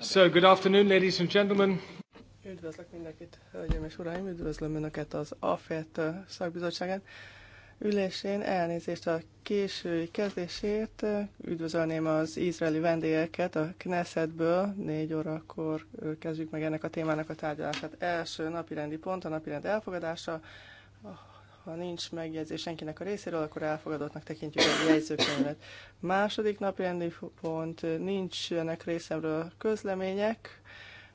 So, good afternoon, ladies and gentlemen. Üdvözlök mindenkit, hölgyeim és uraim, üdvözlöm Önöket az AFET szakbizottságán. Ülésén elnézést a késői kezdésért, üdvözölném az izraeli vendégeket a Knessetből, négy órakor kezdjük meg ennek a témának a tárgyalását. Első napirendi pont, a napirend elfogadása, a ha nincs megjegyzés senkinek a részéről, akkor elfogadottnak tekintjük a jegyzőkönyvet. Második napi rendi pont, nincsenek részemről közlemények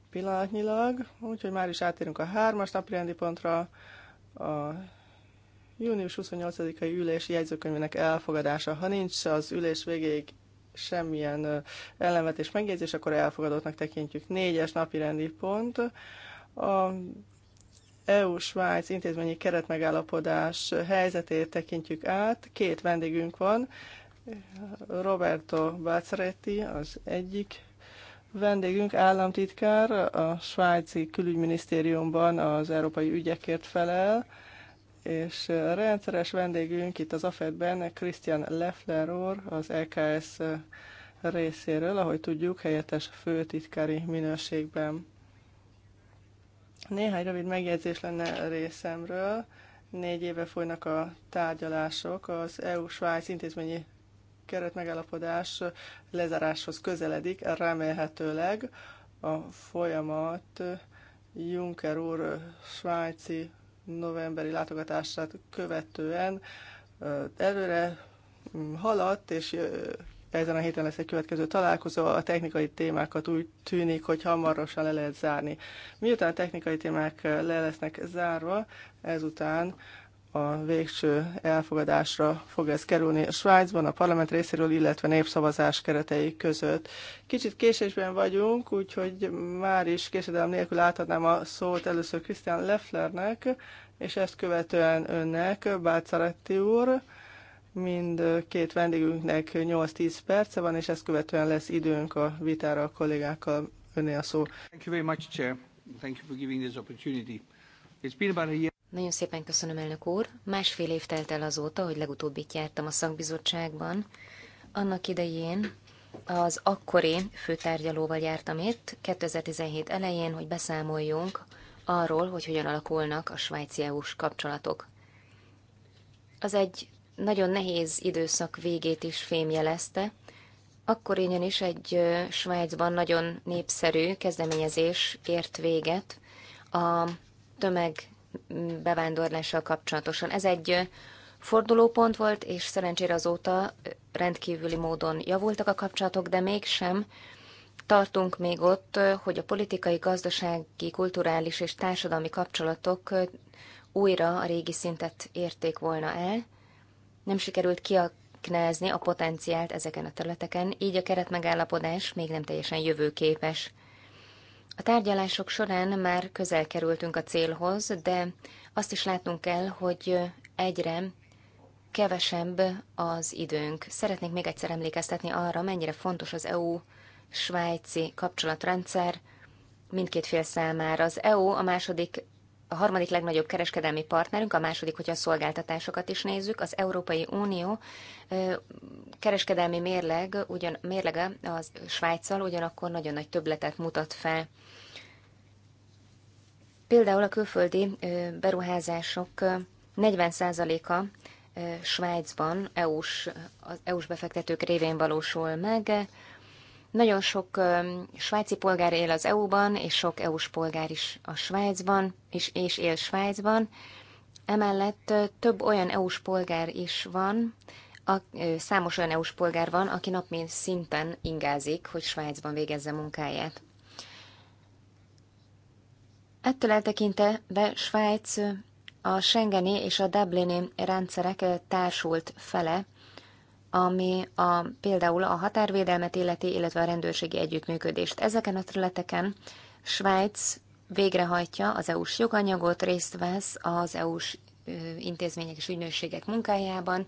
pillanatnyilag, úgyhogy már is átérünk a hármas napi rendi pontra, a június 28-ai ülési jegyzőkönyvének elfogadása. Ha nincs az ülés végéig semmilyen ellenvetés megjegyzés, akkor elfogadottnak tekintjük. Négyes napi rendi pont, a EU-Svájc intézményi keretmegállapodás helyzetét tekintjük át. Két vendégünk van, Roberto Bacaretti az egyik vendégünk, államtitkár, a svájci külügyminisztériumban az európai ügyekért felel, és rendszeres vendégünk itt az AFED-ben Christian Leffler úr, az EKS részéről, ahogy tudjuk, helyettes főtitkári minőségben. Néhány rövid megjegyzés lenne részemről. Négy éve folynak a tárgyalások. Az EU-Svájc intézményi keretmegállapodás lezáráshoz közeledik, remélhetőleg a folyamat Juncker úr svájci novemberi látogatását követően előre mm, haladt, és ezen a héten lesz egy következő találkozó, a technikai témákat úgy tűnik, hogy hamarosan le lehet zárni. Miután a technikai témák le lesznek zárva, ezután a végső elfogadásra fog ez kerülni a Svájcban, a parlament részéről, illetve népszavazás keretei között. Kicsit késésben vagyunk, úgyhogy már is késedelem nélkül átadnám a szót először Krisztián Lefflernek, és ezt követően önnek, Bácsaretti úr, Mind két vendégünknek 8-10 perce van, és ezt követően lesz időnk a vitára a kollégákkal. önné a szó. Thank you very much, Chair. Thank you for giving this opportunity. It's been about a year. Nagyon szépen köszönöm, elnök úr. Másfél év telt el azóta, hogy legutóbb itt jártam a szakbizottságban. Annak idején az akkori főtárgyalóval jártam itt, 2017 elején, hogy beszámoljunk arról, hogy hogyan alakulnak a svájci e kapcsolatok. Az egy nagyon nehéz időszak végét is fémjelezte. Akkor is egy Svájcban nagyon népszerű kezdeményezés ért véget a tömeg bevándorlással kapcsolatosan. Ez egy fordulópont volt, és szerencsére azóta rendkívüli módon javultak a kapcsolatok, de mégsem tartunk még ott, hogy a politikai, gazdasági, kulturális és társadalmi kapcsolatok újra a régi szintet érték volna el nem sikerült kiaknázni a potenciált ezeken a területeken, így a keretmegállapodás még nem teljesen jövőképes. A tárgyalások során már közel kerültünk a célhoz, de azt is látnunk kell, hogy egyre kevesebb az időnk. Szeretnék még egyszer emlékeztetni arra, mennyire fontos az EU-svájci kapcsolatrendszer mindkét fél számára. Az EU a második a harmadik legnagyobb kereskedelmi partnerünk, a második, hogyha a szolgáltatásokat is nézzük, az Európai Unió kereskedelmi mérleg, ugyan, mérlege az Svájccal ugyanakkor nagyon nagy többletet mutat fel. Például a külföldi beruházások 40%-a Svájcban EU-s, EU-s befektetők révén valósul meg, nagyon sok svájci polgár él az EU-ban, és sok EU-s polgár is a Svájcban, és, és él Svájcban. Emellett több olyan EU-s polgár is van, a, számos olyan EU-s polgár van, aki nap mint szinten ingázik, hogy Svájcban végezze munkáját. Ettől eltekintve Svájc a Schengeni és a Dublini rendszerek társult fele ami a, például a határvédelmet illeti, illetve a rendőrségi együttműködést. Ezeken a területeken Svájc végrehajtja az EU-s joganyagot, részt vesz az EU-s intézmények és ügynökségek munkájában,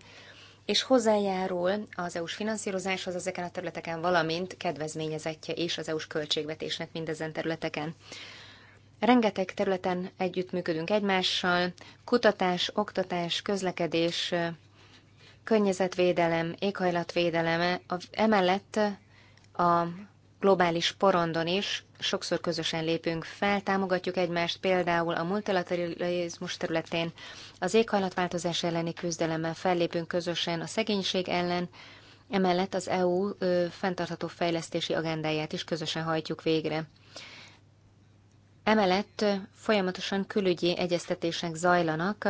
és hozzájárul az EU-s finanszírozáshoz ezeken a területeken, valamint kedvezményezettje is az EU-s költségvetésnek mindezen területeken. Rengeteg területen együttműködünk egymással, kutatás, oktatás, közlekedés, környezetvédelem, éghajlatvédeleme, a, emellett a globális porondon is sokszor közösen lépünk fel, támogatjuk egymást például a multilateralizmus területén, az éghajlatváltozás elleni küzdelemmel fellépünk közösen a szegénység ellen, emellett az EU ö, fenntartható fejlesztési agendáját is közösen hajtjuk végre. Emellett folyamatosan külügyi egyeztetések zajlanak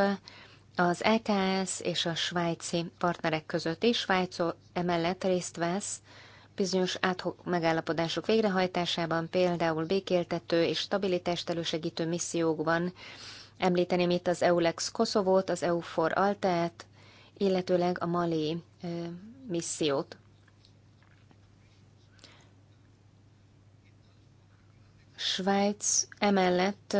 az EKS és a svájci partnerek között is. Svájc emellett részt vesz bizonyos áthok megállapodások végrehajtásában, például békéltető és stabilitást elősegítő missziókban. Említeném itt az EULEX Koszovót, az EU4 Altát, illetőleg a Mali missziót. Svájc emellett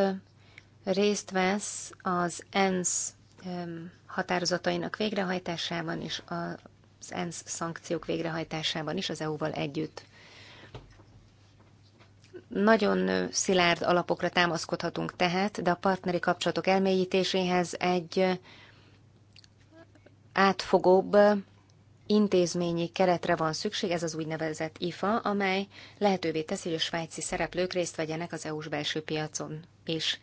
részt vesz az ENSZ határozatainak végrehajtásában és az ENSZ szankciók végrehajtásában is az EU-val együtt. Nagyon szilárd alapokra támaszkodhatunk tehát, de a partneri kapcsolatok elmélyítéséhez egy átfogóbb intézményi keretre van szükség, ez az úgynevezett IFA, amely lehetővé teszi, hogy a svájci szereplők részt vegyenek az EU-s belső piacon is. És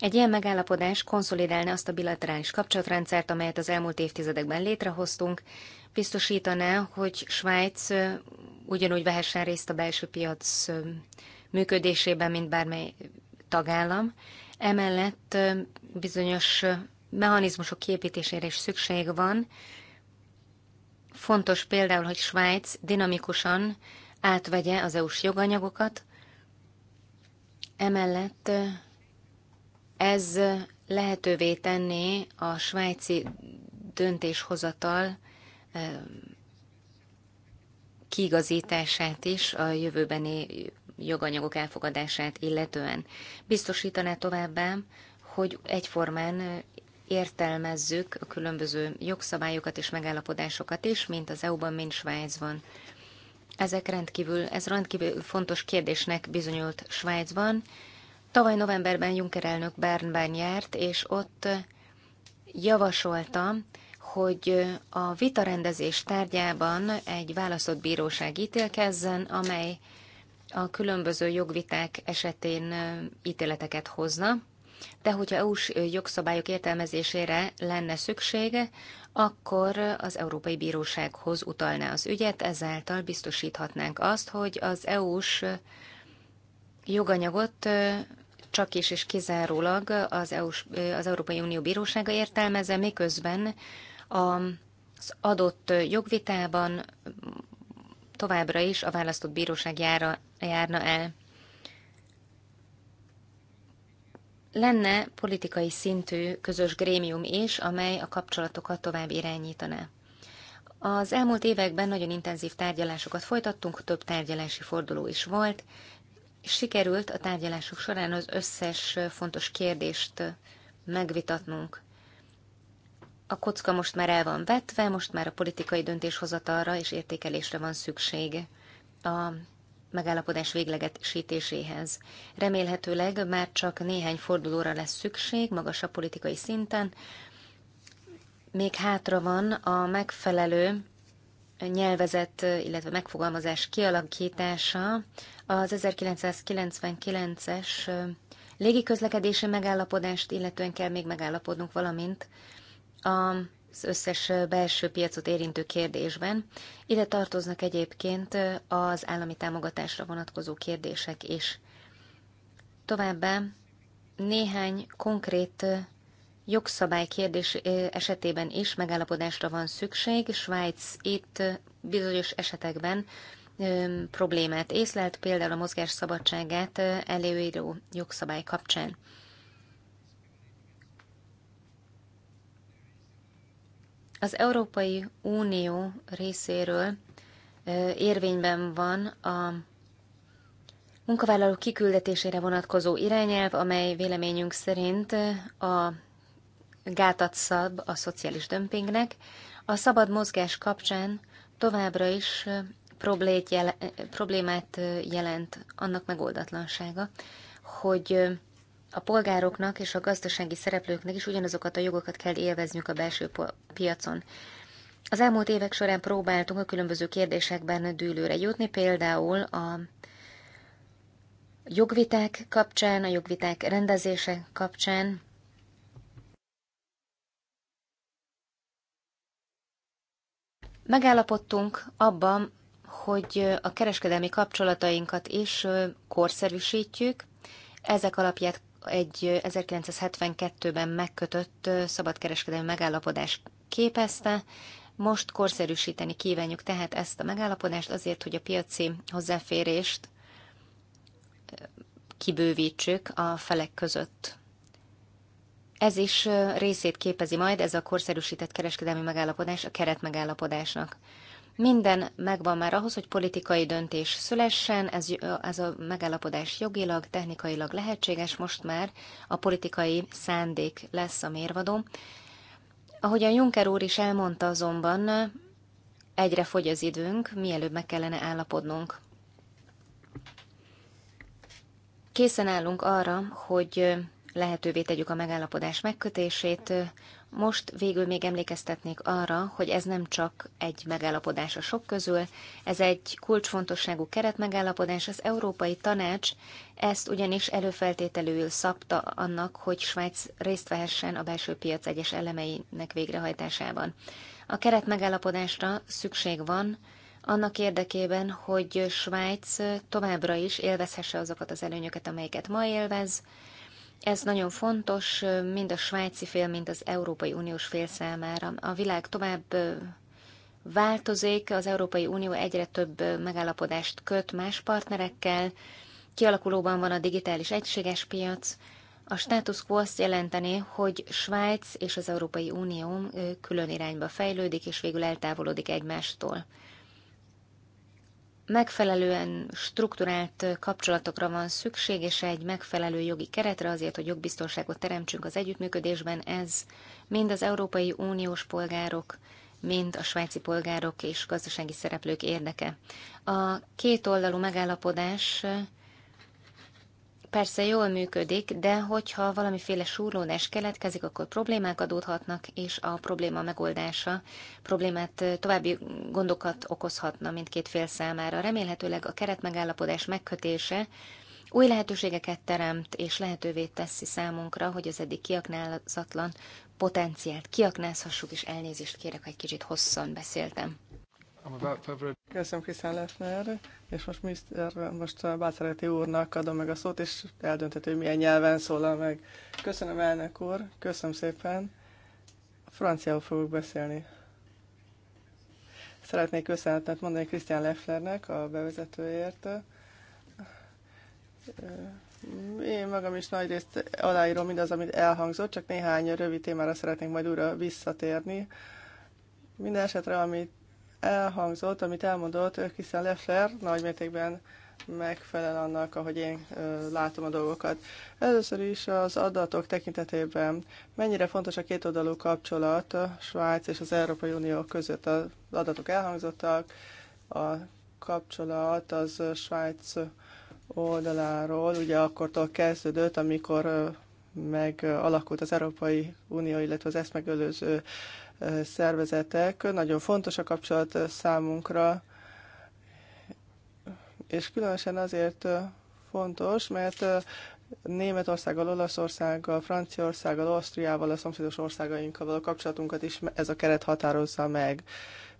egy ilyen megállapodás konszolidálna azt a bilaterális kapcsolatrendszert, amelyet az elmúlt évtizedekben létrehoztunk, biztosítaná, hogy Svájc ugyanúgy vehessen részt a belső piac működésében, mint bármely tagállam. Emellett bizonyos mechanizmusok kiépítésére is szükség van. Fontos például, hogy Svájc dinamikusan átvegye az EU-s joganyagokat, emellett ez lehetővé tenné a svájci döntéshozatal kiigazítását is a jövőbeni joganyagok elfogadását illetően. Biztosítaná továbbá, hogy egyformán értelmezzük a különböző jogszabályokat és megállapodásokat is, mint az EU-ban, mint Svájcban. Ezek rendkívül, ez rendkívül fontos kérdésnek bizonyult Svájcban, Tavaly novemberben Juncker elnök Bernben járt, és ott javasolta, hogy a vitarendezés tárgyában egy választott bíróság ítélkezzen, amely a különböző jogviták esetén ítéleteket hozna, de hogyha EU-s jogszabályok értelmezésére lenne szüksége, akkor az Európai Bírósághoz utalná az ügyet, ezáltal biztosíthatnánk azt, hogy az EU-s joganyagot csak is és kizárólag az, EU, az Európai Unió Bírósága értelmezze, miközben az adott jogvitában továbbra is a választott bíróság jára, járna el. Lenne politikai szintű közös grémium is, amely a kapcsolatokat tovább irányítaná. Az elmúlt években nagyon intenzív tárgyalásokat folytattunk, több tárgyalási forduló is volt, sikerült a tárgyalások során az összes fontos kérdést megvitatnunk. A kocka most már el van vetve, most már a politikai döntéshozatalra és értékelésre van szükség a megállapodás véglegesítéséhez. Remélhetőleg már csak néhány fordulóra lesz szükség magasabb politikai szinten. Még hátra van a megfelelő nyelvezet, illetve megfogalmazás kialakítása az 1999-es légiközlekedési megállapodást, illetően kell még megállapodnunk, valamint az összes belső piacot érintő kérdésben. Ide tartoznak egyébként az állami támogatásra vonatkozó kérdések is. Továbbá néhány konkrét jogszabály kérdés esetében is megállapodásra van szükség. Svájc itt bizonyos esetekben problémát észlelt, például a mozgás szabadságát előíró jogszabály kapcsán. Az Európai Unió részéről érvényben van a munkavállaló kiküldetésére vonatkozó irányelv, amely véleményünk szerint a gátat szab a szociális dömpingnek. A szabad mozgás kapcsán továbbra is problét jel, problémát jelent annak megoldatlansága, hogy a polgároknak és a gazdasági szereplőknek is ugyanazokat a jogokat kell élvezniük a belső piacon. Az elmúlt évek során próbáltunk a különböző kérdésekben dűlőre jutni, például a jogviták kapcsán, a jogviták rendezése kapcsán, Megállapodtunk abban, hogy a kereskedelmi kapcsolatainkat is korszerűsítjük. Ezek alapját egy 1972-ben megkötött szabadkereskedelmi megállapodás képezte. Most korszerűsíteni kívánjuk tehát ezt a megállapodást azért, hogy a piaci hozzáférést kibővítsük a felek között. Ez is részét képezi majd ez a korszerűsített kereskedelmi megállapodás a keretmegállapodásnak. megállapodásnak. Minden megvan már ahhoz, hogy politikai döntés szülessen, ez, ez a megállapodás jogilag, technikailag lehetséges, most már a politikai szándék lesz a mérvadó. Ahogy a Juncker úr is elmondta azonban, egyre fogy az időnk, mielőbb meg kellene állapodnunk. Készen állunk arra, hogy lehetővé tegyük a megállapodás megkötését, most végül még emlékeztetnék arra, hogy ez nem csak egy megállapodás a sok közül, ez egy kulcsfontosságú keretmegállapodás. Az Európai Tanács ezt ugyanis előfeltételül szabta annak, hogy Svájc részt vehessen a belső piac egyes elemeinek végrehajtásában. A keretmegállapodásra szükség van, annak érdekében, hogy Svájc továbbra is élvezhesse azokat az előnyöket, amelyeket ma élvez, ez nagyon fontos mind a svájci fél, mind az Európai Uniós fél számára. A világ tovább változik, az Európai Unió egyre több megállapodást köt más partnerekkel, kialakulóban van a digitális egységes piac. A status quo azt jelenteni, hogy Svájc és az Európai Unió külön irányba fejlődik, és végül eltávolodik egymástól megfelelően strukturált kapcsolatokra van szükség, és egy megfelelő jogi keretre azért, hogy jogbiztonságot teremtsünk az együttműködésben. Ez mind az Európai Uniós polgárok, mind a svájci polgárok és gazdasági szereplők érdeke. A kétoldalú megállapodás persze jól működik, de hogyha valamiféle súrlódás keletkezik, akkor problémák adódhatnak, és a probléma megoldása problémát további gondokat okozhatna mindkét fél számára. Remélhetőleg a keretmegállapodás megkötése új lehetőségeket teremt, és lehetővé teszi számunkra, hogy az eddig kiaknázatlan potenciált kiaknázhassuk, és elnézést kérek, ha egy kicsit hosszan beszéltem. Köszönöm Krisztán Lefner, és most, Mr. most Bácsereti úrnak adom meg a szót, és eldöntető hogy milyen nyelven szólal meg. Köszönöm elnök úr, köszönöm szépen. Franciául fogok beszélni. Szeretnék köszönetet mondani Krisztián Lefflernek a bevezetőért. Én magam is nagyrészt aláírom mindaz, amit elhangzott, csak néhány rövid témára szeretnék majd újra visszatérni. Minden esetre, amit elhangzott, amit elmondott Christian Leffler, mértékben megfelel annak, ahogy én látom a dolgokat. Először is az adatok tekintetében mennyire fontos a kétoldalú kapcsolat a Svájc és az Európai Unió között. Az adatok elhangzottak, a kapcsolat az Svájc oldaláról, ugye akkortól kezdődött, amikor megalakult az Európai Unió, illetve az ezt megölőző szervezetek. Nagyon fontos a kapcsolat számunkra, és különösen azért fontos, mert Németországgal, Olaszországgal, Franciaországgal, Ausztriával, a szomszédos országainkkal a kapcsolatunkat is ez a keret határozza meg.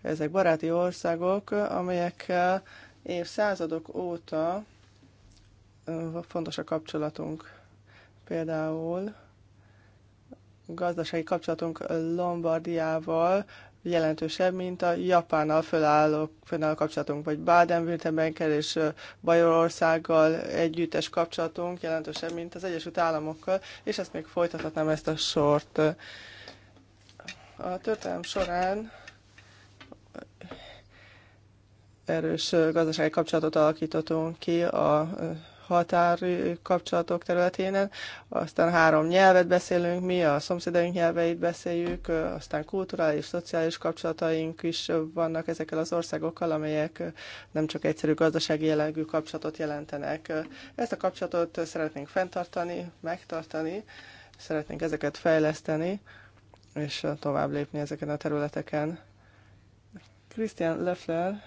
Ezek baráti országok, amelyekkel évszázadok óta fontos a kapcsolatunk. Például gazdasági kapcsolatunk Lombardiával jelentősebb, mint a Japánnal fölálló, fölálló kapcsolatunk, vagy baden württemberg és Bajorországgal együttes kapcsolatunk jelentősebb, mint az Egyesült Államokkal, és ezt még folytathatnám ezt a sort. A történelem során erős gazdasági kapcsolatot alakítottunk ki a határi kapcsolatok területén, aztán három nyelvet beszélünk mi, a szomszédaink nyelveit beszéljük, aztán kulturális, szociális kapcsolataink is vannak ezekkel az országokkal, amelyek nem csak egyszerű gazdasági jellegű kapcsolatot jelentenek. Ezt a kapcsolatot szeretnénk fenntartani, megtartani, szeretnénk ezeket fejleszteni, és tovább lépni ezeken a területeken. Christian Leffler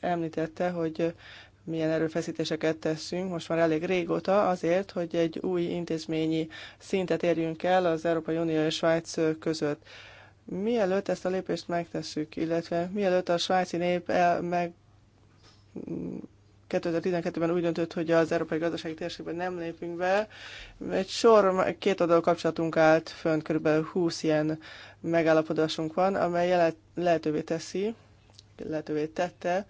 említette, hogy milyen erőfeszítéseket teszünk most már elég régóta azért, hogy egy új intézményi szintet érjünk el az Európai Unió és Svájc között. Mielőtt ezt a lépést megtesszük, illetve mielőtt a svájci nép el, meg 2012-ben úgy döntött, hogy az Európai Gazdasági Térségben nem lépünk be. Egy sor két oldal kapcsolatunk állt fönt, kb. 20 ilyen megállapodásunk van, amely lehetővé teszi, lehetővé tette,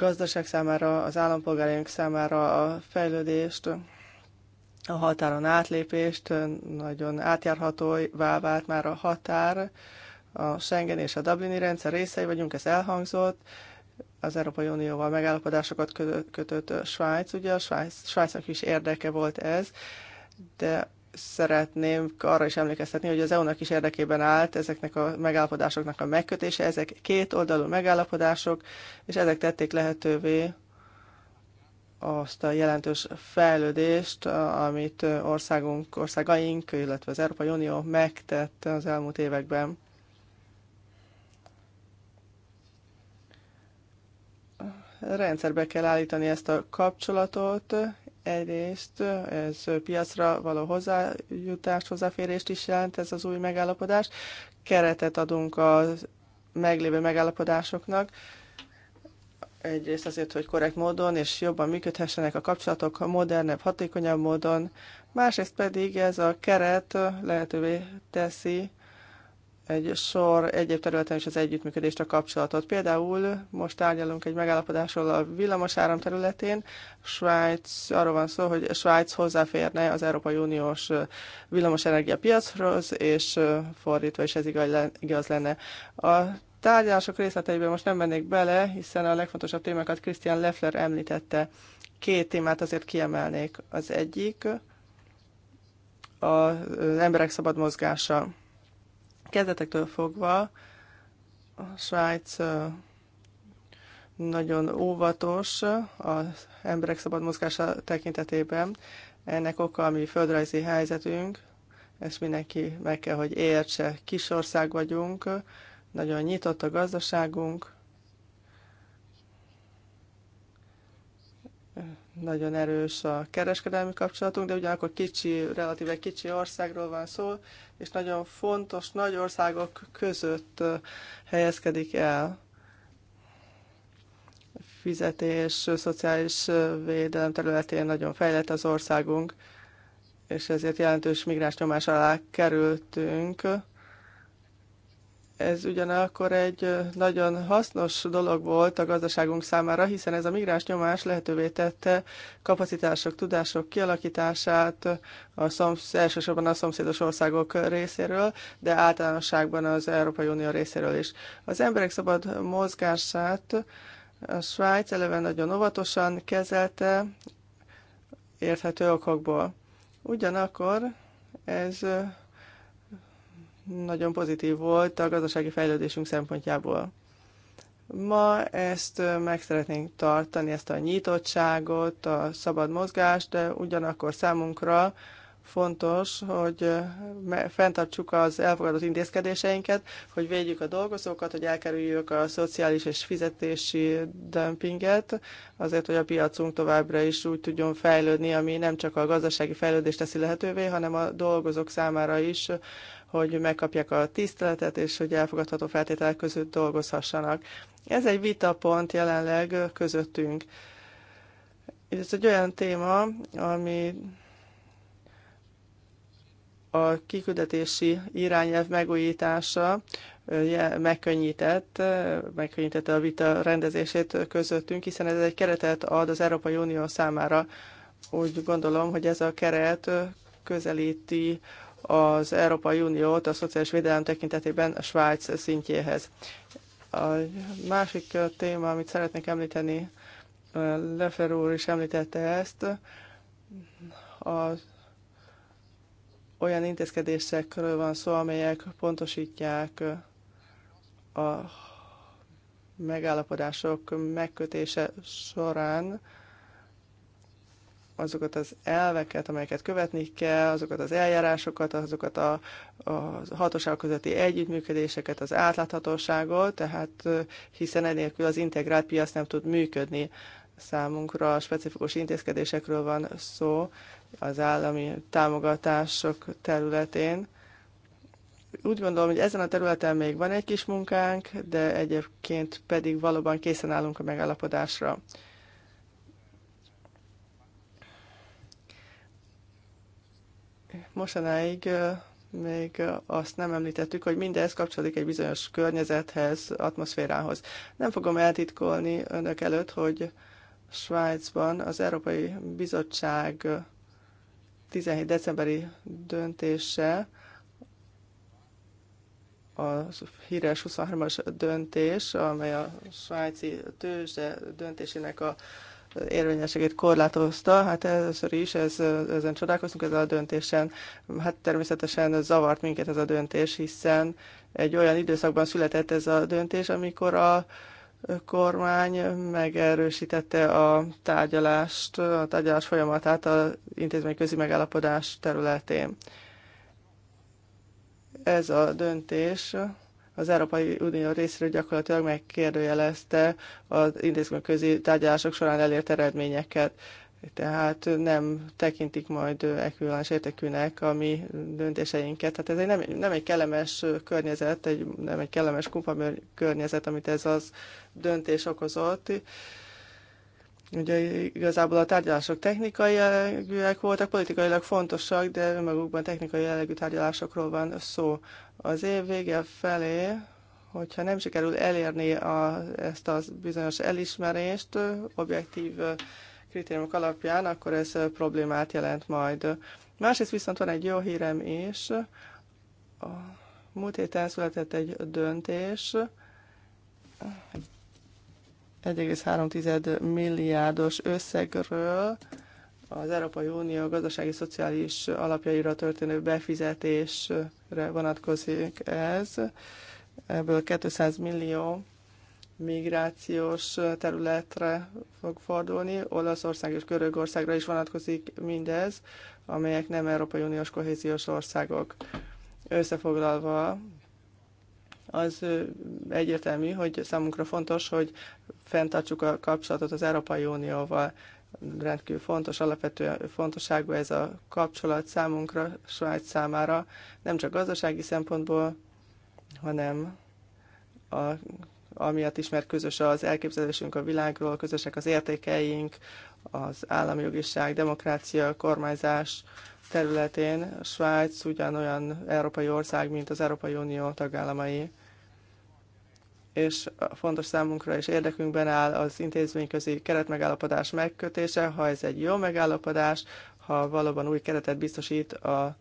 gazdaság számára, az állampolgáraink számára a fejlődést, a határon átlépést, nagyon átjárhatóvá vált már a határ, a Schengen és a Dublini rendszer részei vagyunk, ez elhangzott, az Európai Unióval megállapodásokat kötött Svájc, ugye a Svájc, Svájcnak is érdeke volt ez, de szeretném arra is emlékeztetni, hogy az EU-nak is érdekében állt ezeknek a megállapodásoknak a megkötése. Ezek két oldalú megállapodások, és ezek tették lehetővé azt a jelentős fejlődést, amit országunk, országaink, illetve az Európai Unió megtett az elmúlt években. Rendszerbe kell állítani ezt a kapcsolatot, Egyrészt ez piacra való hozzájutást, hozzáférést is jelent ez az új megállapodás. Keretet adunk a meglévő megállapodásoknak, egyrészt azért, hogy korrekt módon és jobban működhessenek a kapcsolatok modernebb, hatékonyabb módon, másrészt pedig ez a keret lehetővé teszi egy sor egyéb területen is az együttműködést, a kapcsolatot. Például most tárgyalunk egy megállapodásról a villamosáram területén. Svájc, arról van szó, hogy Svájc hozzáférne az Európai Uniós villamosenergia piachoz, és fordítva is ez igaz lenne. A tárgyalások részleteiben most nem mennék bele, hiszen a legfontosabb témákat Christian Leffler említette. Két témát azért kiemelnék. Az egyik az emberek szabad mozgása Kezdetektől fogva a Svájc nagyon óvatos az emberek szabad mozgása tekintetében. Ennek oka a mi földrajzi helyzetünk, ezt mindenki meg kell, hogy értse. Kis ország vagyunk, nagyon nyitott a gazdaságunk, nagyon erős a kereskedelmi kapcsolatunk, de ugyanakkor kicsi, relatíve kicsi országról van szó, és nagyon fontos nagy országok között helyezkedik el fizetés, szociális védelem területén nagyon fejlett az országunk, és ezért jelentős migráns nyomás alá kerültünk ez ugyanakkor egy nagyon hasznos dolog volt a gazdaságunk számára, hiszen ez a migráns nyomás lehetővé tette kapacitások, tudások kialakítását a szomsz, elsősorban a szomszédos országok részéről, de általánosságban az Európai Unió részéről is. Az emberek szabad mozgását a Svájc eleve nagyon óvatosan kezelte, érthető okokból. Ugyanakkor ez nagyon pozitív volt a gazdasági fejlődésünk szempontjából. Ma ezt meg szeretnénk tartani, ezt a nyitottságot, a szabad mozgást, de ugyanakkor számunkra fontos, hogy fenntartsuk az elfogadott intézkedéseinket, hogy védjük a dolgozókat, hogy elkerüljük a szociális és fizetési dömpinget, azért, hogy a piacunk továbbra is úgy tudjon fejlődni, ami nem csak a gazdasági fejlődést teszi lehetővé, hanem a dolgozók számára is hogy megkapják a tiszteletet, és hogy elfogadható feltételek között dolgozhassanak. Ez egy vitapont jelenleg közöttünk. Ez egy olyan téma, ami a kiküldetési irányelv megújítása megkönnyített, megkönnyítette a vita rendezését közöttünk, hiszen ez egy keretet ad az Európai Unió számára. Úgy gondolom, hogy ez a keret közelíti az Európai Uniót a szociális védelem tekintetében a Svájc szintjéhez. A másik téma, amit szeretnék említeni, Lefer úr is említette ezt, az olyan intézkedésekről van szó, amelyek pontosítják a megállapodások megkötése során azokat az elveket, amelyeket követni kell, azokat az eljárásokat, azokat a, a hatóság közötti együttműködéseket, az átláthatóságot, tehát hiszen enélkül az integrált piac nem tud működni. Számunkra a specifikus intézkedésekről van szó az állami támogatások területén. Úgy gondolom, hogy ezen a területen még van egy kis munkánk, de egyébként pedig valóban készen állunk a megállapodásra. mostanáig még azt nem említettük, hogy mindez kapcsolódik egy bizonyos környezethez, atmoszférához. Nem fogom eltitkolni önök előtt, hogy Svájcban az Európai Bizottság 17 decemberi döntése, a híres 23-as döntés, amely a svájci tőzsde döntésének a érvényességét korlátozta. Hát először is ez, ezen csodálkoztunk ezzel a döntésen. Hát természetesen zavart minket ez a döntés, hiszen egy olyan időszakban született ez a döntés, amikor a kormány megerősítette a tárgyalást, a tárgyalás folyamatát az intézményközi megállapodás területén. Ez a döntés az Európai Unió részéről gyakorlatilag megkérdőjelezte az intézményközi tárgyalások során elért eredményeket. Tehát nem tekintik majd ekvivalens értékűnek a mi döntéseinket. Tehát ez egy nem, nem egy kellemes környezet, egy, nem egy kellemes kumpa környezet, amit ez az döntés okozott Ugye igazából a tárgyalások technikai jellegűek voltak, politikailag fontosak, de önmagukban technikai jellegű tárgyalásokról van szó. Az év vége felé, hogyha nem sikerül elérni a, ezt a bizonyos elismerést objektív kritériumok alapján, akkor ez problémát jelent majd. Másrészt viszont van egy jó hírem is. A múlt héten született egy döntés, 1,3 milliárdos összegről az Európai Unió gazdasági szociális alapjaira történő befizetésre vonatkozik ez. Ebből 200 millió migrációs területre fog fordulni. Olaszország és Görögországra is vonatkozik mindez, amelyek nem Európai Uniós kohéziós országok. Összefoglalva az egyértelmű, hogy számunkra fontos, hogy fenntartsuk a kapcsolatot az Európai Unióval. Rendkívül fontos, alapvető fontosságú ez a kapcsolat számunkra, Svájc számára, nem csak gazdasági szempontból, hanem a, amiatt is, mert közös az elképzelésünk a világról, közösek az értékeink, az jogiság, demokrácia, kormányzás területén. Svájc ugyanolyan európai ország, mint az Európai Unió tagállamai és fontos számunkra és érdekünkben áll az intézményközi keretmegállapodás megkötése, ha ez egy jó megállapodás, ha valóban új keretet biztosít a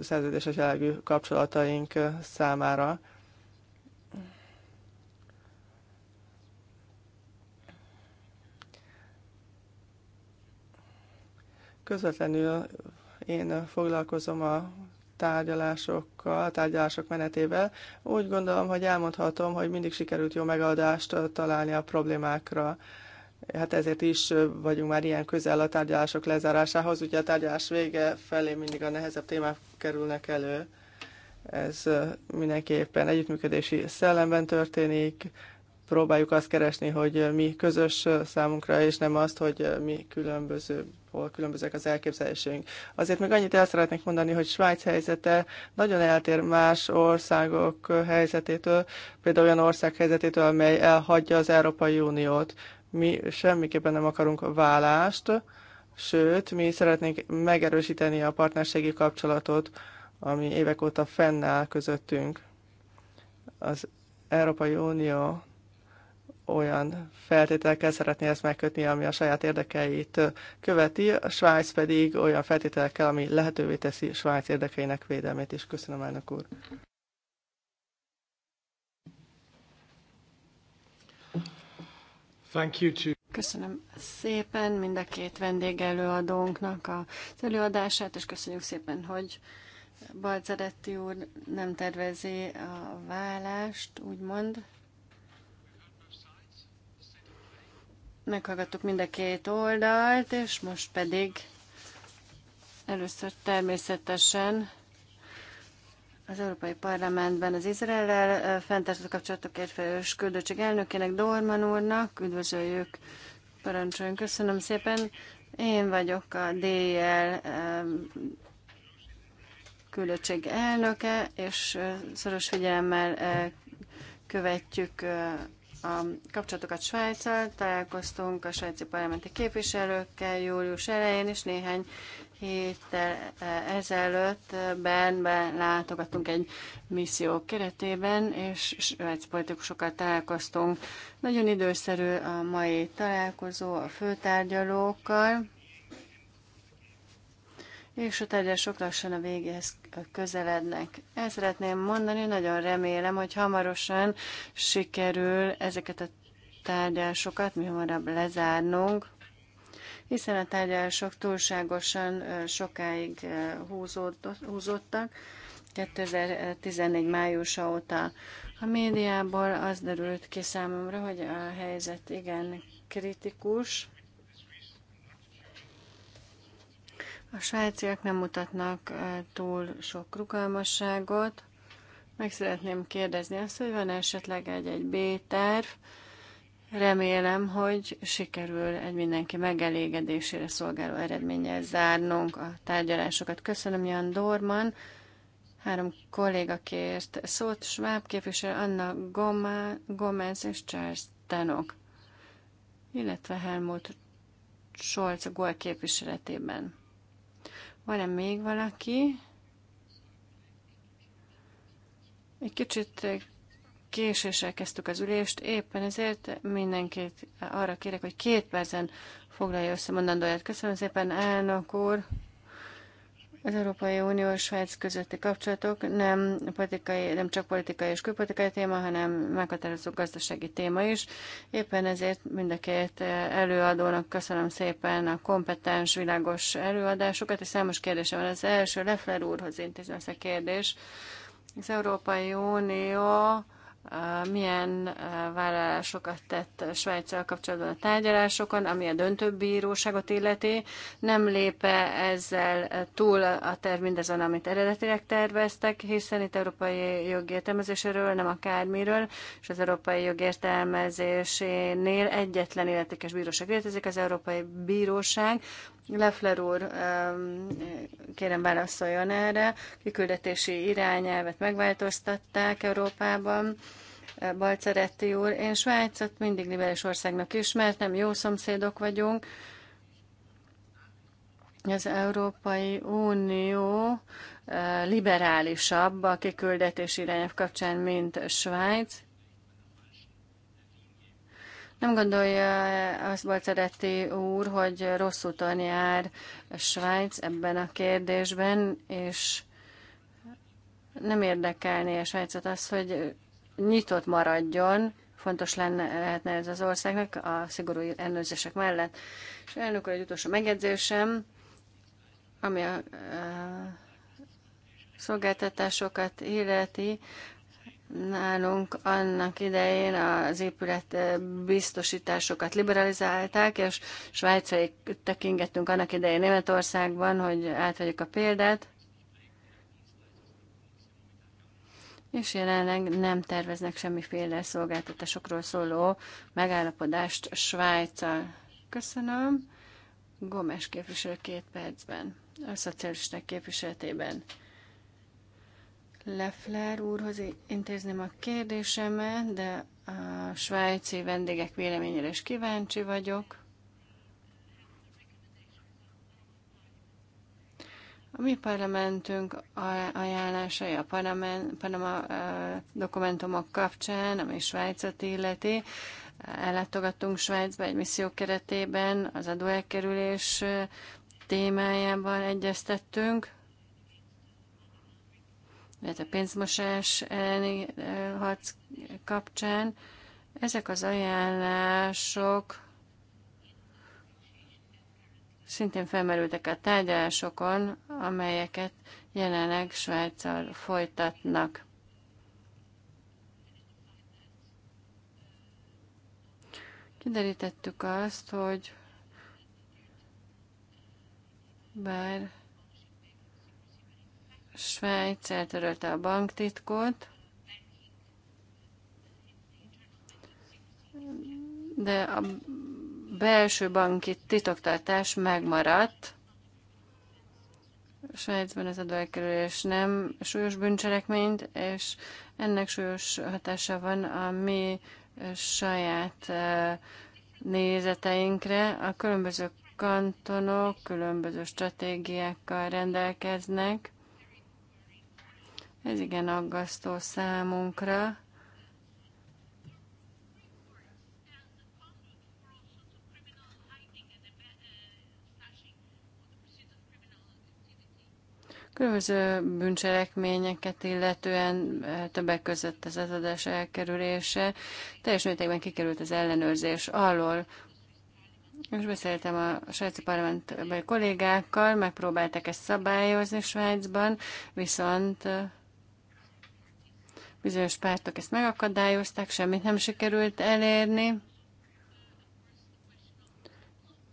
szerződéses jellegű kapcsolataink számára. Közvetlenül én foglalkozom a tárgyalásokkal, tárgyalások menetével. Úgy gondolom, hogy elmondhatom, hogy mindig sikerült jó megoldást találni a problémákra. Hát ezért is vagyunk már ilyen közel a tárgyalások lezárásához. Ugye a tárgyalás vége felé mindig a nehezebb témák kerülnek elő. Ez mindenképpen együttműködési szellemben történik, próbáljuk azt keresni, hogy mi közös számunkra, és nem azt, hogy mi különböző, hol különbözőek az elképzeléseink. Azért még annyit el szeretnék mondani, hogy Svájc helyzete nagyon eltér más országok helyzetétől, például olyan ország helyzetétől, amely elhagyja az Európai Uniót. Mi semmiképpen nem akarunk válást, sőt, mi szeretnénk megerősíteni a partnerségi kapcsolatot, ami évek óta fennáll közöttünk. Az Európai Unió olyan feltételekkel szeretné ezt megkötni, ami a saját érdekeit követi, a Svájc pedig olyan feltételekkel, ami lehetővé teszi Svájc érdekeinek védelmét is. Köszönöm, elnök úr. Thank you to Köszönöm szépen mind a két vendégelőadónknak az előadását, és köszönjük szépen, hogy Balceretti úr nem tervezi a vállást, úgymond. meghallgattuk mind a két oldalt, és most pedig először természetesen az Európai Parlamentben az Izrael-el fenntartott kapcsolatokért felelős küldöttség elnökének, Dorman úrnak. Üdvözöljük, parancsoljunk, köszönöm szépen. Én vagyok a DL küldöttség elnöke, és szoros figyelemmel követjük a kapcsolatokat Svájccal, találkoztunk a svájci parlamenti képviselőkkel július elején, és néhány héttel eh, ezelőtt eh, Bernben látogattunk egy misszió keretében, és svájci politikusokkal találkoztunk. Nagyon időszerű a mai találkozó a főtárgyalókkal, és a tárgyalások lassan a végéhez közelednek. El szeretném mondani, nagyon remélem, hogy hamarosan sikerül ezeket a tárgyásokat mi hamarabb lezárnunk, hiszen a tárgyalások túlságosan sokáig húzódtak, 2014 májusa óta. A médiából az derült ki számomra, hogy a helyzet igen kritikus, A svájciak nem mutatnak túl sok rugalmasságot. Meg szeretném kérdezni azt, hogy van esetleg egy-egy B-terv. Remélem, hogy sikerül egy mindenki megelégedésére szolgáló eredménnyel zárnunk a tárgyalásokat. Köszönöm, Jan Dorman. Három kolléga kért szót, Schwab képviselő, Anna Goma, Gomez és Charles Tenok, illetve Helmut Scholz a gól képviseletében. Van-e még valaki? Egy kicsit késéssel kezdtük az ülést, éppen ezért mindenkit arra kérek, hogy két percen foglalja össze mondandóját. Köszönöm szépen, elnök úr! Az Európai Unió és Svájc közötti kapcsolatok nem, politikai, nem csak politikai és külpolitikai téma, hanem meghatározó gazdasági téma is. Éppen ezért mind a két eh, előadónak köszönöm szépen a kompetens, világos előadásokat, és számos kérdésem van. Az első Leffler úrhoz intézem ezt a kérdés. Az Európai Unió milyen vállalásokat tett Svájccal kapcsolatban a tárgyalásokon, ami a döntőbb bíróságot illeti. Nem lépe ezzel túl a terv mindazon, amit eredetileg terveztek, hiszen itt európai jogértelmezéséről, nem akármiről, és az európai jogértelmezésénél egyetlen illetékes bíróság létezik, az Európai Bíróság, Leffler úr, kérem válaszoljon erre. Kiküldetési irányelvet megváltoztatták Európában. Balceretti úr, én Svájcot mindig liberális országnak ismertem, jó szomszédok vagyunk. Az Európai Unió liberálisabb a kiküldetési irányelv kapcsán, mint Svájc. Nem gondolja azt szereti úr, hogy rossz úton jár a Svájc ebben a kérdésben, és nem érdekelné a Svájcot az, hogy nyitott maradjon, fontos lenne, lehetne ez az országnak a szigorú ellenőrzések mellett. És elnök egy utolsó megjegyzésem, ami a, a szolgáltatásokat illeti, Nálunk annak idején az épület biztosításokat liberalizálták, és svájcai tekingettünk annak idején Németországban, hogy átvegyük a példát. És jelenleg nem terveznek semmiféle szolgáltatásokról szóló megállapodást Svájccal. Köszönöm. Gomes képviselő két percben, a szocialisták képviseletében. Leffler úrhoz intézném a kérdésemet, de a svájci vendégek véleményére is kíváncsi vagyok. A mi parlamentünk ajánlásai a Panama, dokumentumok kapcsán, ami Svájcot illeti, ellátogattunk Svájcba egy misszió keretében, az adóelkerülés témájában egyeztettünk illetve pénzmosás elleni harc kapcsán. Ezek az ajánlások szintén felmerültek a tárgyalásokon, amelyeket jelenleg Svájccal folytatnak. Kiderítettük azt, hogy bár Svájc eltörölte a banktitkot, de a belső banki titoktartás megmaradt. Svájcban az adóelkerülés nem súlyos bűncselekményt, és ennek súlyos hatása van a mi saját eh, nézeteinkre. A különböző kantonok különböző stratégiákkal rendelkeznek, ez igen aggasztó számunkra. Különböző bűncselekményeket illetően eh, többek között az adás elkerülése teljes mértékben kikerült az ellenőrzés alól. És beszéltem a svájci parlamentbeli kollégákkal, megpróbáltak ezt szabályozni Svájcban, viszont eh, Bizonyos pártok ezt megakadályozták, semmit nem sikerült elérni.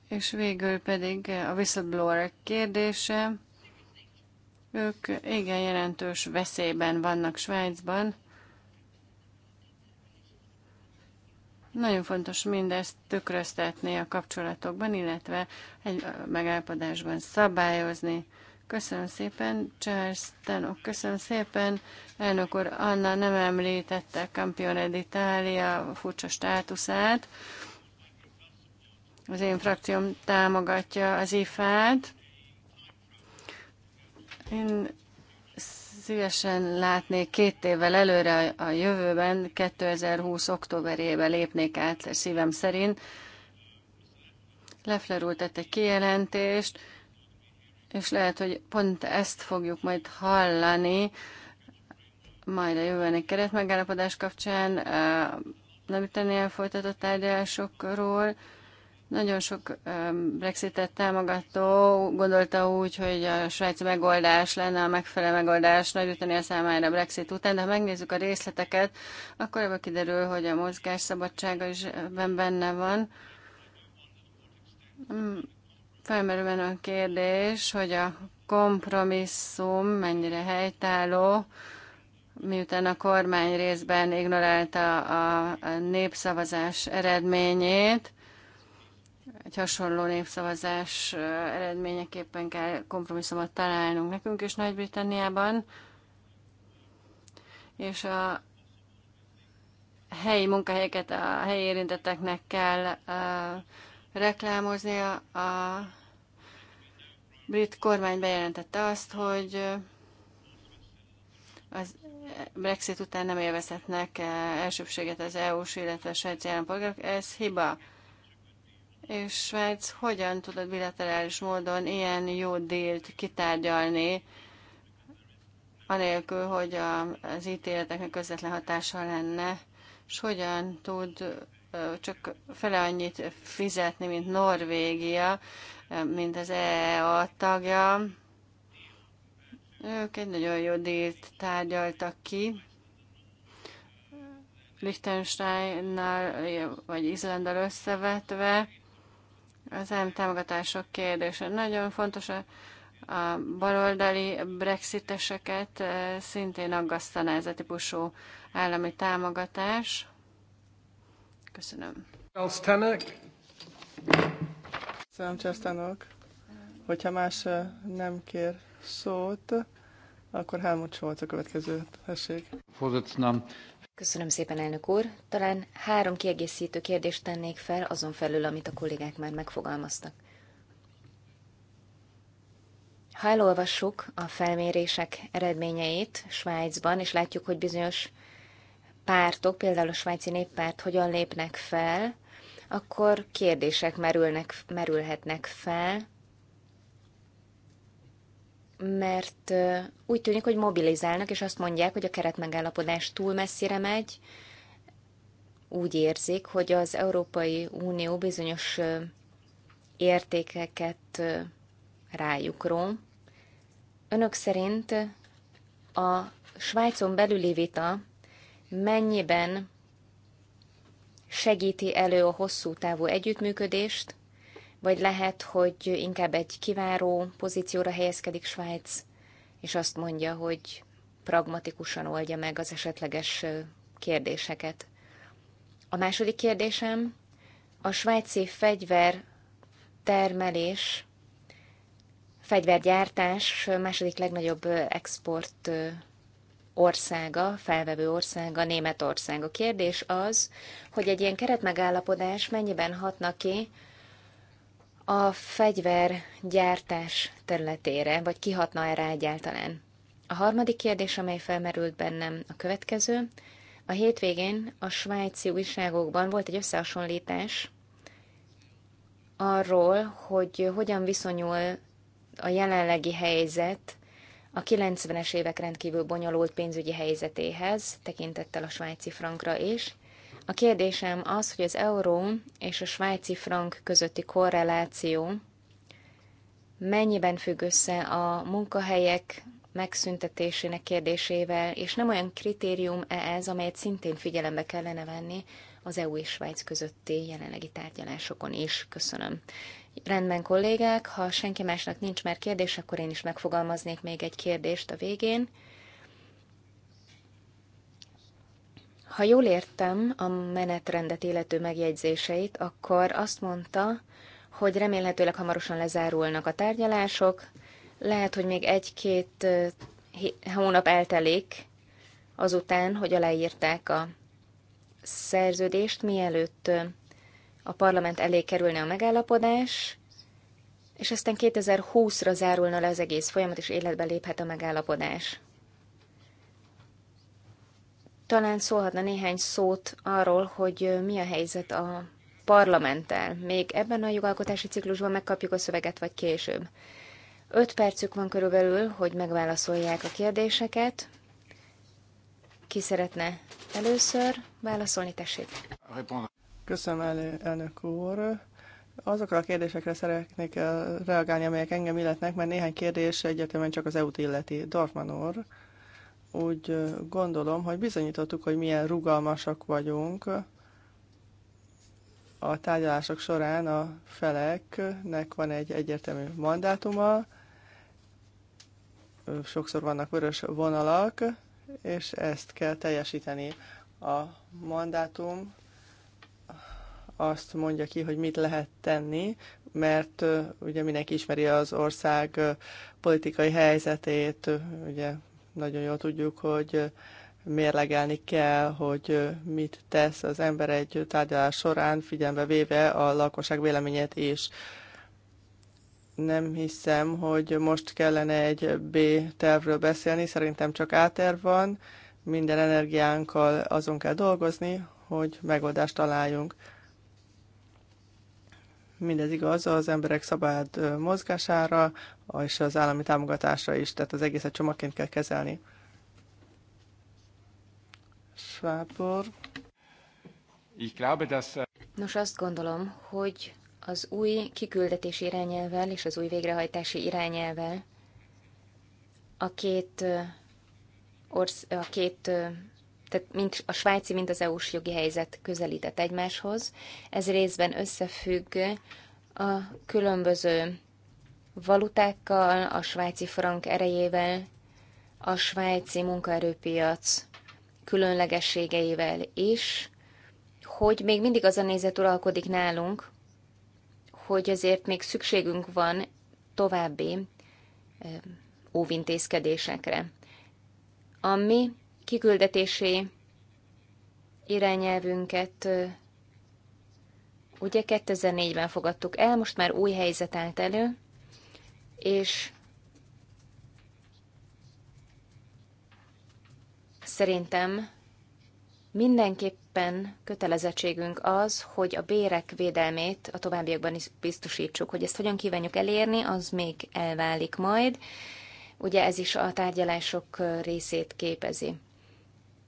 És végül pedig a whistleblower kérdése. Ők igen jelentős veszélyben vannak Svájcban. Nagyon fontos mindezt tükröztetni a kapcsolatokban, illetve egy megállapodásban szabályozni. Köszönöm szépen, Charles Tanok. Köszönöm szépen. Elnök úr, Anna nem említette Campione d'Italia furcsa státuszát. Az én frakcióm támogatja az IFA-t. Én szívesen látnék két évvel előre a jövőben, 2020. októberébe lépnék át szívem szerint. Lefler úr tett egy kijelentést, és lehet, hogy pont ezt fogjuk majd hallani, majd a jövőben keret megállapodás kapcsán, nem ütenél folytatott tárgyalásokról. Nagyon sok Brexitet támogató gondolta úgy, hogy a svájci megoldás lenne a megfelelő megoldás nagy a számára Brexit után, de ha megnézzük a részleteket, akkor ebből kiderül, hogy a mozgás szabadsága is benne van mm, Felmerül a kérdés, hogy a kompromisszum mennyire helytálló, miután a kormány részben ignorálta a népszavazás eredményét, egy hasonló népszavazás eredményeképpen kell kompromisszumot találnunk nekünk is Nagy-Britanniában, és a helyi munkahelyeket a helyi érintetteknek kell uh, reklámozni a, a brit kormány bejelentette azt, hogy az Brexit után nem élvezhetnek elsőbséget az EU-s, illetve a svájci állampolgárok. Ez hiba. És Svájc hogyan tudott bilaterális módon ilyen jó dílt kitárgyalni, anélkül, hogy az ítéleteknek közvetlen hatása lenne, és hogyan tud csak fele annyit fizetni, mint Norvégia, mint az EEA tagja. Ők egy nagyon jó dílt tárgyaltak ki. Liechtensteinnal vagy Izlandal összevetve. Az EM támogatások kérdése nagyon fontos. A baloldali brexiteseket szintén aggasztaná ez a típusú állami támogatás. Köszönöm. Charles Köszönöm, Hogyha más nem kér szót, akkor Helmut Scholz a következő. Tessék. Köszönöm szépen, elnök úr. Talán három kiegészítő kérdést tennék fel, azon felül, amit a kollégák már megfogalmaztak. Ha elolvassuk a felmérések eredményeit Svájcban, és látjuk, hogy bizonyos pártok, például a svájci néppárt hogyan lépnek fel, akkor kérdések merülnek, merülhetnek fel, mert úgy tűnik, hogy mobilizálnak, és azt mondják, hogy a keretmegállapodás túl messzire megy, úgy érzik, hogy az Európai Unió bizonyos értékeket rájuk ró. Önök szerint a Svájcon belüli vita mennyiben segíti elő a hosszú távú együttműködést, vagy lehet, hogy inkább egy kiváró pozícióra helyezkedik Svájc, és azt mondja, hogy pragmatikusan oldja meg az esetleges kérdéseket. A második kérdésem, a svájci fegyver termelés, fegyvergyártás második legnagyobb export országa, felvevő országa Németország. A kérdés az, hogy egy ilyen keretmegállapodás mennyiben hatna ki a fegyvergyártás területére, vagy kihatna erre egyáltalán. A harmadik kérdés, amely felmerült bennem, a következő. A hétvégén a svájci újságokban volt egy összehasonlítás arról, hogy hogyan viszonyul a jelenlegi helyzet a 90-es évek rendkívül bonyolult pénzügyi helyzetéhez, tekintettel a svájci frankra is. A kérdésem az, hogy az euró és a svájci frank közötti korreláció mennyiben függ össze a munkahelyek megszüntetésének kérdésével, és nem olyan kritérium -e ez, amelyet szintén figyelembe kellene venni az EU és Svájc közötti jelenlegi tárgyalásokon is. Köszönöm. Rendben, kollégák, ha senki másnak nincs már kérdés, akkor én is megfogalmaznék még egy kérdést a végén. Ha jól értem a menetrendet illető megjegyzéseit, akkor azt mondta, hogy remélhetőleg hamarosan lezárulnak a tárgyalások, lehet, hogy még egy-két hónap eltelik azután, hogy aláírták a szerződést, mielőtt a parlament elé kerülne a megállapodás, és aztán 2020-ra zárulna le az egész folyamat, és életbe léphet a megállapodás. Talán szólhatna néhány szót arról, hogy mi a helyzet a parlamenttel. Még ebben a jogalkotási ciklusban megkapjuk a szöveget, vagy később. Öt percük van körülbelül, hogy megválaszolják a kérdéseket. Ki szeretne először válaszolni? Tessék. Köszönöm, elő, elnök úr. Azokra a kérdésekre szeretnék eh, reagálni, amelyek engem illetnek, mert néhány kérdés egyértelműen csak az EU-t illeti. Dorfman úr, úgy eh, gondolom, hogy bizonyítottuk, hogy milyen rugalmasak vagyunk a tárgyalások során a feleknek van egy egyértelmű mandátuma, sokszor vannak vörös vonalak, és ezt kell teljesíteni. A mandátum azt mondja ki, hogy mit lehet tenni, mert ugye mindenki ismeri az ország politikai helyzetét, ugye nagyon jól tudjuk, hogy mérlegelni kell, hogy mit tesz az ember egy tárgyalás során, figyelembe véve a lakosság véleményét is. Nem hiszem, hogy most kellene egy B tervről beszélni, szerintem csak A terv van, minden energiánkkal azon kell dolgozni, hogy megoldást találjunk mindez igaz az emberek szabad mozgására és az állami támogatásra is, tehát az egészet csomagként kell kezelni. Schwabor. Äh, Nos, azt gondolom, hogy az új kiküldetési irányelvel és az új végrehajtási irányelvel a két, orsz- a két tehát mint a svájci, mint az EU-s jogi helyzet közelített egymáshoz. Ez részben összefügg a különböző valutákkal, a svájci frank erejével, a svájci munkaerőpiac különlegességeivel is, hogy még mindig az a nézet uralkodik nálunk, hogy azért még szükségünk van további óvintézkedésekre. ami kiküldetési irányelvünket ugye 2004-ben fogadtuk el, most már új helyzet állt elő, és szerintem mindenképpen kötelezettségünk az, hogy a bérek védelmét a továbbiakban is biztosítsuk. Hogy ezt hogyan kívánjuk elérni, az még elválik majd. Ugye ez is a tárgyalások részét képezi.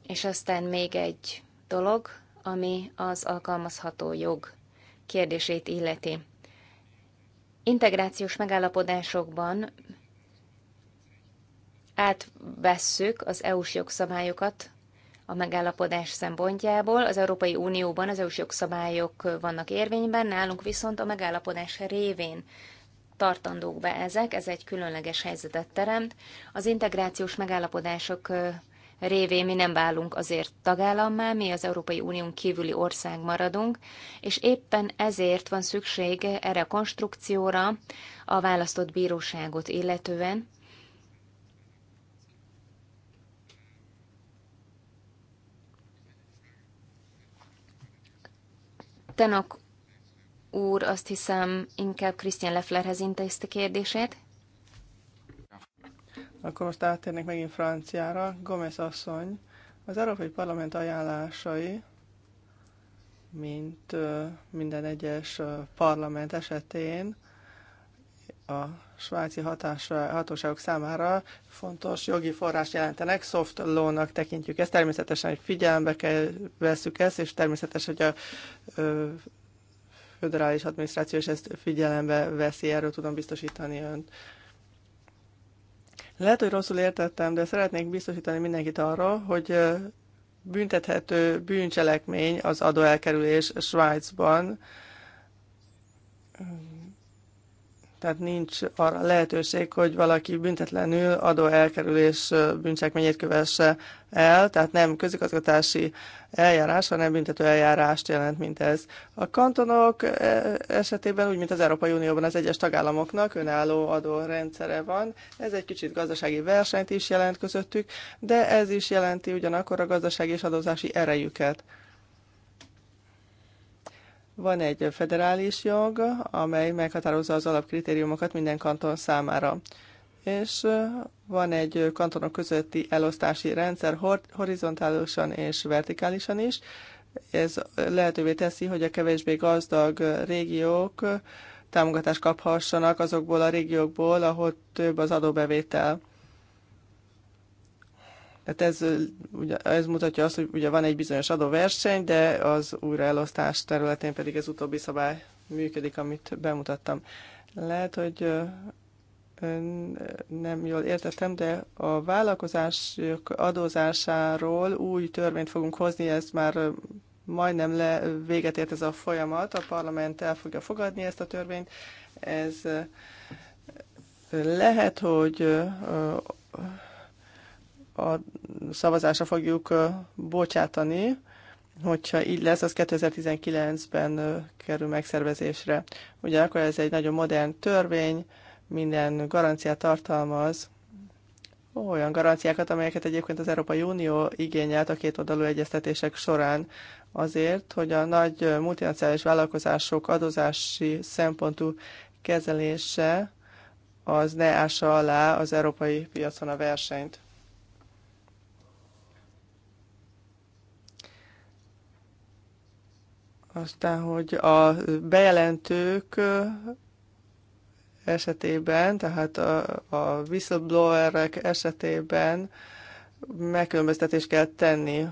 És aztán még egy dolog, ami az alkalmazható jog kérdését illeti. Integrációs megállapodásokban átvesszük az EU-s jogszabályokat a megállapodás szempontjából. Az Európai Unióban az EU-s jogszabályok vannak érvényben, nálunk viszont a megállapodás révén tartandók be ezek, ez egy különleges helyzetet teremt. Az integrációs megállapodások révén mi nem válunk azért tagállammá, mi az Európai Unión kívüli ország maradunk, és éppen ezért van szükség erre a konstrukcióra a választott bíróságot illetően, Tenok úr azt hiszem inkább Christian Lefflerhez intézte kérdését. Akkor most áttérnék megint franciára. Gomez asszony, az Európai Parlament ajánlásai, mint minden egyes parlament esetén, a svájci hatás, hatóságok számára fontos jogi forrás jelentenek, soft law-nak tekintjük ezt, természetesen hogy figyelembe kell veszük ezt, és természetesen, hogy a ö, föderális adminisztráció is ezt figyelembe veszi, erről tudom biztosítani önt. Lehet, hogy rosszul értettem, de szeretnék biztosítani mindenkit arra, hogy büntethető bűncselekmény az adóelkerülés Svájcban tehát nincs arra lehetőség, hogy valaki büntetlenül elkerülés bűncselekményét kövesse el, tehát nem közigazgatási eljárás, hanem büntető eljárást jelent, mint ez. A kantonok e, esetében, úgy mint az Európai Unióban az egyes tagállamoknak önálló adórendszere van, ez egy kicsit gazdasági versenyt is jelent közöttük, de ez is jelenti ugyanakkor a gazdasági és adózási erejüket. Van egy federális jog, amely meghatározza az alapkritériumokat minden kanton számára. És van egy kantonok közötti elosztási rendszer horizontálisan és vertikálisan is. Ez lehetővé teszi, hogy a kevésbé gazdag régiók támogatást kaphassanak azokból a régiókból, ahol több az adóbevétel. Tehát ez, ugye, ez mutatja azt, hogy ugye van egy bizonyos adóverseny, de az újraelosztás területén pedig ez utóbbi szabály működik, amit bemutattam. Lehet, hogy nem jól értettem, de a vállalkozások adózásáról új törvényt fogunk hozni, ez már majdnem le, véget ért ez a folyamat, a parlament el fogja fogadni ezt a törvényt. Ez lehet, hogy a szavazásra fogjuk bocsátani, hogyha így lesz, az 2019-ben kerül megszervezésre. Ugyanakkor ez egy nagyon modern törvény, minden garanciát tartalmaz, olyan garanciákat, amelyeket egyébként az Európai Unió igényelt a két oldalú egyeztetések során azért, hogy a nagy multinacionális vállalkozások adózási szempontú kezelése az ne ássa alá az európai piacon a versenyt. Aztán, hogy a bejelentők esetében, tehát a, a whistleblowerek esetében megkülönböztetést kell tenni.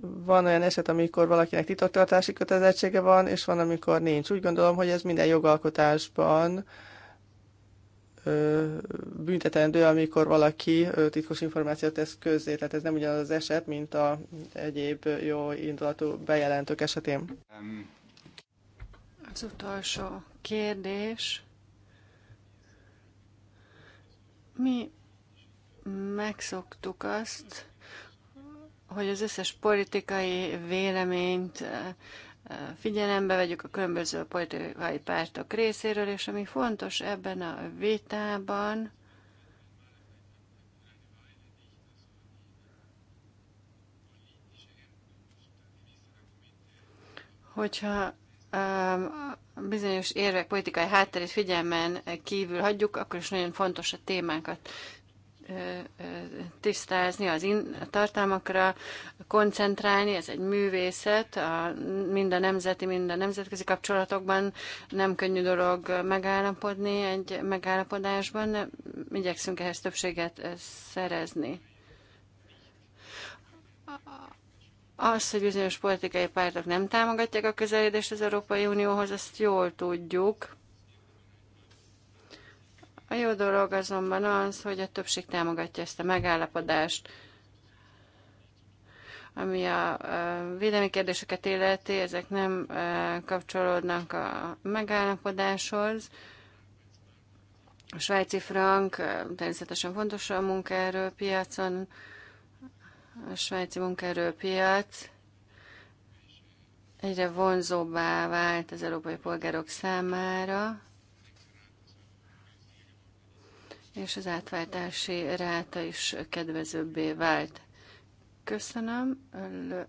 Van olyan eset, amikor valakinek titoktartási kötelezettsége van, és van, amikor nincs. Úgy gondolom, hogy ez minden jogalkotásban büntetendő, amikor valaki titkos információt tesz közzé. Tehát ez nem ugyanaz az eset, mint a egyéb jó indulatú bejelentők esetén. Az utolsó kérdés. Mi megszoktuk azt, hogy az összes politikai véleményt figyelembe vegyük a különböző politikai pártok részéről, és ami fontos ebben a vitában, hogyha um, bizonyos érvek politikai hátterét figyelmen kívül hagyjuk, akkor is nagyon fontos a témákat tisztázni, az in, a tartalmakra koncentrálni, ez egy művészet, a, mind a nemzeti, mind a nemzetközi kapcsolatokban nem könnyű dolog megállapodni egy megállapodásban, igyekszünk ehhez többséget szerezni. Az, hogy bizonyos politikai pártok nem támogatják a közeledést az Európai Unióhoz, azt jól tudjuk. A jó dolog azonban az, hogy a többség támogatja ezt a megállapodást, ami a védelmi kérdéseket illeti, ezek nem e, kapcsolódnak a megállapodáshoz. A svájci frank e, természetesen fontos a munkaerőpiacon, a svájci munkaerőpiac egyre vonzóbbá vált az európai polgárok számára és az átváltási ráta is kedvezőbbé vált. Köszönöm,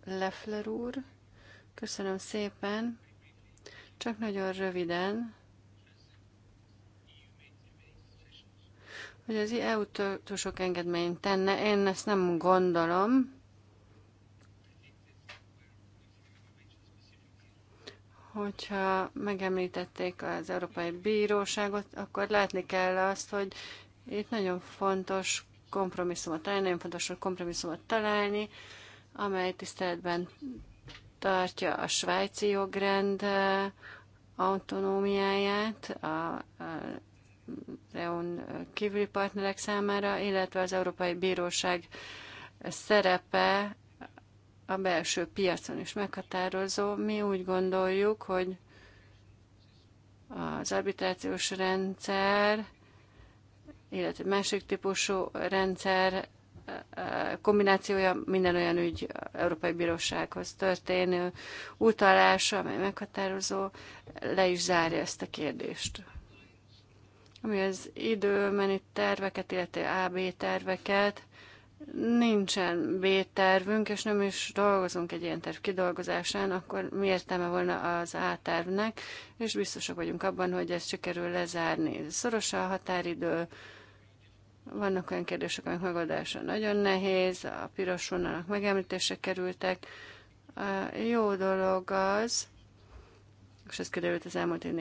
Leffler úr, köszönöm szépen, csak nagyon röviden, hogy az EU túl sok engedményt tenne, én ezt nem gondolom. Hogyha megemlítették az Európai Bíróságot, akkor látni kell azt, hogy itt nagyon fontos kompromisszumot találni, nagyon fontos kompromisszumot találni, amely tiszteletben tartja a svájci jogrend autonómiáját a, a kívüli partnerek számára, illetve az Európai Bíróság szerepe a belső piacon is meghatározó. Mi úgy gondoljuk, hogy az arbitrációs rendszer illetve másik típusú rendszer e, e, kombinációja minden olyan ügy Európai Bírósághoz történő utalása, amely meghatározó, le is zárja ezt a kérdést. Ami az időmeni terveket, illetve AB terveket, nincsen B tervünk, és nem is dolgozunk egy ilyen terv kidolgozásán, akkor mi értelme volna az A tervnek, és biztosak vagyunk abban, hogy ezt sikerül lezárni. Szoros a határidő, vannak olyan kérdések, amik megoldása nagyon nehéz, a piros vonalak megemlítése kerültek. A jó dolog az, és ez kiderült az elmúlt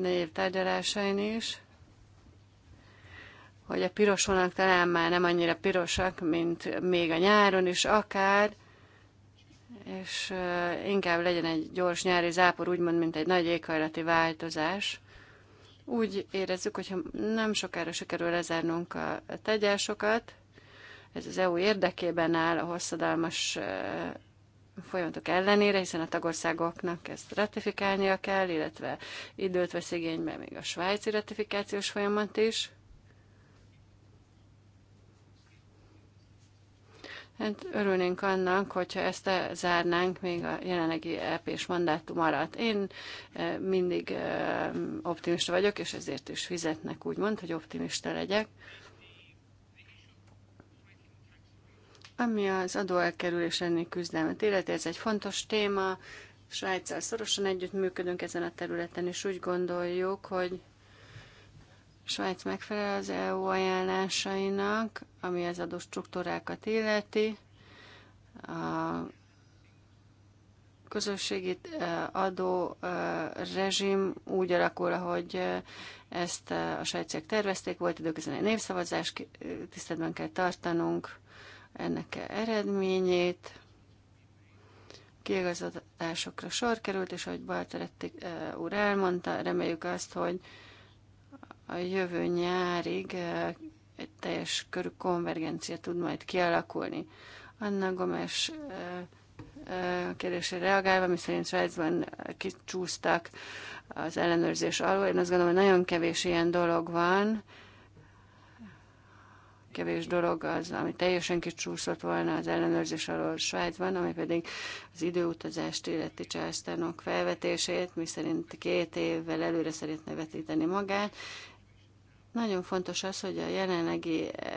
négy év tárgyalásain is, hogy a piros vonalak talán már nem annyira pirosak, mint még a nyáron is akár, és inkább legyen egy gyors nyári zápor, úgymond, mint egy nagy éghajlati változás. Úgy érezzük, hogyha nem sokára sikerül lezárnunk a tegyásokat, ez az EU érdekében áll a hosszadalmas eh, folyamatok ellenére, hiszen a tagországoknak ezt ratifikálnia kell, illetve időt vesz igénybe még a svájci ratifikációs folyamat is. Hát örülnénk annak, hogyha ezt zárnánk még a jelenlegi EP-s mandátum alatt. Én e, mindig e, optimista vagyok, és ezért is fizetnek, úgymond, hogy optimista legyek. Ami az adóelkerülés elleni küzdelmet illeti, ez egy fontos téma. Svájccal szorosan együttműködünk ezen a területen, és úgy gondoljuk, hogy Svájc megfelel az EU ajánlásainak, ami az adó struktúrákat illeti. A közösségi e, adó e, rezsim úgy alakul, ahogy e, ezt a svájciak tervezték, volt időközben egy népszavazás, tiszteletben kell tartanunk ennek eredményét. Kiigazatásokra sor került, és ahogy Balteretti úr elmondta, reméljük azt, hogy a jövő nyárig egy teljes körű konvergencia tud majd kialakulni. Anna Gomes kérdésre reagálva, miszerint Svájcban kicsúsztak az ellenőrzés alól. Én azt gondolom, hogy nagyon kevés ilyen dolog van, kevés dolog az, ami teljesen kicsúszott volna az ellenőrzés alól Svájcban, ami pedig az időutazást illeti császtánok felvetését, miszerint két évvel előre szeretne vetíteni magát, nagyon fontos az, hogy a jelenlegi e,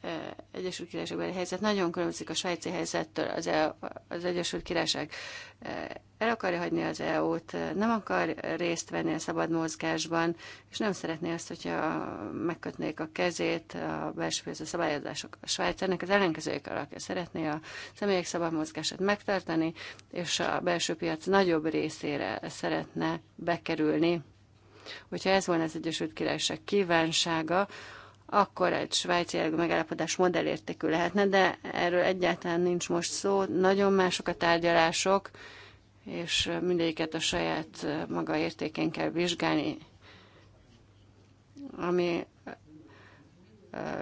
e, Egyesült Királyságbeli helyzet nagyon különbözik a svájci helyzettől. Az, EU, az Egyesült Királyság e, el akarja hagyni az EU-t, nem akar részt venni a szabad mozgásban, és nem szeretné azt, hogyha megkötnék a kezét a belső a szabályozások. A Svájc ennek az ellenkezőjük alakja szeretné a személyek szabad mozgását megtartani, és a belső piac nagyobb részére szeretne bekerülni Hogyha ez volna az Egyesült Királyság kívánsága, akkor egy svájci jellegű megállapodás modellértékű lehetne, de erről egyáltalán nincs most szó. Nagyon mások a tárgyalások, és mindegyiket a saját maga értékén kell vizsgálni. Ami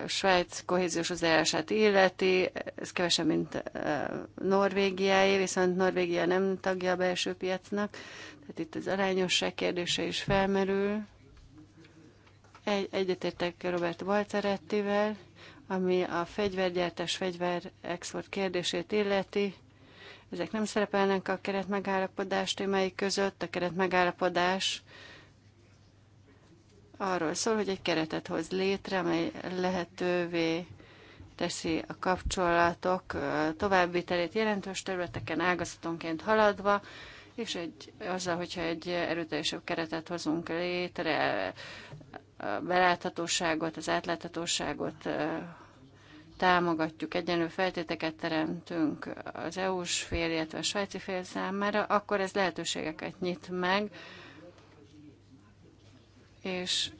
Svájc kohéziós hozzájárását illeti, ez kevesebb, mint Norvégiáé, viszont Norvégia nem tagja a belső piacnak, tehát itt az arányosság kérdése is felmerül. Egy, egyetértek Robert Balcerettivel, ami a fegyvergyártás, fegyver export kérdését illeti. Ezek nem szerepelnek a keretmegállapodás témái között. A keretmegállapodás arról szól, hogy egy keretet hoz létre, amely lehetővé teszi a kapcsolatok további terét jelentős területeken ágazatonként haladva, és egy, azzal, hogyha egy erőteljesebb keretet hozunk létre, a beláthatóságot, az átláthatóságot támogatjuk, egyenlő feltéteket teremtünk az EU-s fél, illetve a svájci fél számára, akkor ez lehetőségeket nyit meg, és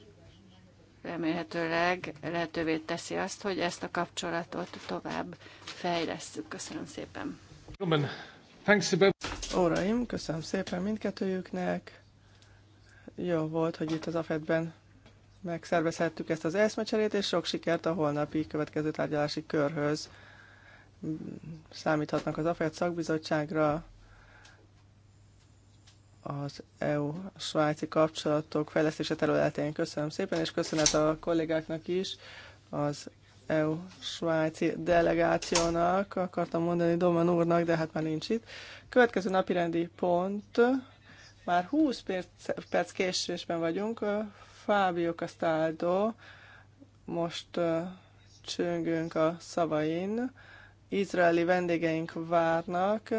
remélhetőleg lehetővé teszi azt, hogy ezt a kapcsolatot tovább fejlesztjük. Köszönöm szépen. Köszönöm. Óraim, köszönöm szépen mindkettőjüknek. Jó volt, hogy itt az AFED-ben megszervezhettük ezt az eszmecserét, és sok sikert a holnapi következő tárgyalási körhöz. Számíthatnak az AFED szakbizottságra, az EU-svájci kapcsolatok fejlesztése területén. Köszönöm szépen, és köszönet a kollégáknak is az EU-svájci delegációnak, akartam mondani Doman úrnak, de hát már nincs itt. Következő napirendi pont, már 20 perc, perc késésben vagyunk, Fábio Castaldo, most csöngünk a szavain, izraeli vendégeink várnak,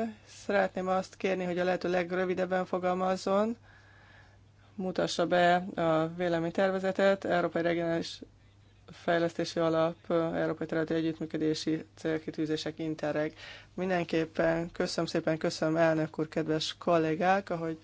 szeretném azt kérni, hogy a lehető legrövidebben fogalmazzon, mutassa be a véleménytervezetet, Európai Regionális fejlesztési alap, Európai Területi Együttműködési Célkitűzések Interreg. Mindenképpen köszönöm szépen, köszönöm elnök úr, kedves kollégák, ahogy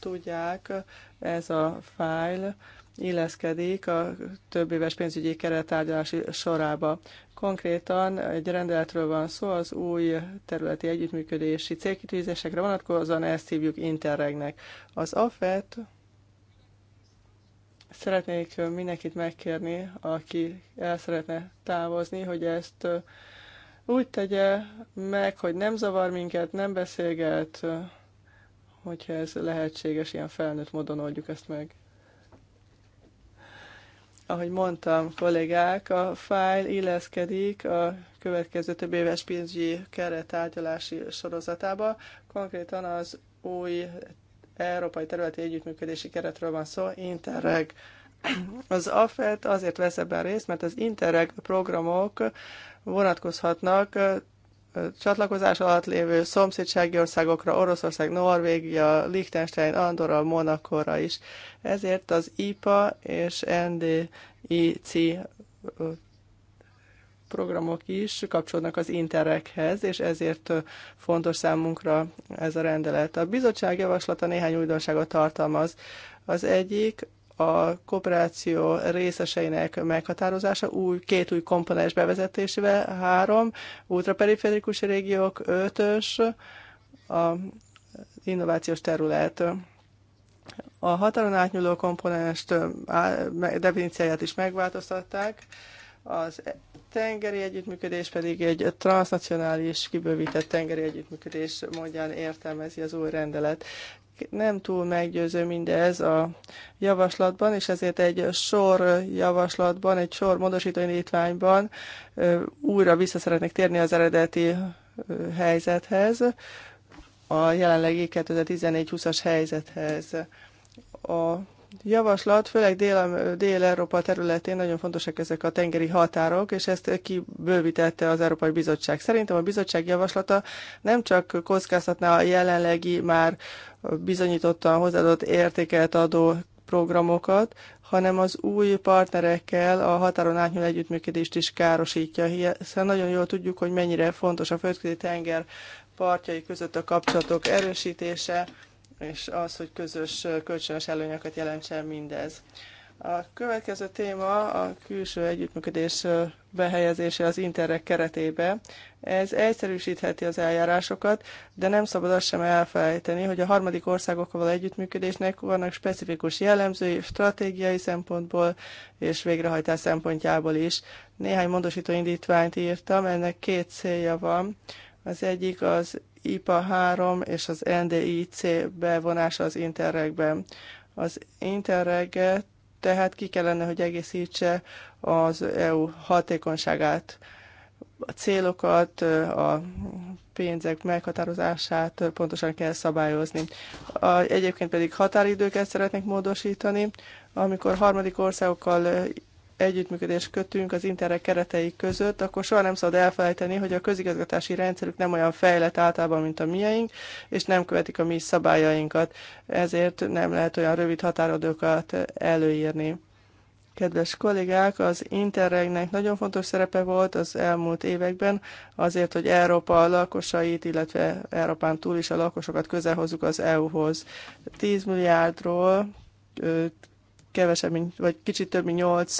tudják, ez a fájl illeszkedik a több éves pénzügyi kerettárgyalási sorába. Konkrétan egy rendeletről van szó, az új területi együttműködési célkitűzésekre vonatkozóan ezt hívjuk Interregnek. Az AFET Szeretnék mindenkit megkérni, aki el szeretne távozni, hogy ezt úgy tegye meg, hogy nem zavar minket, nem beszélget, hogyha ez lehetséges, ilyen felnőtt módon oldjuk ezt meg. Ahogy mondtam, kollégák, a fájl illeszkedik a következő több éves pénzügyi keret tárgyalási sorozatába, konkrétan az új Európai Területi Együttműködési Keretről van szó, Interreg. Az AFET azért vesz ebben részt, mert az Interreg programok vonatkozhatnak csatlakozás alatt lévő szomszédsági országokra, Oroszország, Norvégia, Liechtenstein, Andorra, Monakóra is. Ezért az IPA és NDIC programok is kapcsolódnak az interekhez, és ezért fontos számunkra ez a rendelet. A bizottság javaslata néhány újdonságot tartalmaz. Az egyik a kooperáció részeseinek meghatározása új, két új komponens bevezetésével, három, ultraperiférikus régiók, ötös, a innovációs terület. A határon átnyúló komponens definícióját is megváltoztatták. Az tengeri együttműködés pedig egy transnacionális, kibővített tengeri együttműködés módján értelmezi az új rendelet. Nem túl meggyőző mindez a javaslatban, és ezért egy sor javaslatban, egy sor módosító indítványban újra vissza szeretnék térni az eredeti helyzethez, a jelenlegi 2014-20-as helyzethez. A javaslat, főleg Dél-Európa területén nagyon fontosak ezek a tengeri határok, és ezt kibővítette az Európai Bizottság. Szerintem a bizottság javaslata nem csak kockáztatná a jelenlegi, már bizonyítottan hozzáadott értéket adó programokat, hanem az új partnerekkel a határon átnyúló együttműködést is károsítja, hiszen nagyon jól tudjuk, hogy mennyire fontos a földközi tenger partjai között a kapcsolatok erősítése, és az, hogy közös kölcsönös előnyöket jelentsen mindez. A következő téma a külső együttműködés behelyezése az interreg keretébe. Ez egyszerűsítheti az eljárásokat, de nem szabad azt sem elfelejteni, hogy a harmadik országokkal való együttműködésnek vannak specifikus jellemzői, stratégiai szempontból és végrehajtás szempontjából is. Néhány módosító indítványt írtam, ennek két célja van. Az egyik az IPA 3 és az NDIC bevonása az Interregbe. Az Interreget tehát ki kellene, hogy egészítse az EU hatékonyságát, a célokat, a pénzek meghatározását pontosan kell szabályozni. A, egyébként pedig határidőket szeretnék módosítani, amikor harmadik országokkal együttműködést kötünk az interek keretei között, akkor soha nem szabad elfelejteni, hogy a közigazgatási rendszerük nem olyan fejlett általában, mint a miénk, és nem követik a mi szabályainkat. Ezért nem lehet olyan rövid határodókat előírni. Kedves kollégák, az Interregnek nagyon fontos szerepe volt az elmúlt években, azért, hogy Európa lakosait, illetve Európán túl is a lakosokat közel hozzuk az EU-hoz. 10 milliárdról kevesebb, mint, vagy kicsit több mint 8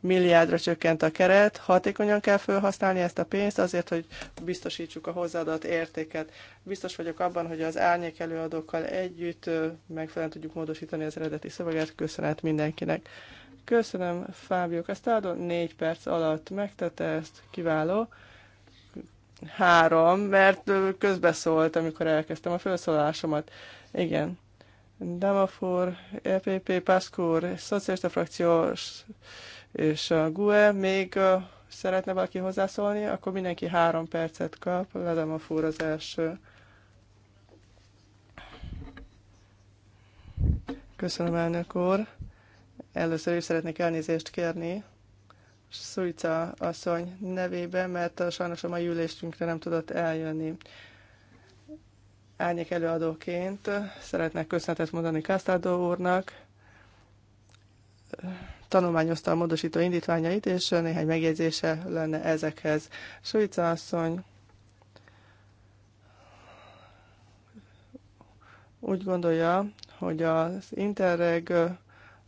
milliárdra csökkent a keret. Hatékonyan kell felhasználni ezt a pénzt azért, hogy biztosítsuk a hozzáadott értéket. Biztos vagyok abban, hogy az árnyék előadókkal együtt megfelelően tudjuk módosítani az eredeti szöveget. Köszönet mindenkinek. Köszönöm, Fábio Castaldo. Négy perc alatt megtette ezt. Kiváló. Három, mert közbeszólt, amikor elkezdtem a felszólásomat. Igen. Damafor, EPP, Pászkór, Szocialista Frakció és a GUE. Még szeretne valaki hozzászólni, akkor mindenki három percet kap. Damafor az első. Köszönöm, elnök úr. Először is szeretnék elnézést kérni Szujca asszony nevében, mert sajnos a mai ülésünkre nem tudott eljönni árnyék előadóként szeretnék köszönetet mondani Kásztárdó úrnak. Tanulmányozta a módosító indítványait, és néhány megjegyzése lenne ezekhez. Suica asszony úgy gondolja, hogy az Interreg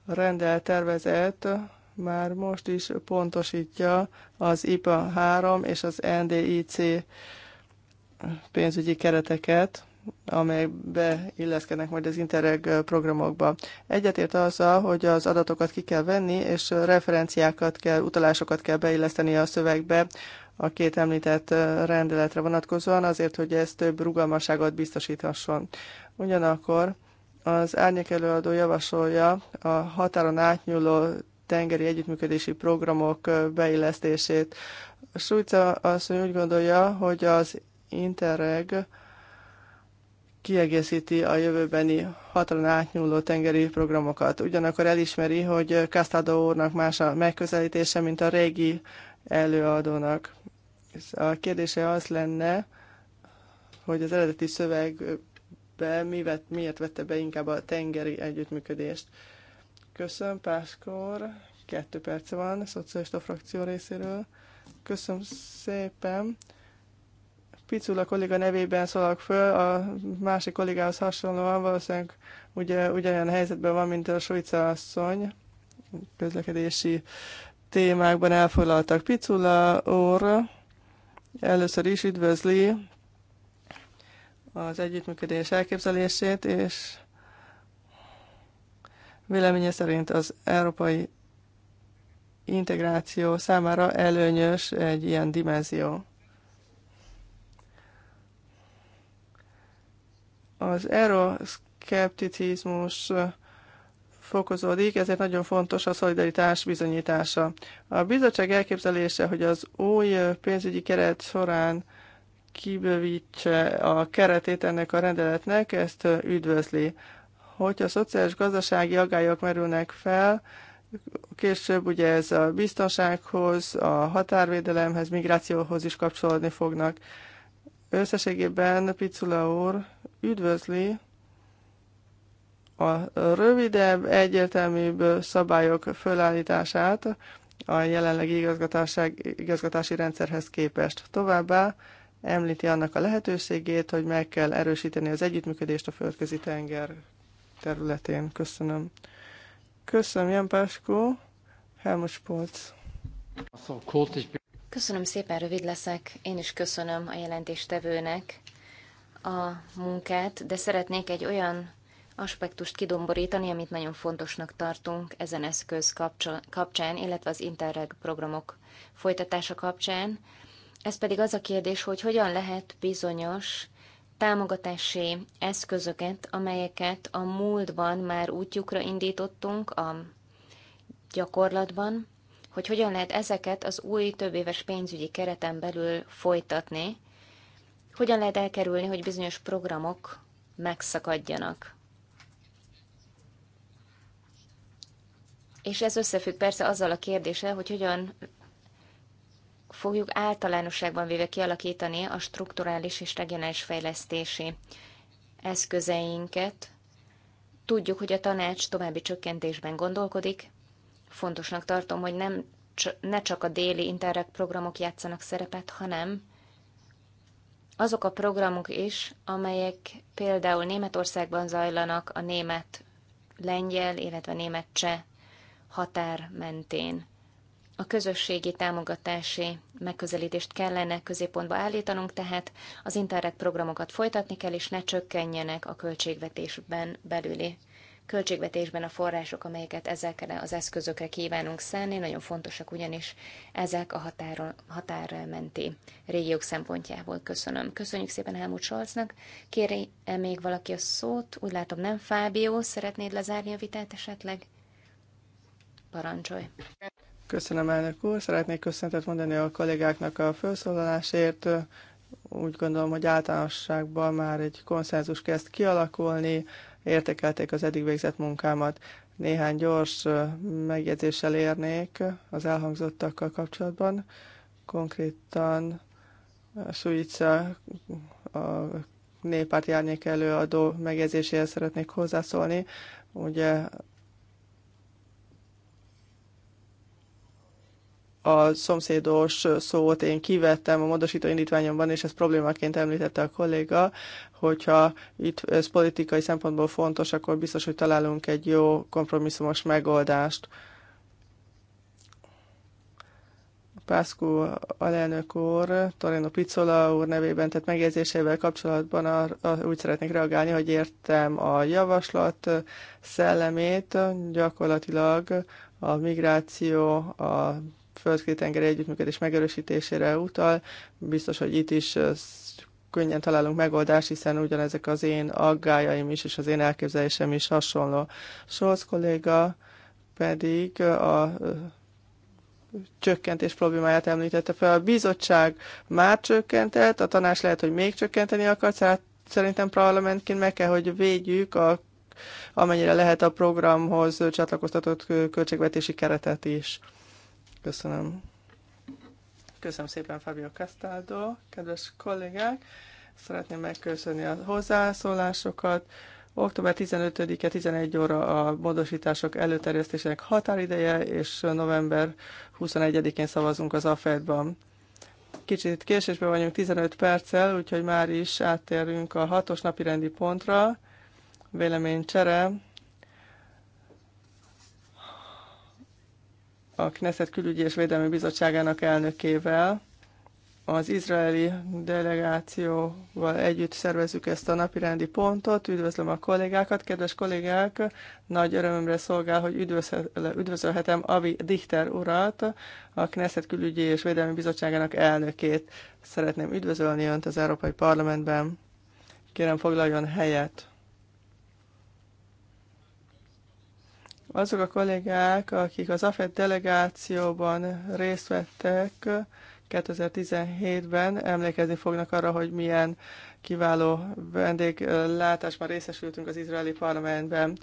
rendel tervezet már most is pontosítja az IPA 3 és az NDIC pénzügyi kereteket, amelybe beilleszkednek majd az Interreg programokba. Egyetért azzal, hogy az adatokat ki kell venni, és referenciákat kell, utalásokat kell beilleszteni a szövegbe a két említett rendeletre vonatkozóan, azért, hogy ez több rugalmasságot biztosíthasson. Ugyanakkor az árnyék előadó javasolja a határon átnyúló tengeri együttműködési programok beillesztését. Sújca azt úgy gondolja, hogy az Interreg kiegészíti a jövőbeni hatalan átnyúló tengeri programokat. Ugyanakkor elismeri, hogy Castado úrnak más a megközelítése, mint a régi előadónak. A kérdése az lenne, hogy az eredeti szövegbe mi vett, miért vette be inkább a tengeri együttműködést. Köszönöm, Páskor. Kettő perc van a szocialista frakció részéről. Köszönöm szépen. Picula kolléga nevében szólok föl, a másik kollégához hasonlóan valószínűleg ugye, ugyanilyen helyzetben van, mint a Svica asszony közlekedési témákban elfoglaltak. Picula úr először is üdvözli az együttműködés elképzelését, és véleménye szerint az európai integráció számára előnyös egy ilyen dimenzió. Az euroszkepticizmus fokozódik, ezért nagyon fontos a szolidaritás bizonyítása. A bizottság elképzelése, hogy az új pénzügyi keret során kibővítse a keretét ennek a rendeletnek, ezt üdvözli. Hogyha szociális gazdasági agályok merülnek fel, később ugye ez a biztonsághoz, a határvédelemhez, migrációhoz is kapcsolódni fognak. Összességében Picula úr üdvözli a rövidebb, egyértelműbb szabályok fölállítását a jelenlegi igazgatási rendszerhez képest. Továbbá említi annak a lehetőségét, hogy meg kell erősíteni az együttműködést a földközi tenger területén. Köszönöm. Köszönöm, Jan Páskó. Helmut Spolc. Köszönöm szépen, rövid leszek. Én is köszönöm a jelentéstevőnek a munkát, de szeretnék egy olyan aspektust kidomborítani, amit nagyon fontosnak tartunk ezen eszköz kapcsán, illetve az Interreg programok folytatása kapcsán. Ez pedig az a kérdés, hogy hogyan lehet bizonyos támogatási eszközöket, amelyeket a múltban már útjukra indítottunk a gyakorlatban, hogy hogyan lehet ezeket az új többéves pénzügyi kereten belül folytatni, hogyan lehet elkerülni, hogy bizonyos programok megszakadjanak. És ez összefügg persze azzal a kérdéssel, hogy hogyan fogjuk általánosságban véve kialakítani a strukturális és regionális fejlesztési eszközeinket. Tudjuk, hogy a tanács további csökkentésben gondolkodik, Fontosnak tartom, hogy nem, ne csak a déli interreg programok játszanak szerepet, hanem azok a programok is, amelyek például Németországban zajlanak a német-lengyel, illetve német-cseh határ mentén. A közösségi támogatási megközelítést kellene középpontba állítanunk, tehát az Interreg programokat folytatni kell, és ne csökkenjenek a költségvetésben belüli költségvetésben a források, amelyeket ezekre az eszközökre kívánunk szállni, nagyon fontosak ugyanis ezek a határon, határmenti régiók szempontjából. Köszönöm. Köszönjük szépen Helmut Scholznak. Kéri -e még valaki a szót? Úgy látom nem. Fábio, szeretnéd lezárni a vitát esetleg? Parancsolj. Köszönöm, elnök úr. Szeretnék köszöntet mondani a kollégáknak a felszólalásért. Úgy gondolom, hogy általánosságban már egy konszenzus kezd kialakulni értékelték az eddig végzett munkámat. Néhány gyors megjegyzéssel érnék az elhangzottakkal kapcsolatban. Konkrétan Suica a néppárti árnyék előadó megjegyzéséhez szeretnék hozzászólni. Ugye a szomszédos szót én kivettem a módosító indítványomban, és ezt problémaként említette a kolléga, hogyha itt ez politikai szempontból fontos, akkor biztos, hogy találunk egy jó kompromisszumos megoldást. Pászkó alelnök úr, Torino Picola úr nevében tett megjegyzésével kapcsolatban a, a, úgy szeretnék reagálni, hogy értem a javaslat szellemét, gyakorlatilag a migráció, a földkétengeri együttműködés megerősítésére utal. Biztos, hogy itt is könnyen találunk megoldást, hiszen ugyanezek az én aggájaim is, és az én elképzelésem is hasonló. Scholz kolléga pedig a csökkentés problémáját említette fel. A bizottság már csökkentett, a tanács lehet, hogy még csökkenteni akar, szerintem parlamentként meg kell, hogy védjük a amennyire lehet a programhoz csatlakoztatott költségvetési keretet is. Köszönöm. Köszönöm szépen Fabio Castaldo, kedves kollégák. Szeretném megköszönni a hozzászólásokat. Október 15-e 11 óra a módosítások előterjesztésének határideje, és november 21-én szavazunk az AFED-ban. Kicsit késésben vagyunk 15 perccel, úgyhogy már is áttérünk a hatos napi rendi pontra. Véleménycsere a Knesset Külügyi és Védelmi Bizottságának elnökével. Az izraeli delegációval együtt szervezzük ezt a napirendi pontot. Üdvözlöm a kollégákat, kedves kollégák! Nagy örömömre szolgál, hogy üdvözölhetem Avi Dichter urat, a Knesset Külügyi és Védelmi Bizottságának elnökét. Szeretném üdvözölni Önt az Európai Parlamentben. Kérem, foglaljon helyet! Azok a kollégák, akik az AFED delegációban részt vettek 2017-ben, emlékezni fognak arra, hogy milyen kiváló vendéglátásban részesültünk az izraeli parlamentben.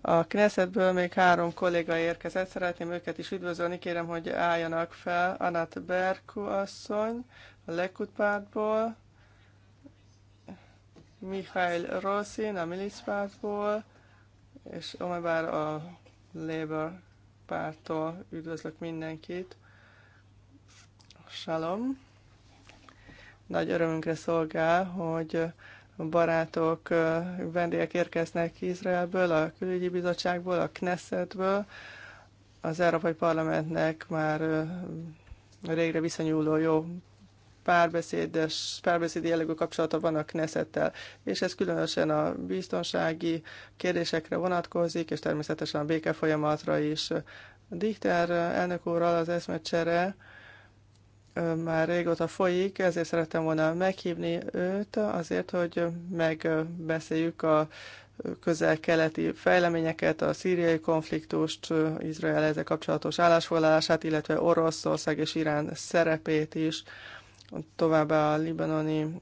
A Knessetből még három kolléga érkezett, szeretném őket is üdvözölni, kérem, hogy álljanak fel. Anat Berku asszony, a Lekutpártból, Mihály Rosszin, a Milic és Omebár a Labour pártól üdvözlök mindenkit. Salom. Nagy örömünkre szolgál, hogy barátok, vendégek érkeznek Izraelből, a külügyi bizottságból, a Knessetből. Az Európai Parlamentnek már régre visszanyúló jó párbeszédes, párbeszédi jellegű kapcsolata van a Knessettel, és ez különösen a biztonsági kérdésekre vonatkozik, és természetesen a béke folyamatra is. Dichter elnök úrral az eszmecsere már régóta folyik, ezért szerettem volna meghívni őt, azért, hogy megbeszéljük a közel-keleti fejleményeket, a szíriai konfliktust, Izrael ezzel kapcsolatos állásfoglalását, illetve Oroszország és Irán szerepét is továbbá a libanoni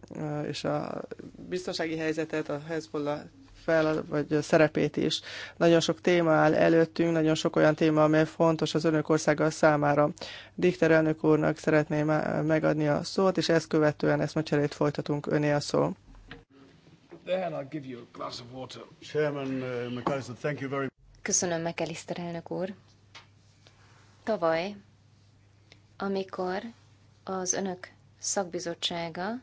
és a biztonsági helyzetet, a Hezbollah fel, vagy szerepét is. Nagyon sok téma áll előttünk, nagyon sok olyan téma, amely fontos az önök országa számára. Dikter elnök úrnak szeretném megadni a szót, és ezt követően ezt cserét folytatunk öné a szó. Uh, Köszönöm, McAllister elnök úr. Tavaly, amikor az önök szakbizottsága,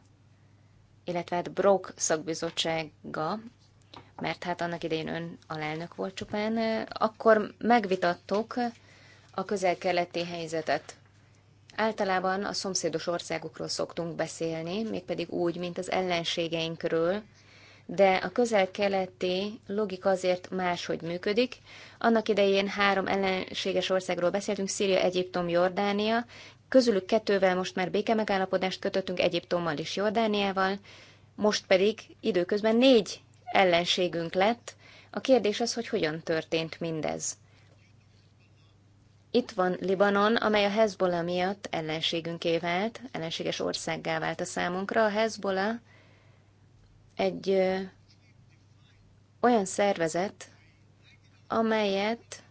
illetve hát Brok szakbizottsága, mert hát annak idején ön alelnök volt csupán, akkor megvitattuk a közel-keleti helyzetet. Általában a szomszédos országokról szoktunk beszélni, mégpedig úgy, mint az ellenségeinkről, de a közel-keleti logika azért máshogy működik. Annak idején három ellenséges országról beszéltünk, Szíria, Egyiptom, Jordánia. Közülük kettővel most már békemegállapodást kötöttünk Egyiptommal és Jordániával, most pedig időközben négy ellenségünk lett. A kérdés az, hogy hogyan történt mindez. Itt van Libanon, amely a Hezbollah miatt ellenségünké vált, ellenséges országgá vált a számunkra. A Hezbollah egy ö, olyan szervezet, amelyet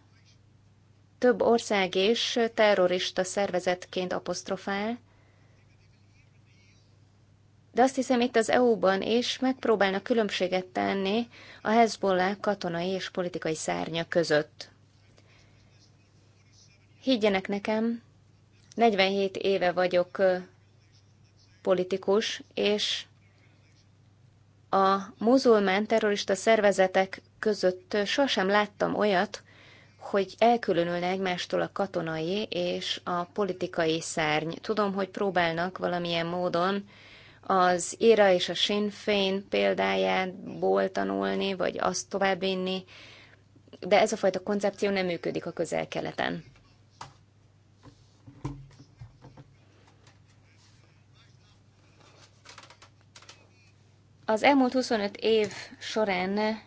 több ország is terrorista szervezetként apostrofál, de azt hiszem itt az EU-ban is megpróbálnak különbséget tenni a Hezbollah katonai és politikai szárnya között. Higgyenek nekem, 47 éve vagyok politikus, és a muzulmán terrorista szervezetek között sosem láttam olyat, hogy elkülönülne egymástól a katonai és a politikai szárny. Tudom, hogy próbálnak valamilyen módon az Ira és a Sinn Féin példájából tanulni, vagy azt továbbvinni, de ez a fajta koncepció nem működik a közel-keleten. Az elmúlt 25 év során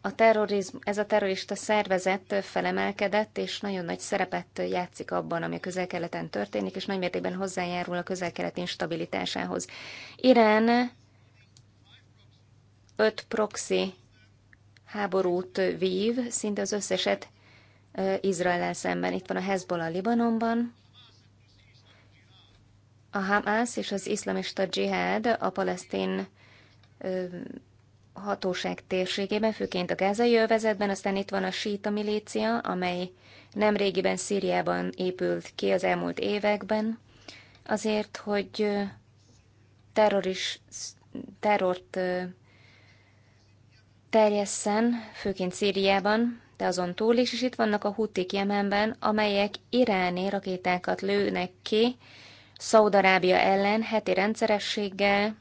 a terrorizm, ez a terrorista szervezet felemelkedett, és nagyon nagy szerepet játszik abban, ami a közel-keleten történik, és nagymértékben hozzájárul a közel-kelet instabilitásához. Irán öt proxy háborút vív, szinte az összeset Izrael szemben. Itt van a Hezbollah Libanonban, a Hamas és az iszlamista dzsihád a palesztin hatóság térségében, főként a gázai övezetben, aztán itt van a síta milícia, amely nemrégiben Szíriában épült ki az elmúlt években, azért, hogy terroris, terrort terjesszen, főként Szíriában, de azon túl is, és itt vannak a hutik Jemenben, amelyek iráni rakétákat lőnek ki, Szaudarábia ellen heti rendszerességgel,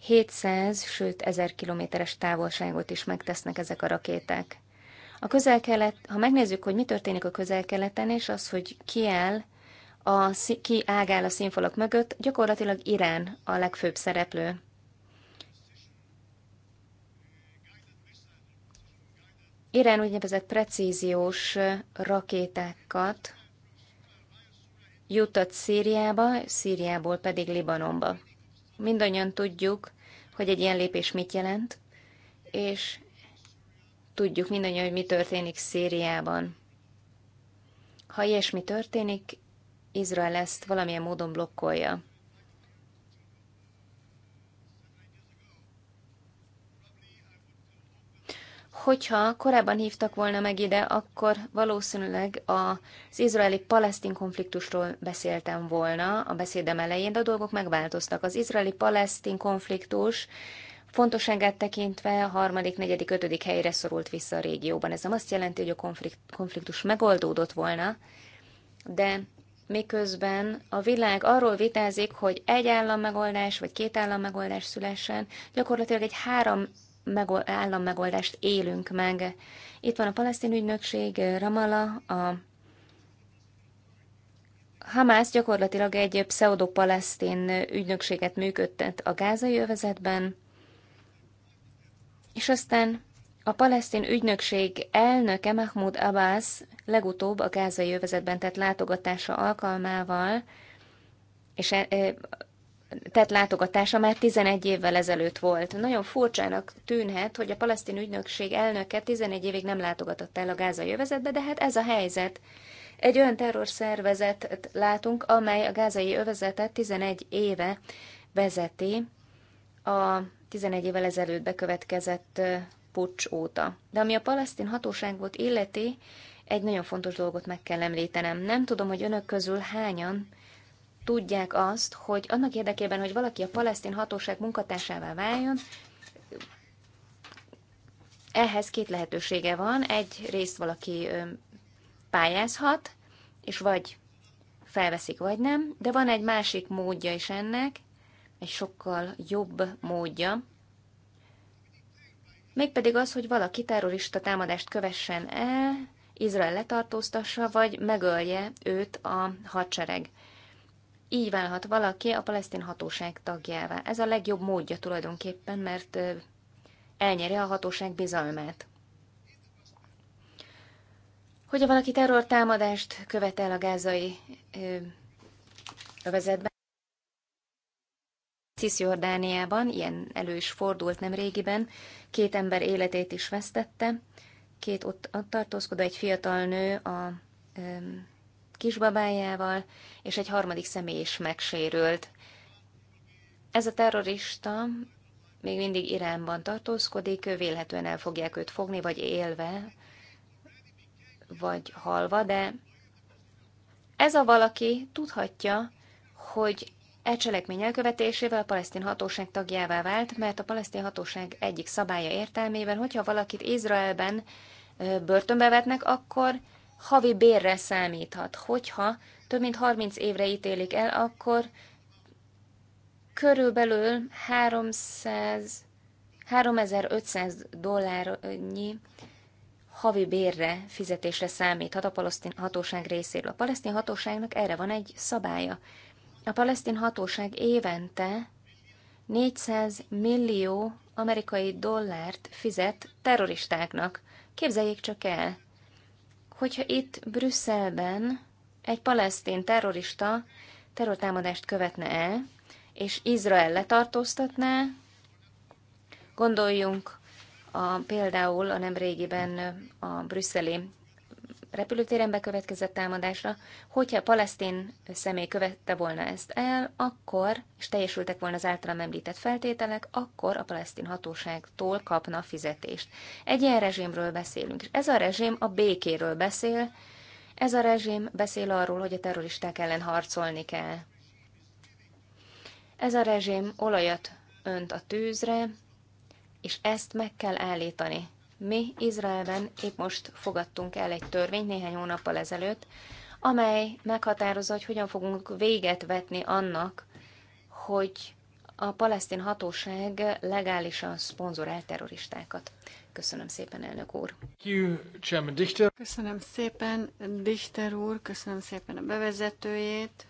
700, sőt 1000 kilométeres távolságot is megtesznek ezek a rakéták. A közel-kelet, ha megnézzük, hogy mi történik a közel-keleten, és az, hogy ki áll, a, ki ágál a színfalak mögött, gyakorlatilag Irán a legfőbb szereplő. Irán úgynevezett precíziós rakétákat jutott Szíriába, Szíriából pedig Libanonba. Mindannyian tudjuk, hogy egy ilyen lépés mit jelent, és tudjuk mindannyian, hogy mi történik Szíriában. Ha ilyesmi történik, Izrael ezt valamilyen módon blokkolja. Hogyha korábban hívtak volna meg ide, akkor valószínűleg az izraeli-palesztin konfliktusról beszéltem volna a beszédem elején, de a dolgok megváltoztak. Az izraeli-palesztin konfliktus fontosságát tekintve a harmadik, negyedik, ötödik helyre szorult vissza a régióban. Ez nem azt jelenti, hogy a konfliktus megoldódott volna, de miközben a világ arról vitázik, hogy egy állam megoldás vagy két állam megoldás szülessen, gyakorlatilag egy három állammegoldást élünk meg. Itt van a palesztin ügynökség, Ramala, a Hamas gyakorlatilag egy pseudo-palesztin ügynökséget működtet a gázai övezetben, és aztán a palesztin ügynökség elnöke Mahmoud Abbas legutóbb a gázai övezetben tett látogatása alkalmával, és e- e- tett látogatása már 11 évvel ezelőtt volt. Nagyon furcsának tűnhet, hogy a palesztin ügynökség elnöke 11 évig nem látogatott el a gázai övezetbe, de hát ez a helyzet. Egy olyan terrorszervezetet látunk, amely a gázai övezetet 11 éve vezeti a 11 évvel ezelőtt bekövetkezett pucs óta. De ami a palesztin hatóságot illeti, egy nagyon fontos dolgot meg kell említenem. Nem tudom, hogy önök közül hányan tudják azt, hogy annak érdekében, hogy valaki a palesztin hatóság munkatársává váljon, ehhez két lehetősége van. Egy részt valaki pályázhat, és vagy felveszik, vagy nem, de van egy másik módja is ennek, egy sokkal jobb módja, mégpedig az, hogy valaki terrorista támadást kövessen el, Izrael letartóztassa, vagy megölje őt a hadsereg így válhat valaki a palesztin hatóság tagjává. Ez a legjobb módja tulajdonképpen, mert elnyeri a hatóság bizalmát. Hogyha valaki terror támadást követel a gázai övezetben, Cisjordániában, ilyen elő is fordult nem régiben, két ember életét is vesztette, két ott, ott tartózkodó, egy fiatal nő a kisbabájával, és egy harmadik személy is megsérült. Ez a terrorista még mindig Iránban tartózkodik, vélhetően el fogják őt fogni, vagy élve, vagy halva, de ez a valaki tudhatja, hogy E cselekmény elkövetésével a palesztin hatóság tagjává vált, mert a palesztin hatóság egyik szabálya értelmében, hogyha valakit Izraelben börtönbe vetnek, akkor havi bérre számíthat. Hogyha több mint 30 évre ítélik el, akkor körülbelül 300, 3500 dollárnyi havi bérre, fizetésre számíthat a palesztin hatóság részéről. A palesztin hatóságnak erre van egy szabálya. A palesztin hatóság évente 400 millió amerikai dollárt fizet terroristáknak. Képzeljék csak el! hogyha itt Brüsszelben egy palesztin terrorista terrortámadást követne el, és Izrael letartóztatná, gondoljunk a, például a nemrégiben a brüsszeli repülőtéren bekövetkezett támadásra, hogyha a palesztin személy követte volna ezt el, akkor, és teljesültek volna az általam említett feltételek, akkor a palesztin hatóságtól kapna fizetést. Egy ilyen rezsimről beszélünk, és ez a rezsim a békéről beszél, ez a rezsim beszél arról, hogy a terroristák ellen harcolni kell. Ez a rezsim olajat önt a tűzre, és ezt meg kell állítani. Mi Izraelben épp most fogadtunk el egy törvényt néhány hónappal ezelőtt, amely meghatározza, hogy hogyan fogunk véget vetni annak, hogy a palesztin hatóság legálisan szponzorál terroristákat. Köszönöm szépen, elnök úr. Köszönöm szépen, Dichter úr, köszönöm szépen a bevezetőjét.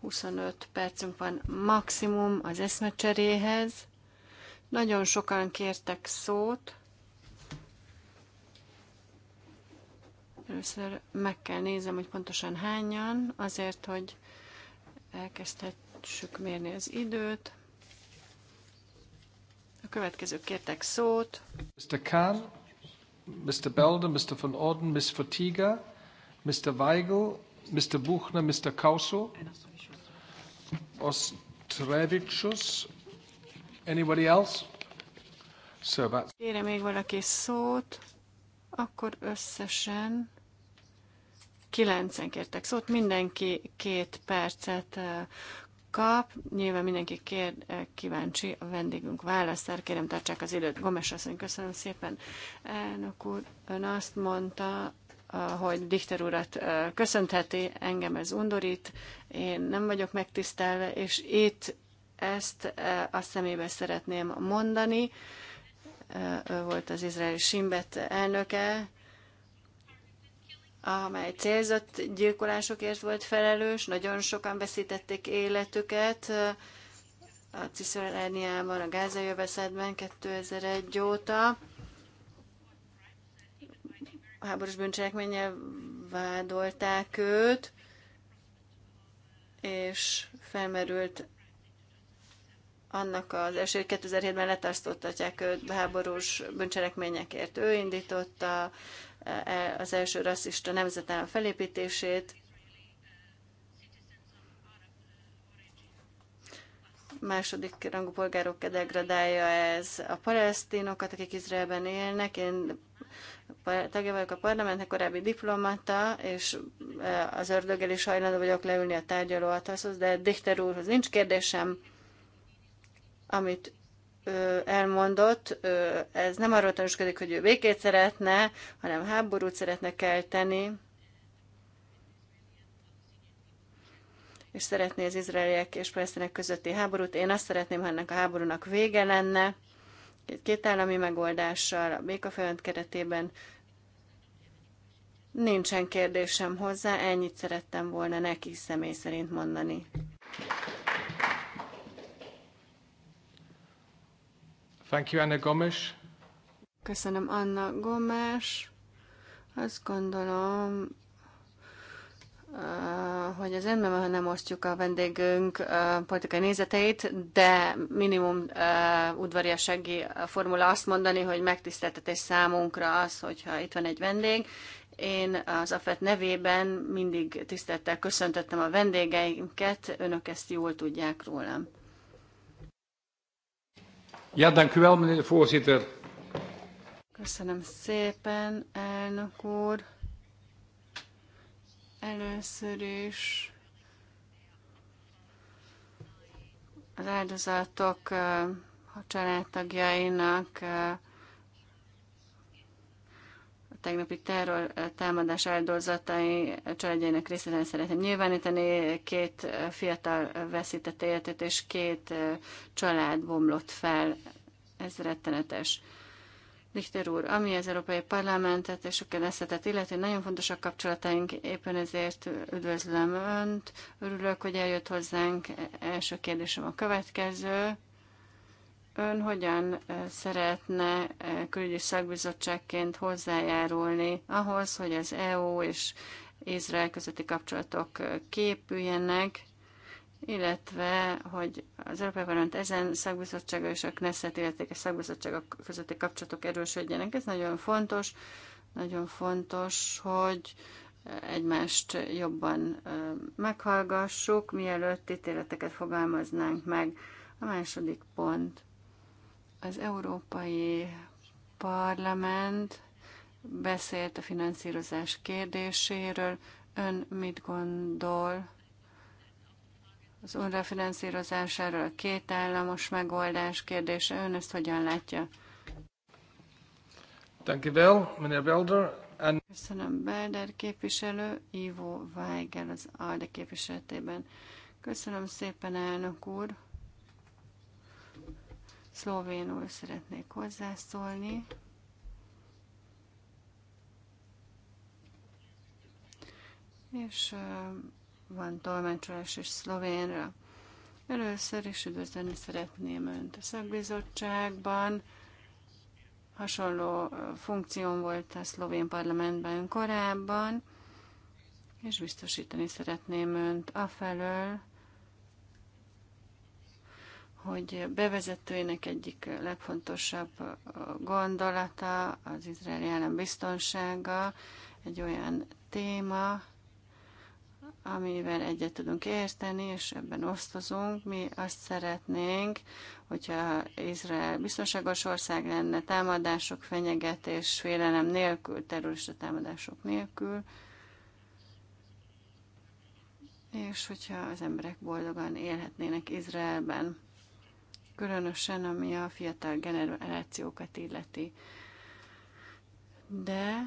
25 percünk van maximum az eszmecseréhez. Nagyon sokan kértek szót. Először meg kell nézem, hogy pontosan hányan, azért, hogy elkezdhessük mérni az időt. A következők kértek szót. Mr. Kahn, Mr. Belder, Mr. von Orden, Ms. Fatiga, Mr. Weigel, Mr. Buchner, Mr. Kauso, Ostrevicius, Anybody else? So that's... Kére még valaki szót, akkor összesen kilencen kértek szót, mindenki két percet kap. Nyilván mindenki kér, kíváncsi a vendégünk válaszár. Kérem, tartsák az időt. Gomes asszony, köszönöm szépen. Elnök úr, ön azt mondta, hogy Dichter urat köszöntheti, engem ez undorít, én nem vagyok megtisztelve, és itt ezt a szemébe szeretném mondani. Ő volt az izraeli Simbet elnöke, amely célzott gyilkolásokért volt felelős. Nagyon sokan veszítették életüket a Ciszolániában, a gázai öveszedben 2001 óta háborús bűncselekménye vádolták őt, és felmerült annak az első, 2007-ben letasztottatják őt háborús bűncselekményekért. Ő indította e, az első rasszista nemzetállam felépítését, második rangú polgárok degradálja ez a palesztinokat, akik Izraelben élnek. Én tagja vagyok a parlamentnek, korábbi diplomata, és e, az ördöggel is hajlandó vagyok leülni a tárgyalóasztalhoz, de Dichter úrhoz nincs kérdésem amit elmondott, ez nem arról tanúskodik, hogy ő békét szeretne, hanem háborút szeretne kelteni, és szeretné az izraeliek és palesztinek közötti háborút. Én azt szeretném, ha ennek a háborúnak vége lenne, egy kétállami megoldással, a békafolyamat keretében. Nincsen kérdésem hozzá, ennyit szerettem volna neki személy szerint mondani. Thank you, Anna Gomes. Köszönöm, Anna Gomes. Azt gondolom, eh, hogy az ember nem osztjuk a vendégünk eh, politikai nézeteit, de minimum eh, udvariassági formula azt mondani, hogy megtiszteltetés számunkra az, hogyha itt van egy vendég. Én az AFET nevében mindig tisztelettel köszöntöttem a vendégeinket, önök ezt jól tudják rólam. Ja, dank u wel, meneer de voorzitter. Köszönöm szépen, elnök úr. Először is az áldozatok eh, a családtagjainak eh, tegnapi terror eh, támadás áldozatai eh, családjainak részleten szeretném nyilvánítani. Két eh, fiatal veszítette életét, és két család bomlott fel. Ez rettenetes. Richter úr, ami az Európai Parlamentet és a Knessetet illeti, nagyon fontos a kapcsolataink, éppen ezért üdvözlöm Önt, örülök, hogy eljött hozzánk. E-, első kérdésem a következő. Ön hogyan szeretne külügyi szakbizottságként hozzájárulni ahhoz, hogy az EU és Izrael közötti kapcsolatok képüljenek, illetve hogy az Európai Parlament ezen szakbizottsága és a Knesset a szakbizottságok közötti kapcsolatok erősödjenek. Ez nagyon fontos, nagyon fontos, hogy egymást jobban meghallgassuk, mielőtt ítéleteket fogalmaznánk meg. A második pont. Az Európai Parlament beszélt a finanszírozás kérdéséről. Ön mit gondol az UNRWA finanszírozásáról, a két államos megoldás kérdése? Ön ezt hogyan látja? Dankjewel, Mr. Belder. And... Köszönöm, Belder képviselő, Ivo Weigel az ALDE képviseletében. Köszönöm szépen, elnök úr. Szlovénul szeretnék hozzászólni. És van tolmácsolás is szlovénra. Először is üdvözleni szeretném Önt a szakbizottságban. Hasonló funkcióm volt a szlovén parlamentben korábban, és biztosítani szeretném Önt afelől, hogy bevezetőinek egyik legfontosabb uh, gondolata az izraeli állam biztonsága, egy olyan téma, amivel egyet tudunk érteni, és ebben osztozunk. Mi azt szeretnénk, hogyha Izrael biztonságos ország lenne, támadások, fenyegetés, félelem nélkül, terrorista támadások nélkül, és hogyha az emberek boldogan élhetnének Izraelben különösen ami a fiatal generációkat illeti. De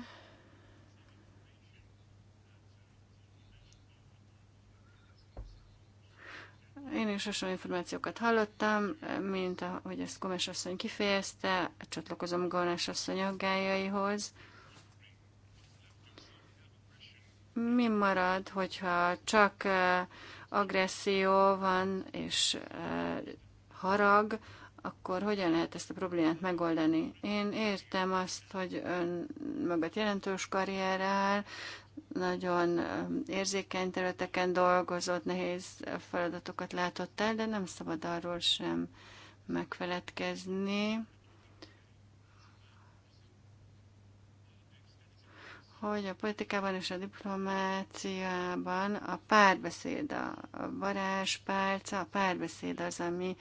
Én is hasonló információkat hallottam, mint ahogy ezt Gomes asszony kifejezte, csatlakozom Gomes asszony aggájaihoz. Mi marad, hogyha csak eh, agresszió van, és eh, harag, akkor hogyan lehet ezt a problémát megoldani? Én értem azt, hogy ön mögött jelentős karrier áll, nagyon érzékeny területeken dolgozott, nehéz feladatokat látott el, de nem szabad arról sem megfeledkezni, hogy a politikában és a diplomáciában a párbeszéd, a varázspálca, a párbeszéd az, ami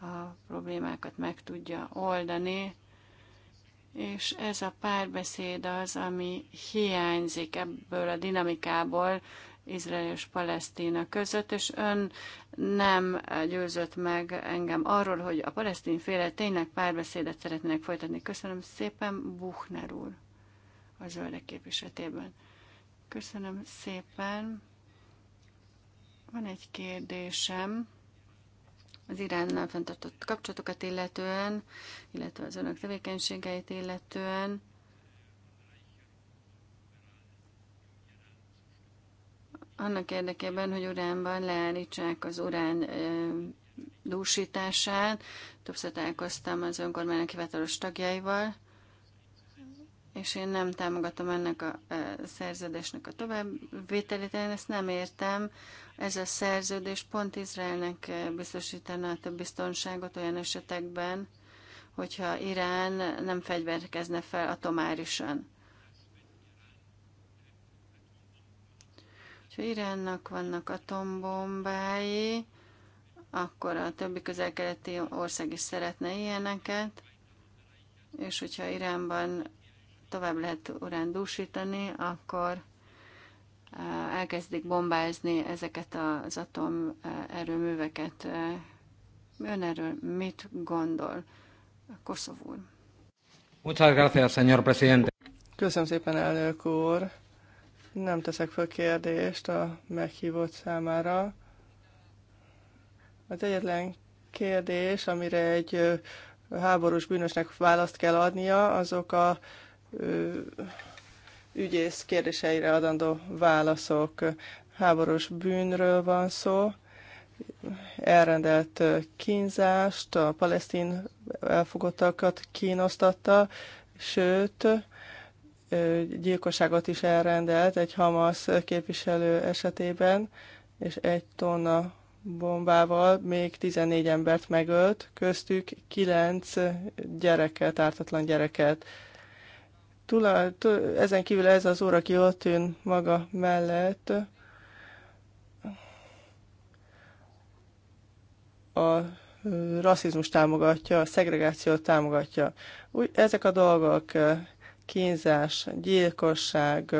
a problémákat meg tudja oldani, és ez a párbeszéd az, ami hiányzik ebből a dinamikából Izrael és Palesztina között, és ön nem győzött meg engem arról, hogy a palesztin féle tényleg párbeszédet szeretnének folytatni. Köszönöm szépen, Buchner úr, a zöldek képviseletében. Köszönöm szépen. Van egy kérdésem az Iránnal fenntartott kapcsolatokat illetően, illetve az önök tevékenységeit illetően. Annak érdekében, hogy uránban leállítsák az urán dúsítását. Többször találkoztam az önkormánynak hivatalos tagjaival, és én nem támogatom ennek a, a szerződésnek a továbbvételét, én ezt nem értem. Ez a szerződés pont Izraelnek eh, biztosítaná a biztonságot olyan esetekben, hogyha Irán nem fegyverkezne fel atomárisan. Ha Iránnak vannak atombombái, akkor a többi közel-keleti ország is szeretne ilyeneket, és hogyha Iránban tovább lehet urán dúsítani, akkor elkezdik bombázni ezeket az erőműveket, Ön erről mit gondol? Koszovó. Köszönöm szépen, elnök úr. Nem teszek fel kérdést a meghívott számára. Az egyetlen kérdés, amire egy háborús bűnösnek választ kell adnia, azok a ügyész kérdéseire adandó válaszok. Háborús bűnről van szó, elrendelt kínzást, a palesztin elfogottakat kínosztatta, sőt, gyilkosságot is elrendelt egy Hamas képviselő esetében, és egy tonna bombával még 14 embert megölt, köztük 9 gyereket, ártatlan gyereket. Tulaj, ezen kívül ez az óra aki ott ül maga mellett, a rasszizmus támogatja, a szegregációt támogatja. Úgy, ezek a dolgok, kínzás, gyilkosság,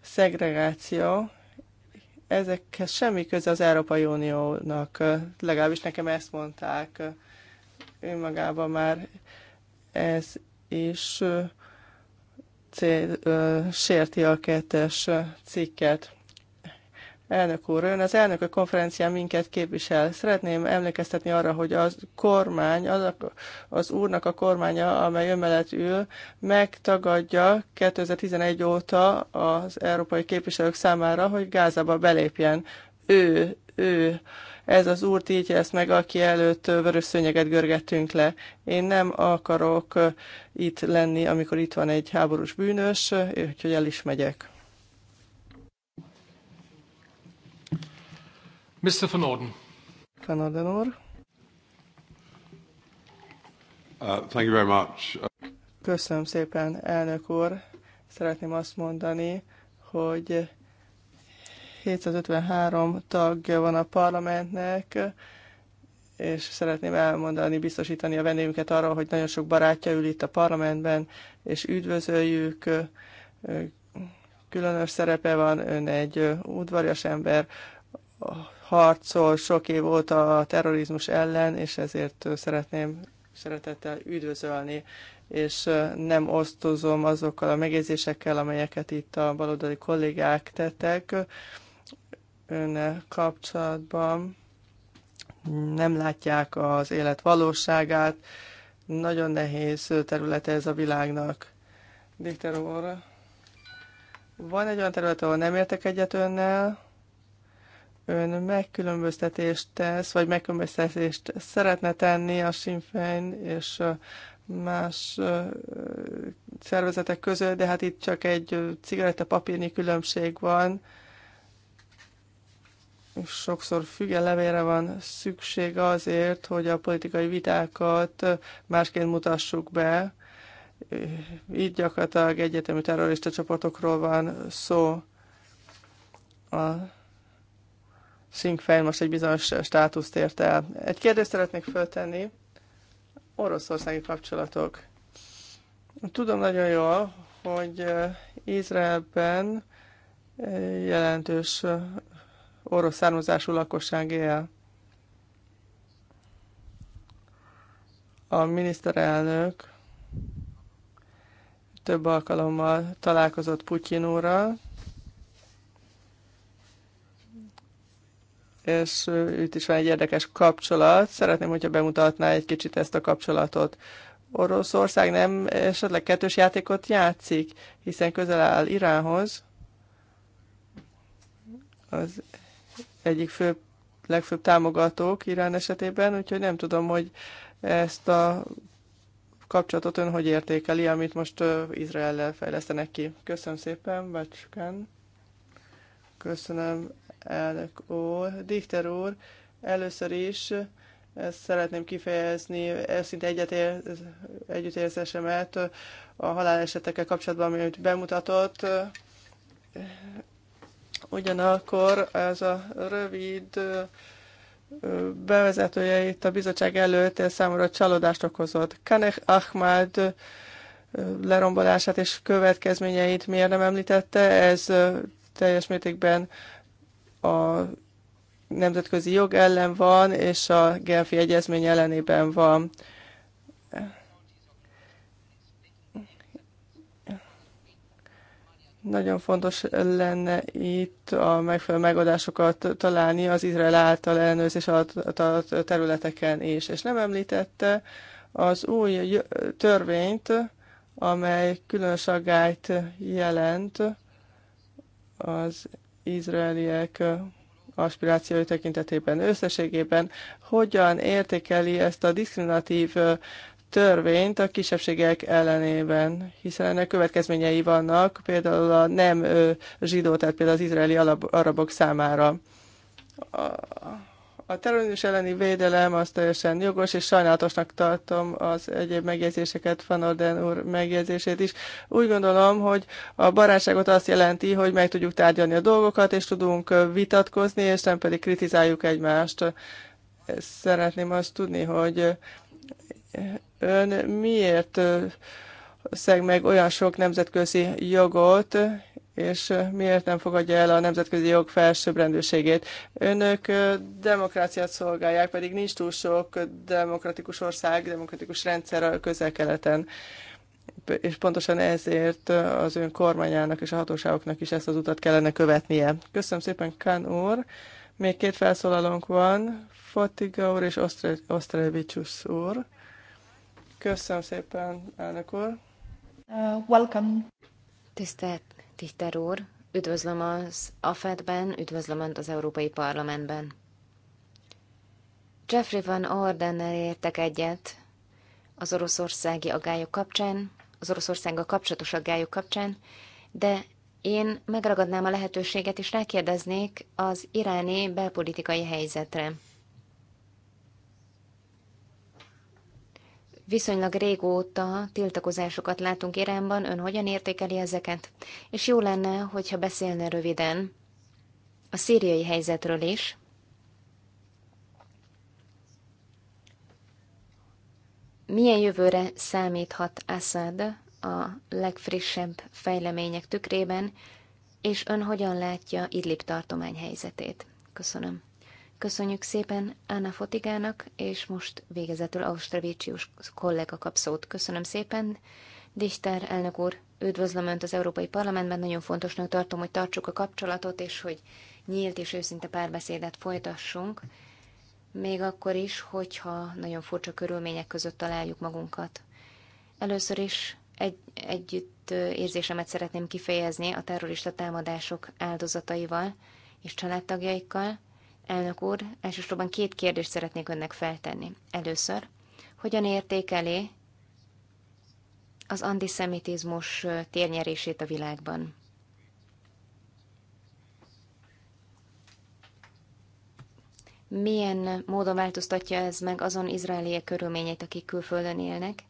szegregáció, ezekhez semmi köze az Európai Uniónak, legalábbis nekem ezt mondták önmagában már ez is cél, ö, sérti a kettes cikket. Elnök úr, ön az elnökök konferencián minket képvisel. Szeretném emlékeztetni arra, hogy a kormány, az, a, az úrnak a kormánya, amely ön mellett ül, megtagadja 2011 óta az európai képviselők számára, hogy Gázába belépjen. Ő, ő ez az úr tiltja ezt meg, aki előtt vörös szőnyeget görgettünk le. Én nem akarok itt lenni, amikor itt van egy háborús bűnös, úgyhogy el is megyek. Mr. Van Orden. Van Orden úr. Uh, thank you very much. Köszönöm szépen, elnök úr. Szeretném azt mondani, hogy 753 tagja van a parlamentnek, és szeretném elmondani, biztosítani a vendégünket arra, hogy nagyon sok barátja ül itt a parlamentben, és üdvözöljük. Különös szerepe van, ön egy udvarjas ember, harcol sok év óta a terrorizmus ellen, és ezért szeretném szeretettel üdvözölni, és nem osztozom azokkal a megjegyzésekkel, amelyeket itt a baloldali kollégák tettek önnel kapcsolatban nem látják az élet valóságát. Nagyon nehéz területe ez a világnak. Dikter úr, van egy olyan terület, ahol nem értek egyet önnel, ön megkülönböztetést tesz, vagy megkülönböztetést szeretne tenni a Sinfein és más szervezetek között, de hát itt csak egy cigaretta különbség van sokszor függelemére van szükség azért, hogy a politikai vitákat másként mutassuk be. Így gyakorlatilag egyetemi terrorista csoportokról van szó. A Sinn most egy bizonyos státuszt ért el. Egy kérdést szeretnék föltenni. Oroszországi kapcsolatok. Tudom nagyon jól, hogy eh, Izraelben eh, jelentős orosz származású lakosság él. A miniszterelnök több alkalommal találkozott Putyin úrral, és itt is van egy érdekes kapcsolat. Szeretném, hogyha bemutatná egy kicsit ezt a kapcsolatot. Oroszország nem esetleg kettős játékot játszik, hiszen közel áll Iránhoz. Az egyik fő, legfőbb támogatók Irán esetében, úgyhogy nem tudom, hogy ezt a kapcsolatot ön hogy értékeli, amit most Izraellel fejlesztenek ki. Köszönöm szépen, Bacskán. Köszönöm, elnök úr. Dichter úr, először is ezt szeretném kifejezni szinte egyetér, együttérzésemet a halálesetekkel kapcsolatban, amit bemutatott. Ugyanakkor ez a rövid bevezetője itt a bizottság előtt számomra csalódást okozott. Kaneh Ahmad lerombolását és következményeit miért nem említette, ez teljes mértékben a nemzetközi jog ellen van, és a Genfi egyezmény ellenében van. Nagyon fontos lenne itt a megfelelő megoldásokat találni az Izrael által ellenőrzés alatt a területeken is. És nem említette az új törvényt, amely különös aggályt jelent az izraeliek aspirációi tekintetében összességében, hogyan értékeli ezt a diszkriminatív törvényt a kisebbségek ellenében, hiszen ennek következményei vannak, például a nem zsidó, tehát például az izraeli arabok számára. A terrorizmus elleni védelem az teljesen jogos, és sajnálatosnak tartom az egyéb megjegyzéseket, Van Orden úr megjegyzését is. Úgy gondolom, hogy a barátságot azt jelenti, hogy meg tudjuk tárgyalni a dolgokat, és tudunk vitatkozni, és nem pedig kritizáljuk egymást szeretném azt tudni, hogy ön miért szeg meg olyan sok nemzetközi jogot, és miért nem fogadja el a nemzetközi jog felsőbbrendűségét. Önök demokráciát szolgálják, pedig nincs túl sok demokratikus ország, demokratikus rendszer a közel-keleten. És pontosan ezért az ön kormányának és a hatóságoknak is ezt az utat kellene követnie. Köszönöm szépen, Kán úr. Még két felszólalónk van, Fatiga úr és Osztre úr. Köszönöm szépen, elnök úr. Uh, welcome. Tisztelt Tichter úr, üdvözlöm az AFED-ben, üdvözlöm Önt az Európai Parlamentben. Jeffrey Van Ordennel értek egyet az oroszországi agályok kapcsán, az Oroszországgal kapcsolatos aggályok kapcsán, de én megragadnám a lehetőséget, és rákérdeznék az iráni belpolitikai helyzetre. Viszonylag régóta tiltakozásokat látunk Iránban, ön hogyan értékeli ezeket? És jó lenne, hogyha beszélne röviden a szíriai helyzetről is. Milyen jövőre számíthat Assad a legfrissebb fejlemények tükrében, és ön hogyan látja Idlib tartomány helyzetét? Köszönöm. Köszönjük szépen Anna Fotigának, és most végezetül Austravicius kollega kap szót. Köszönöm szépen, Dichter elnök úr, üdvözlöm Önt az Európai Parlamentben, nagyon fontosnak tartom, hogy tartsuk a kapcsolatot, és hogy nyílt és őszinte párbeszédet folytassunk, még akkor is, hogyha nagyon furcsa körülmények között találjuk magunkat. Először is egy, együtt érzésemet szeretném kifejezni a terrorista támadások áldozataival és családtagjaikkal, Elnök úr, elsősorban két kérdést szeretnék önnek feltenni. Először, hogyan értékeli az antiszemitizmus térnyerését a világban? Milyen módon változtatja ez meg azon izraeliek körülményeit, akik külföldön élnek?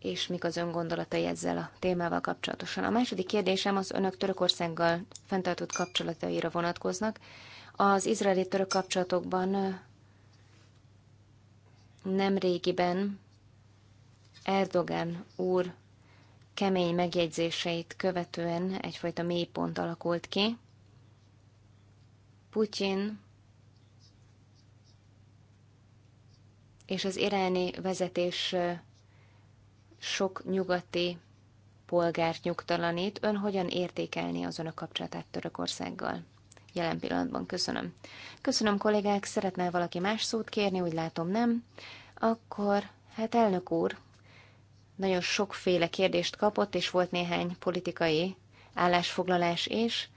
és mik az öngondolatai ezzel a témával kapcsolatosan. A második kérdésem az önök Törökországgal fenntartott kapcsolataira vonatkoznak. Az izraeli török kapcsolatokban nem régiben Erdogan úr kemény megjegyzéseit követően egyfajta mélypont alakult ki. Putyin és az iráni vezetés sok nyugati polgárt nyugtalanít. Ön hogyan értékelni azon a kapcsolatát Törökországgal? jelen pillanatban. Köszönöm. Köszönöm, kollégák. Szeretne valaki más szót kérni? Úgy látom, nem. Akkor, hát elnök úr, nagyon sokféle kérdést kapott, és volt néhány politikai állásfoglalás is.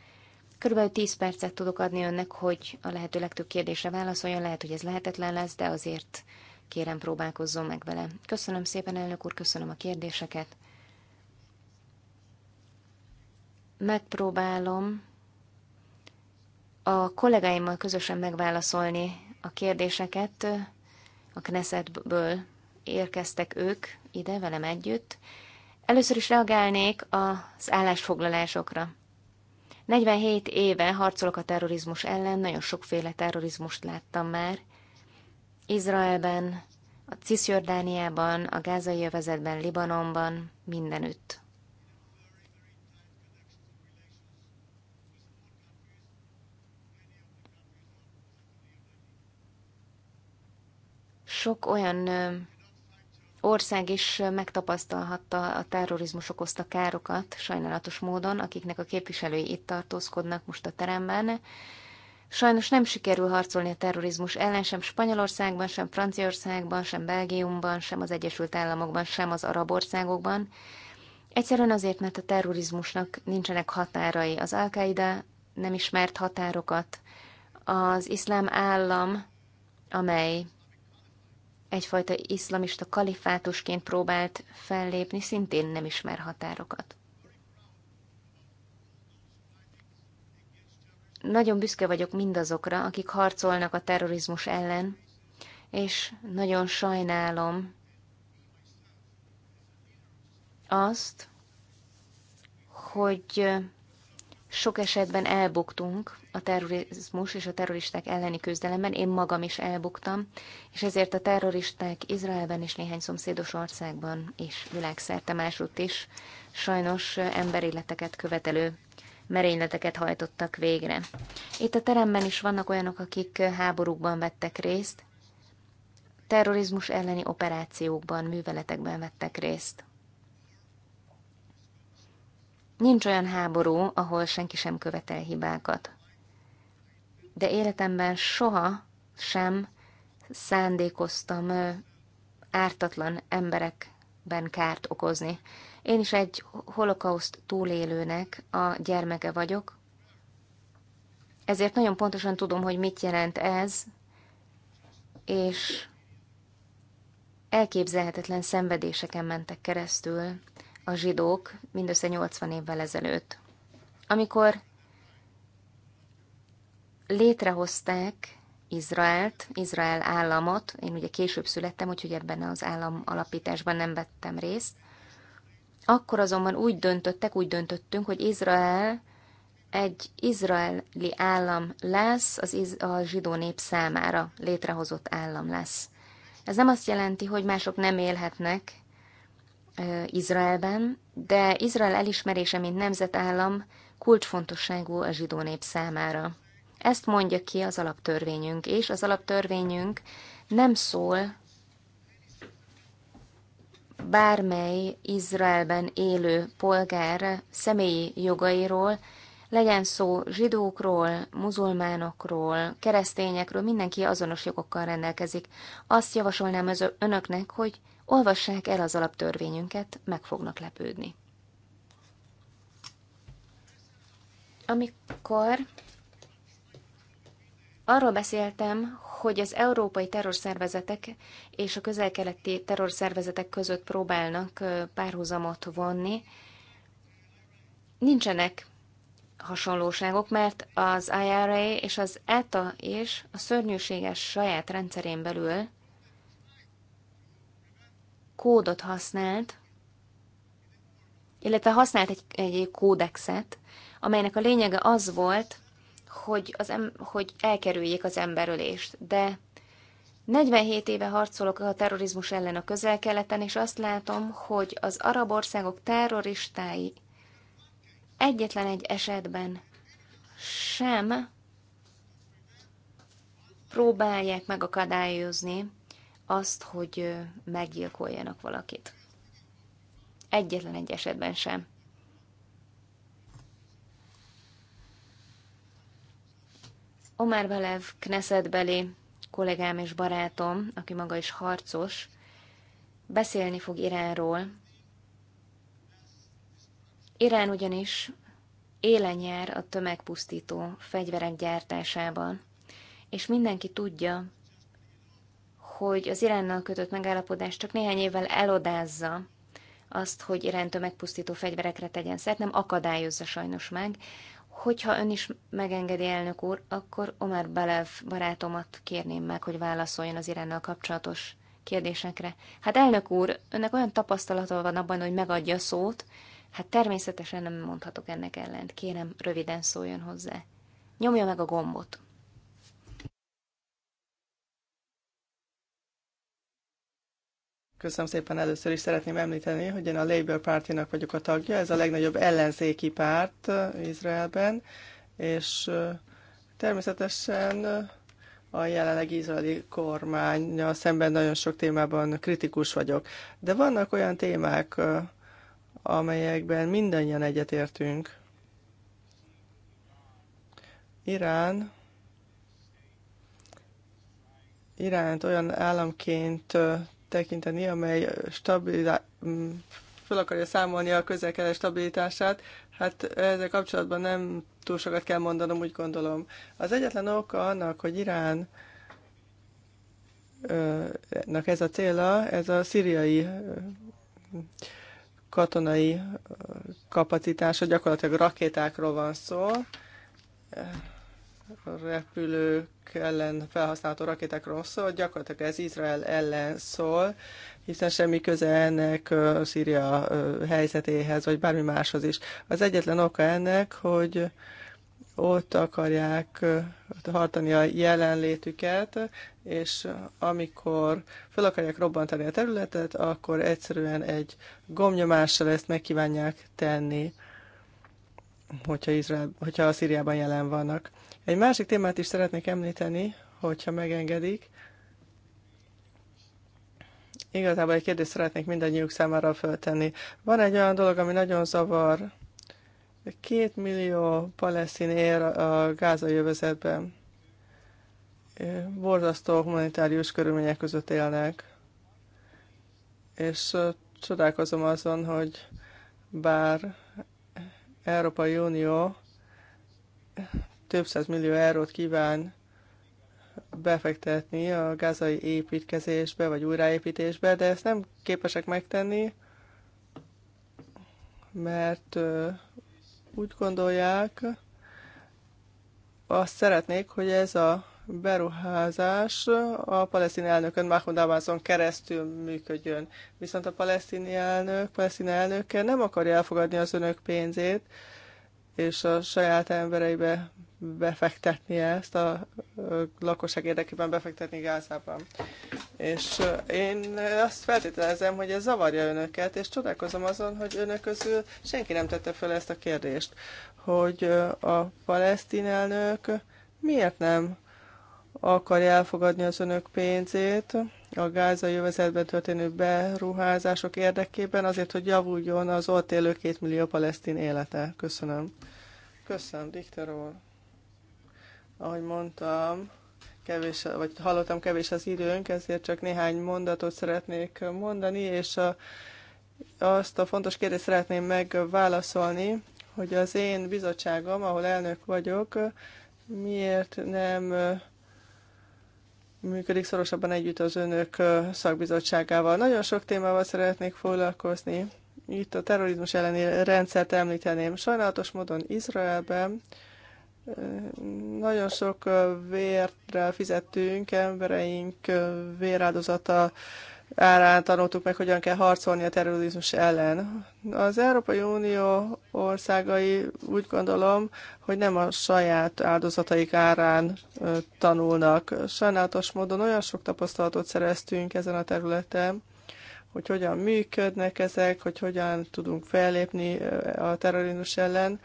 Körülbelül 10 percet tudok adni önnek, hogy a lehető legtöbb kérdésre válaszoljon. Lehet, hogy ez lehetetlen lesz, de azért kérem próbálkozzon meg vele. Köszönöm szépen, elnök úr, köszönöm a kérdéseket. Megpróbálom a kollégáimmal közösen megválaszolni a kérdéseket. A Knessetből érkeztek ők ide velem együtt. Először is reagálnék az állásfoglalásokra. 47 éve harcolok a terrorizmus ellen, nagyon sokféle terrorizmust láttam már. Izraelben, a Cisjordániában, a gázai övezetben, Libanonban, mindenütt. sok olyan ország is megtapasztalhatta a terrorizmus okozta károkat sajnálatos módon, akiknek a képviselői itt tartózkodnak most a teremben. Sajnos nem sikerül harcolni a terrorizmus ellen sem Spanyolországban, sem Franciaországban, sem Belgiumban, sem az Egyesült Államokban, sem az arab országokban. Egyszerűen azért, mert a terrorizmusnak nincsenek határai. Az al nem ismert határokat. Az iszlám állam, amely egyfajta iszlamista kalifátusként próbált fellépni, szintén nem ismer határokat. Nagyon büszke vagyok mindazokra, akik harcolnak a terrorizmus ellen, és nagyon sajnálom azt, hogy sok esetben elbuktunk, a terrorizmus és a terroristák elleni küzdelemben. Én magam is elbuktam, és ezért a terroristák Izraelben és néhány szomszédos országban és világszerte másútt is sajnos emberéleteket követelő merényleteket hajtottak végre. Itt a teremben is vannak olyanok, akik háborúkban vettek részt, terrorizmus elleni operációkban, műveletekben vettek részt. Nincs olyan háború, ahol senki sem követel hibákat de életemben soha sem szándékoztam ártatlan emberekben kárt okozni. Én is egy holokauszt túlélőnek a gyermeke vagyok, ezért nagyon pontosan tudom, hogy mit jelent ez, és elképzelhetetlen szenvedéseken mentek keresztül a zsidók mindössze 80 évvel ezelőtt. Amikor létrehozták Izraelt, Izrael államot, én ugye később születtem, úgyhogy ebben az állam alapításban nem vettem részt, akkor azonban úgy döntöttek, úgy döntöttünk, hogy Izrael egy izraeli állam lesz, az iz- a zsidó nép számára létrehozott állam lesz. Ez nem azt jelenti, hogy mások nem élhetnek e, Izraelben, de Izrael elismerése, mint nemzetállam kulcsfontosságú a zsidó nép számára. Ezt mondja ki az alaptörvényünk, és az alaptörvényünk nem szól bármely Izraelben élő polgár személyi jogairól, legyen szó zsidókról, muzulmánokról, keresztényekről, mindenki azonos jogokkal rendelkezik. Azt javasolnám az önöknek, hogy olvassák el az alaptörvényünket, meg fognak lepődni. Amikor Arról beszéltem, hogy az európai terrorszervezetek és a közel-keleti terrorszervezetek között próbálnak párhuzamot vonni. Nincsenek hasonlóságok, mert az IRA és az ETA és a szörnyűséges saját rendszerén belül kódot használt, illetve használt egy, egy kódexet, amelynek a lényege az volt, hogy, az em- hogy elkerüljék az emberölést. De 47 éve harcolok a terrorizmus ellen a közel-keleten, és azt látom, hogy az arab országok terroristái egyetlen egy esetben sem próbálják megakadályozni azt, hogy meggyilkoljanak valakit. Egyetlen egy esetben sem. Omar Balev Knessetbeli kollégám és barátom, aki maga is harcos, beszélni fog Iránról. Irán ugyanis élen jár a tömegpusztító fegyverek gyártásában, és mindenki tudja, hogy az Iránnal kötött megállapodás csak néhány évvel elodázza azt, hogy Irán tömegpusztító fegyverekre tegyen szert, nem akadályozza sajnos meg. Hogyha ön is megengedi, elnök úr, akkor Omer Belev barátomat kérném meg, hogy válaszoljon az Iránnal kapcsolatos kérdésekre. Hát elnök úr, önnek olyan tapasztalata van abban, hogy megadja szót, hát természetesen nem mondhatok ennek ellent. Kérem, röviden szóljon hozzá. Nyomja meg a gombot. Köszönöm szépen. Először is szeretném említeni, hogy én a Labour Party-nak vagyok a tagja. Ez a legnagyobb ellenzéki párt eh, Izraelben, és eh, természetesen eh, a jelenlegi izraeli kormány szemben nagyon sok témában kritikus vagyok. De vannak olyan témák, amelyekben mindannyian egyetértünk. Irán Iránt olyan államként tekinteni, amely stabilizá- mm, fel akarja számolni a közel stabilitását, hát ezzel kapcsolatban nem túl sokat kell mondanom, úgy gondolom. Az egyetlen oka annak, hogy Irán nak ez a céla, ez a szíriai katonai kapacitása, gyakorlatilag rakétákról van szó, repülők ellen felhasználható rakétákról szól, gyakorlatilag ez Izrael ellen szól, hiszen semmi köze ennek Szíria helyzetéhez, vagy bármi máshoz is. Az egyetlen oka ennek, hogy ott akarják tartani a jelenlétüket, és amikor fel akarják robbantani a területet, akkor egyszerűen egy gomnyomással ezt megkívánják tenni, hogyha, Izrael, hogyha a Szíriában jelen vannak. Egy másik témát is szeretnék említeni, hogyha megengedik. Igazából egy kérdést szeretnék mindannyiuk számára föltenni. Van egy olyan dolog, ami nagyon zavar. Két millió palesztin él a gázai övezetben. Borzasztó humanitárius körülmények között élnek. És csodálkozom azon, hogy bár Európai Unió több száz millió eurót kíván befektetni a gázai építkezésbe vagy újraépítésbe, de ezt nem képesek megtenni, mert úgy gondolják, azt szeretnék, hogy ez a beruházás a palesztin elnökön Mahmoud Abbason keresztül működjön. Viszont a palesztin elnök, palesztin elnöke nem akarja elfogadni az önök pénzét, és a saját embereibe befektetni ezt, a lakosság érdekében befektetni Gázában. És én azt feltételezem, hogy ez zavarja önöket, és csodálkozom azon, hogy önök közül senki nem tette fel ezt a kérdést, hogy a palesztin elnök miért nem akarja elfogadni az önök pénzét, a gázai övezetben történő beruházások érdekében, azért, hogy javuljon az ott élő két millió palesztin élete. Köszönöm. Köszönöm, Dikter úr. Ahogy mondtam, kevés, vagy hallottam kevés az időnk, ezért csak néhány mondatot szeretnék mondani, és a, azt a fontos kérdést szeretném megválaszolni, hogy az én bizottságom, ahol elnök vagyok, miért nem működik szorosabban együtt az önök szakbizottságával. Nagyon sok témával szeretnék foglalkozni. Itt a terrorizmus elleni rendszert említeném. Sajnálatos módon Izraelben nagyon sok vérrel fizettünk, embereink véráldozata árán tanultuk meg, hogyan kell harcolni a terrorizmus ellen. Az Európai Unió országai úgy gondolom, hogy nem a saját áldozataik árán tanulnak. Sajnálatos módon olyan sok tapasztalatot szereztünk ezen a területen, hogy hogyan működnek ezek, hogy hogyan tudunk fellépni a terrorizmus ellen.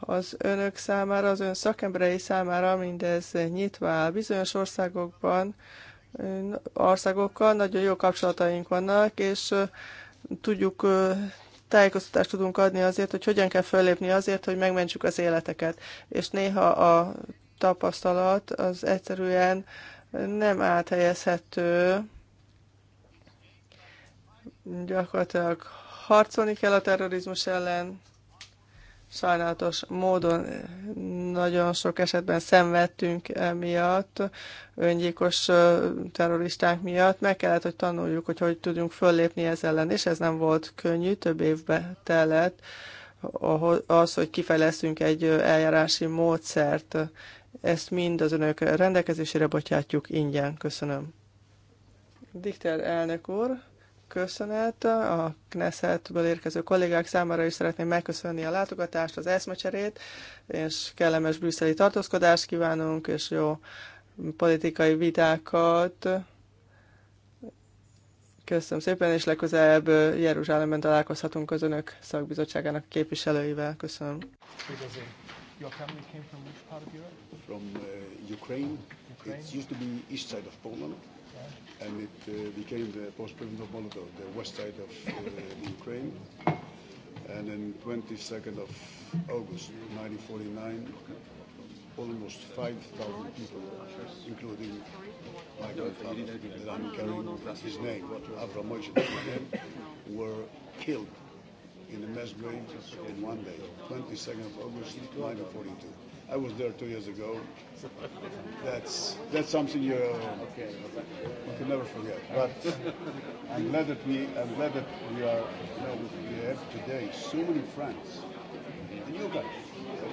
Az önök számára, az ön szakemberei számára mindez nyitva áll. Bizonyos országokban országokkal, nagyon jó kapcsolataink vannak, és tudjuk tájékoztatást tudunk adni azért, hogy hogyan kell fölépni azért, hogy megmentsük az életeket. És néha a tapasztalat az egyszerűen nem áthelyezhető. Gyakorlatilag harcolni kell a terrorizmus ellen, sajnálatos módon eh, nagyon sok esetben szenvedtünk emiatt, öngyilkos eh, terroristák miatt. Meg kellett, hogy tanuljuk, hogy hogy tudjunk föllépni ez ellen, és ez nem volt könnyű, több évbe telett az, hogy kifejlesztünk egy eh, eljárási módszert. Ezt mind az önök rendelkezésére bocsátjuk ingyen. Köszönöm. Dikter elnök úr köszönet. A Knessetből érkező kollégák számára is szeretném megköszönni a látogatást, az eszmecserét, és kellemes brüsszeli tartózkodást kívánunk, és jó politikai vitákat. Köszönöm szépen, és legközelebb Jeruzsálemben találkozhatunk az Önök szakbizottságának képviselőivel. Köszönöm. Your family came from which part of Europe? From uh, Ukraine. Ukraine. It used to be east side of Poland and it uh, became the post-president of Molotov, the west side of uh, Ukraine. And on 22nd of August 1949, almost 5,000 people, including my grandfather, that I'm carrying his name, Avramovic, were killed in a mass grave in one day, 22nd of August 1942. I was there two years ago. That's that's something you, uh, you can never forget. But I'm glad that we I'm glad that we are you know, we have today so many friends. And you guys,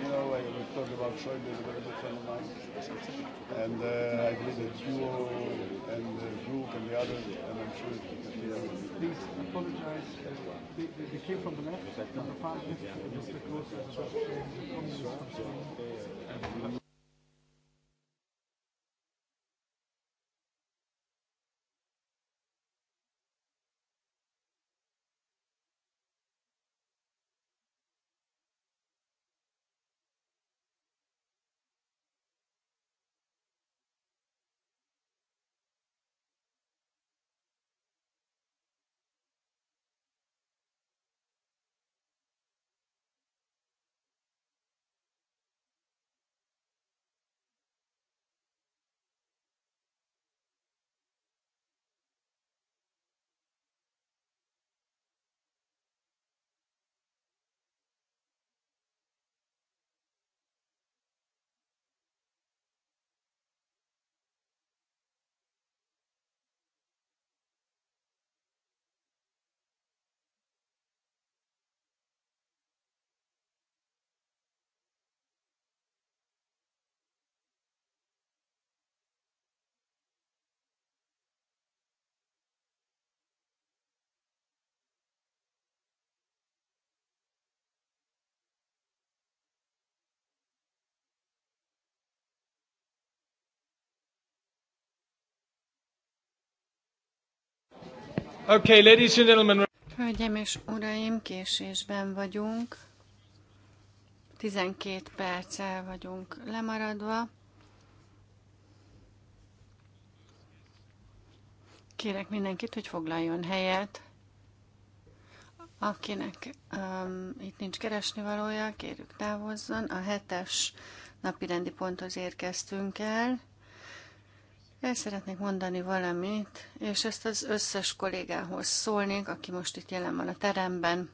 you know, I we talked about Schäuble, a very good friend of mine, and uh, I believe that you and uh, Brooke and the others, and I'm sure. Please apologize. They, they, they came from the left, and the far left, Mr. Close, and the communists Okay, ladies and gentlemen. Hölgyeim és uraim, késésben vagyunk. 12 perccel vagyunk lemaradva. Kérek mindenkit, hogy foglaljon helyet. Akinek um, itt nincs keresnivalója, kérjük távozzon. A hetes napi rendi ponthoz érkeztünk el. El szeretnék mondani valamit, és ezt az összes kollégához szólnék, aki most itt jelen van a teremben.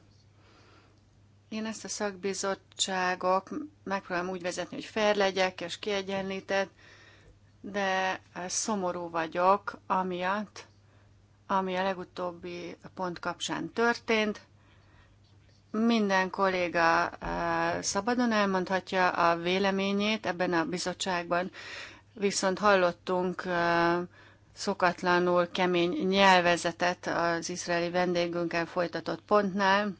Én ezt a szakbizottságok megpróbálom úgy vezetni, hogy fair legyek és kiegyenlített, de szomorú vagyok amiatt, ami a legutóbbi pont kapcsán történt. Minden kolléga eh, szabadon elmondhatja a véleményét ebben a bizottságban viszont hallottunk szokatlanul kemény nyelvezetet az izraeli vendégünkkel folytatott pontnál.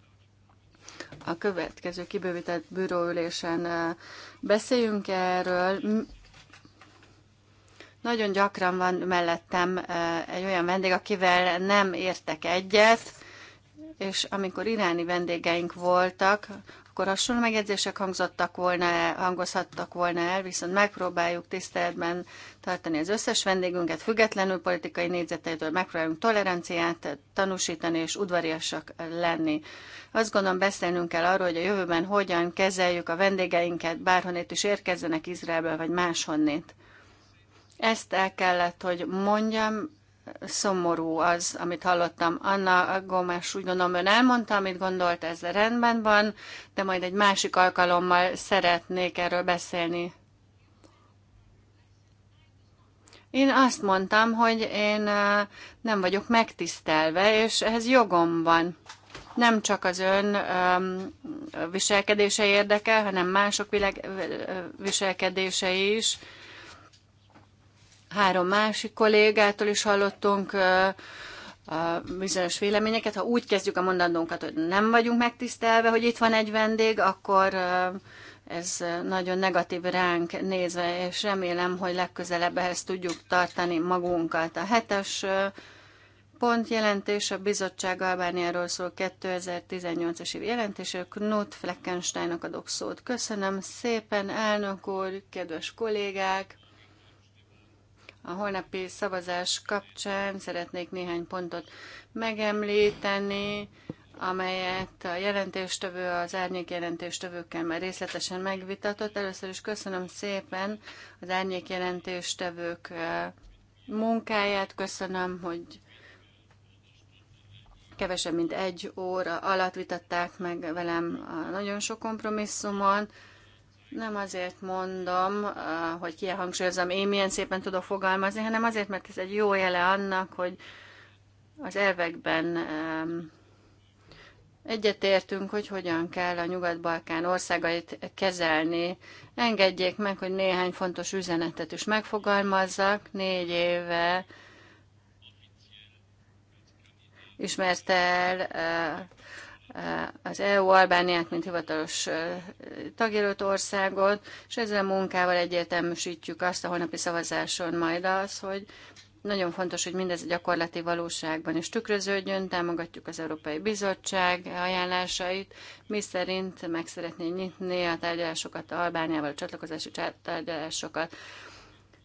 A következő kibővített bűróülésen beszéljünk erről. Nagyon gyakran van mellettem egy olyan vendég, akivel nem értek egyet, és amikor iráni vendégeink voltak, akkor hasonló megjegyzések hangzottak volna, hangozhattak volna el, viszont megpróbáljuk tiszteletben tartani az összes vendégünket, függetlenül politikai négyzeteitől megpróbáljunk toleranciát tanúsítani és udvariasak lenni. Azt gondolom beszélnünk kell arról, hogy a jövőben hogyan kezeljük a vendégeinket, bárhonnét is érkezzenek Izraelből vagy máshonnét. Ezt el kellett, hogy mondjam, szomorú az, amit hallottam. Anna Gomes úgy gondolom, ön elmondta, amit gondolt, ez rendben van, de majd egy másik alkalommal szeretnék erről beszélni. Én azt mondtam, hogy én nem vagyok megtisztelve, és ehhez jogom van. Nem csak az ön viselkedése érdekel, hanem mások világ, viselkedése is Három másik kollégától is hallottunk a bizonyos véleményeket. Ha úgy kezdjük a mondandónkat, hogy nem vagyunk megtisztelve, hogy itt van egy vendég, akkor ez nagyon negatív ránk nézve, és remélem, hogy legközelebb ehhez tudjuk tartani magunkat. A hetes pont jelentés a bizottság Albániáról szól 2018-es év jelentése, Knut Fleckensteinnak adok szót. Köszönöm szépen, elnök úr, kedves kollégák! a holnapi szavazás kapcsán szeretnék néhány pontot megemlíteni, amelyet a jelentéstövő, az árnyék jelentéstövőkkel már részletesen megvitatott. Először is köszönöm szépen az árnyék jelentéstevők eh, munkáját, köszönöm, hogy kevesebb mint egy óra alatt vitatták meg velem a nagyon sok kompromisszumon, nem azért mondom, uh, hogy kihangsúlyozom, én milyen szépen tudok fogalmazni, hanem azért, mert ez egy jó jele annak, hogy az elvekben um, egyetértünk, hogy hogyan kell a Nyugat-Balkán országait kezelni. Engedjék meg, hogy néhány fontos üzenetet is megfogalmazzak. Négy éve ismerte el uh, az EU Albániát, mint hivatalos tagjelölt országot, és ezzel a munkával egyértelműsítjük azt a holnapi szavazáson majd az, hogy nagyon fontos, hogy mindez a gyakorlati valóságban is tükröződjön, támogatjuk az Európai Bizottság ajánlásait, mi szerint meg szeretnénk nyitni a tárgyalásokat Albániával, a csatlakozási tárgyalásokat.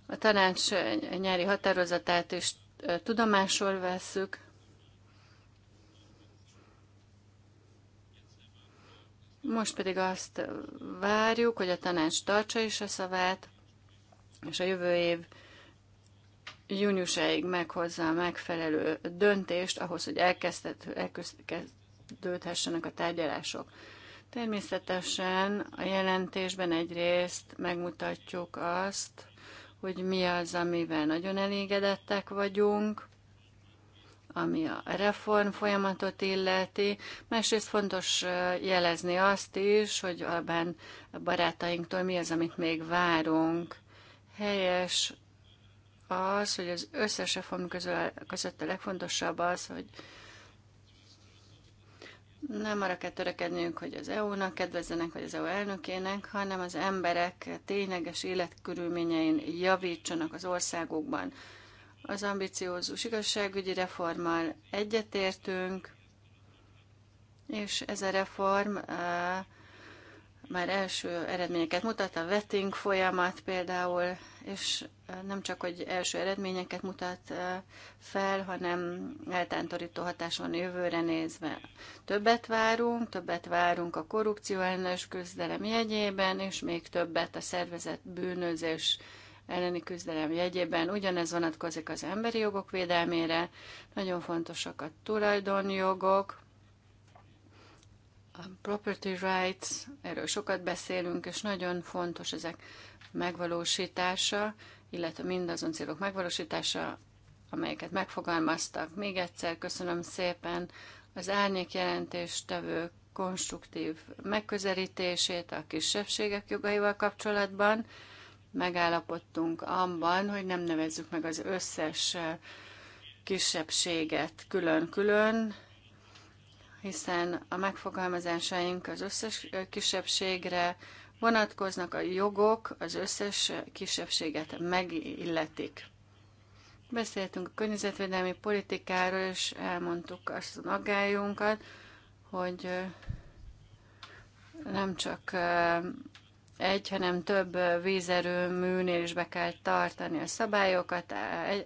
A tanács nyári határozatát is tudomásul veszük, Most pedig azt várjuk, hogy a tanács tartsa is a szavát, és a jövő év júniusáig meghozza a megfelelő döntést ahhoz, hogy elkezdődhessenek a tárgyalások. Természetesen a jelentésben egyrészt megmutatjuk azt, hogy mi az, amivel nagyon elégedettek vagyunk, ami a reform folyamatot illeti. Másrészt fontos jelezni azt is, hogy abban barátainktól mi az, amit még várunk. Helyes az, hogy az összes reform közül, között a legfontosabb az, hogy nem arra kell törekednünk, hogy az EU-nak kedvezzenek, vagy az EU elnökének, hanem az emberek tényleges életkörülményein javítsanak az országokban. Az ambiciózus igazságügyi reformmal egyetértünk, és ez a reform eh, már első eredményeket mutat, a vetting folyamat például, és eh, nem csak, hogy első eredményeket mutat eh, fel, hanem eltántorító hatás van jövőre nézve. Többet várunk, többet várunk a korrupció ellenes küzdelem jegyében, és még többet a szervezet bűnözés elleni küzdelem jegyében. Ugyanez vonatkozik az emberi jogok védelmére, nagyon fontosak a tulajdonjogok, a property rights, erről sokat beszélünk, és nagyon fontos ezek megvalósítása, illetve mindazon célok megvalósítása, amelyeket megfogalmaztak. Még egyszer köszönöm szépen az árnyék jelentéstevők konstruktív megközelítését a kisebbségek jogaival kapcsolatban megállapodtunk abban, hogy nem nevezzük meg az összes kisebbséget külön-külön, hiszen a megfogalmazásaink az összes kisebbségre vonatkoznak, a jogok az összes kisebbséget megilletik. Beszéltünk a környezetvédelmi politikáról, és elmondtuk azt a aggályunkat, hogy nem csak egy, hanem több vízerőműnél is be kell tartani a szabályokat,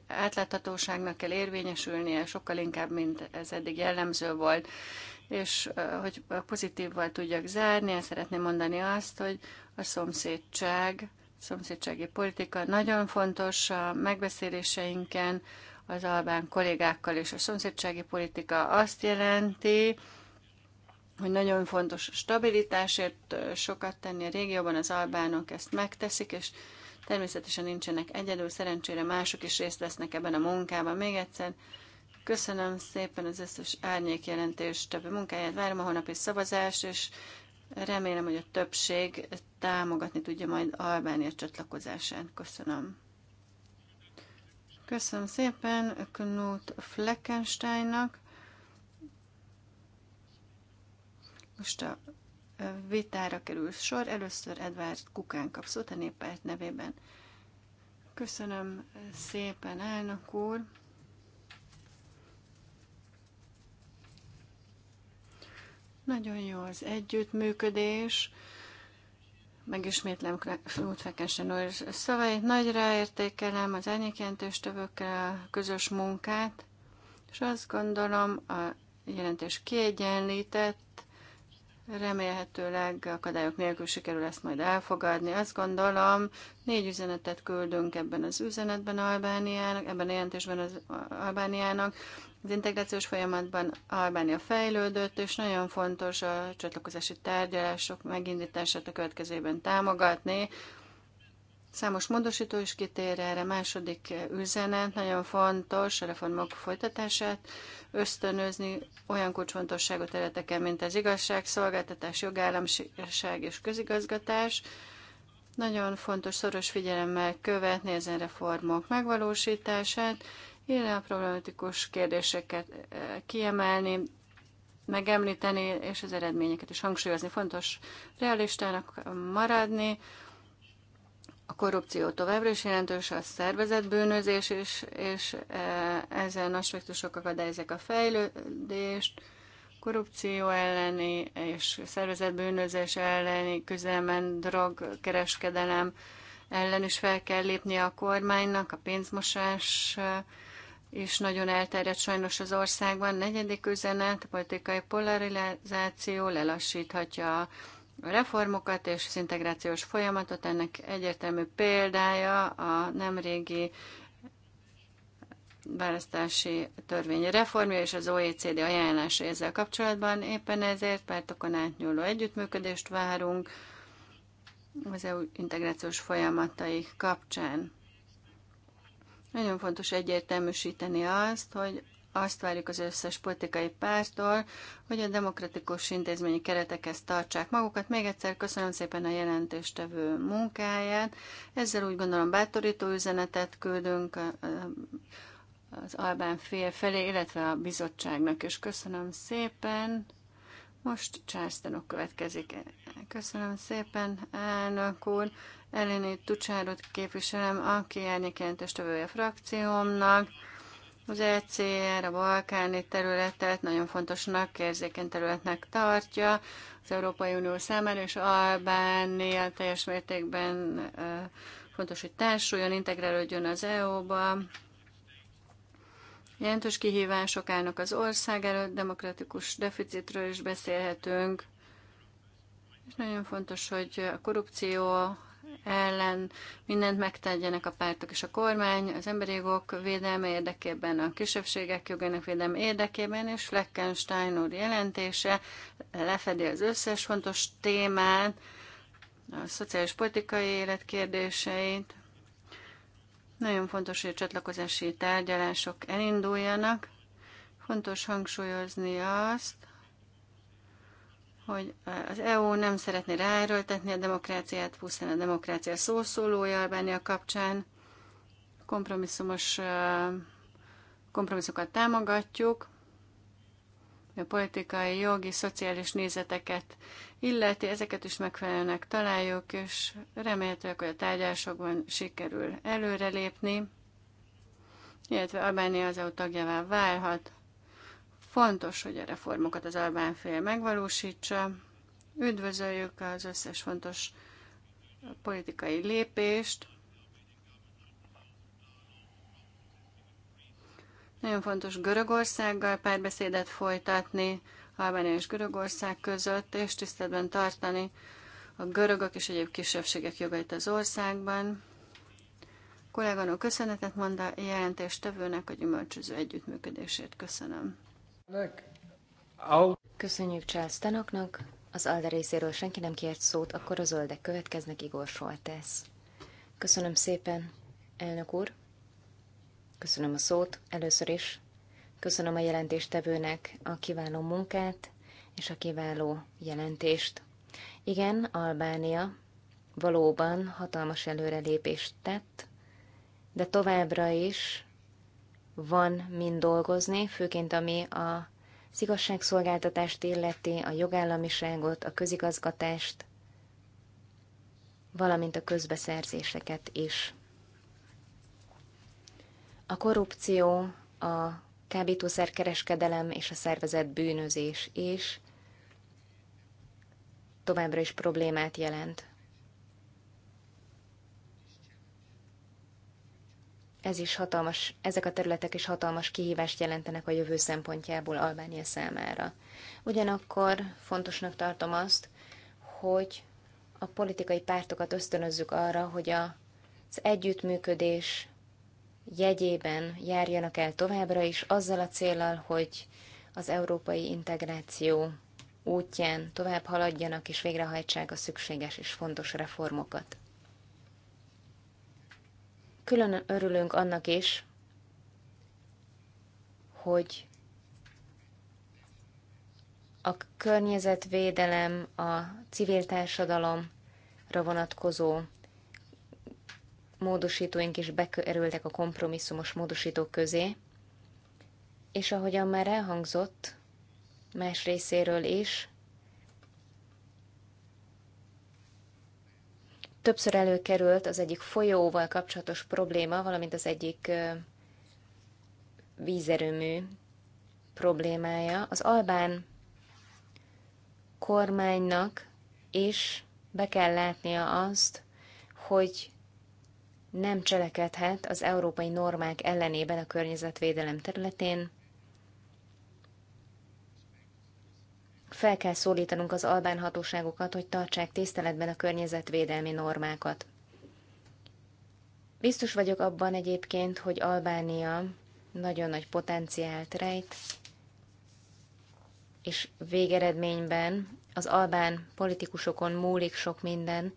átláthatóságnak kell érvényesülnie, sokkal inkább, mint ez eddig jellemző volt. És hogy pozitívval tudjak zárni, el szeretném mondani azt, hogy a szomszédság, szomszédsági politika nagyon fontos a megbeszéléseinken, az albán kollégákkal, és a szomszédsági politika azt jelenti, hogy nagyon fontos stabilitásért sokat tenni a régióban, az albánok ezt megteszik, és természetesen nincsenek egyedül, szerencsére mások is részt vesznek ebben a munkában. Még egyszer köszönöm szépen az összes árnyék jelentést, többi munkáját, várom a holnapi szavazást, és remélem, hogy a többség támogatni tudja majd Albánia csatlakozását. Köszönöm. Köszönöm szépen Knut Fleckensteinnak. Most a vitára kerül sor. Először Edward Kukán kap szót a néppárt nevében. Köszönöm szépen, elnök úr! Nagyon jó az együttműködés. Megismétlem Knut Fekensen úr szavait. Nagyra értékelem az árnyékjelentőstövőkkel a közös munkát, és azt gondolom, a jelentés kiegyenlített, Remélhetőleg akadályok nélkül sikerül ezt majd elfogadni. Azt gondolom, négy üzenetet küldünk ebben az üzenetben Albániának, ebben a jelentésben az Albániának. Az integrációs folyamatban Albánia fejlődött, és nagyon fontos a csatlakozási tárgyalások megindítását a következőben támogatni, Számos módosító is kitér erre. Második üzenet, nagyon fontos a reformok folytatását ösztönözni olyan kulcsfontosságú területeken, mint az igazság szolgáltatás, jogállamiság és közigazgatás. Nagyon fontos szoros figyelemmel követni ezen reformok megvalósítását, illetve a problematikus kérdéseket eh, kiemelni, megemlíteni, és az eredményeket is hangsúlyozni. Fontos realistának maradni, a korrupció továbbra is jelentős, a szervezetbűnözés is, és e, ezen aspektusok akadályozzák a fejlődést, korrupció elleni és szervezetbűnözés elleni küzdelmen, drogkereskedelem ellen is fel kell lépni a kormánynak, a pénzmosás és e, nagyon elterjedt sajnos az országban. Negyedik üzenet, a politikai polarizáció lelassíthatja a reformokat és az integrációs folyamatot. Ennek egyértelmű példája a nemrégi választási törvény reformja és az OECD ajánlása ezzel kapcsolatban. Éppen ezért pártokon átnyúló együttműködést várunk az EU integrációs folyamatai kapcsán. Nagyon fontos egyértelműsíteni azt, hogy azt várjuk az összes politikai pártól, hogy a demokratikus intézményi keretekhez tartsák magukat. Még egyszer köszönöm szépen a jelentéstevő munkáját. Ezzel úgy gondolom bátorító üzenetet küldünk az Albán fél felé, illetve a bizottságnak is. Köszönöm szépen. Most Császtanok következik. Köszönöm szépen, elnök úr. Eléni Tucsárot képviselem, aki árnyékjelentős tövője frakciómnak. Az ECR a balkáni területet nagyon fontosnak, érzékeny területnek tartja az Európai Unió számára, és Albánia teljes mértékben fontos, hogy társuljon, integrálódjon az EU-ba. Jelentős kihívások állnak az ország előtt, demokratikus deficitről is beszélhetünk. És nagyon fontos, hogy a korrupció, ellen mindent megtegyenek a pártok és a kormány az emberi jogok védelme érdekében, a kisebbségek jogának védelme érdekében, és Fleckenstein úr jelentése lefedi az összes fontos témát, a szociális politikai élet kérdéseit. Nagyon fontos, hogy a csatlakozási tárgyalások elinduljanak. Fontos hangsúlyozni azt, hogy az EU nem szeretné ráerőltetni a demokráciát, pusztán a demokrácia szószólója Albánia kapcsán. Kompromisszumos kompromisszokat támogatjuk, a politikai, jogi, szociális nézeteket illeti, ezeket is megfelelőnek találjuk, és remélhetőleg, hogy a tárgyalásokban sikerül előrelépni, illetve Albánia az EU tagjává válhat. Fontos, hogy a reformokat az albán fél megvalósítsa. Üdvözöljük az összes fontos politikai lépést. Nagyon fontos Görögországgal párbeszédet folytatni, Albánia és Görögország között, és tiszteletben tartani a görögök és egyéb kisebbségek jogait az országban. Kolléganó köszönetet mond a jelentéstevőnek a gyümölcsöző együttműködését. Köszönöm. Köszönjük Charles Tanoknak. Az Alde részéről senki nem kért szót, akkor a zöldek következnek, Igor Soltesz. Köszönöm szépen, elnök úr. Köszönöm a szót először is. Köszönöm a jelentéstevőnek a kiváló munkát és a kiváló jelentést. Igen, Albánia valóban hatalmas előrelépést tett, de továbbra is van mind dolgozni, főként ami a szigasságszolgáltatást illeti, a jogállamiságot, a közigazgatást, valamint a közbeszerzéseket is. A korrupció, a kábítószerkereskedelem és a szervezett bűnözés is továbbra is problémát jelent. ez is hatalmas, ezek a területek is hatalmas kihívást jelentenek a jövő szempontjából Albánia számára. Ugyanakkor fontosnak tartom azt, hogy a politikai pártokat ösztönözzük arra, hogy a, az együttműködés jegyében járjanak el továbbra is, azzal a célral, hogy az európai integráció útján tovább haladjanak és végrehajtsák a szükséges és fontos reformokat. Külön örülünk annak is, hogy a környezetvédelem, a civil társadalomra vonatkozó módosítóink is bekerültek a kompromisszumos módosítók közé, és ahogyan már elhangzott, más részéről is, Többször előkerült az egyik folyóval kapcsolatos probléma, valamint az egyik vízerőmű problémája. Az albán kormánynak is be kell látnia azt, hogy nem cselekedhet az európai normák ellenében a környezetvédelem területén, fel kell szólítanunk az albán hatóságokat, hogy tartsák tiszteletben a környezetvédelmi normákat. Biztos vagyok abban egyébként, hogy Albánia nagyon nagy potenciált rejt, és végeredményben az albán politikusokon múlik sok minden,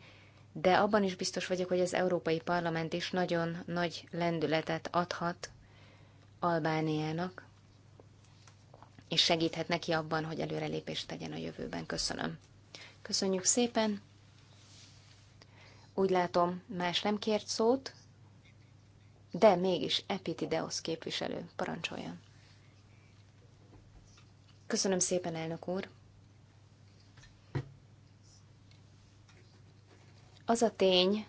de abban is biztos vagyok, hogy az Európai Parlament is nagyon nagy lendületet adhat Albániának, és segíthet neki abban, hogy előrelépést tegyen a jövőben. Köszönöm. Köszönjük szépen. Úgy látom, más nem kért szót, de mégis Epitideos képviselő, parancsoljon. Köszönöm szépen, elnök úr. Az a tény,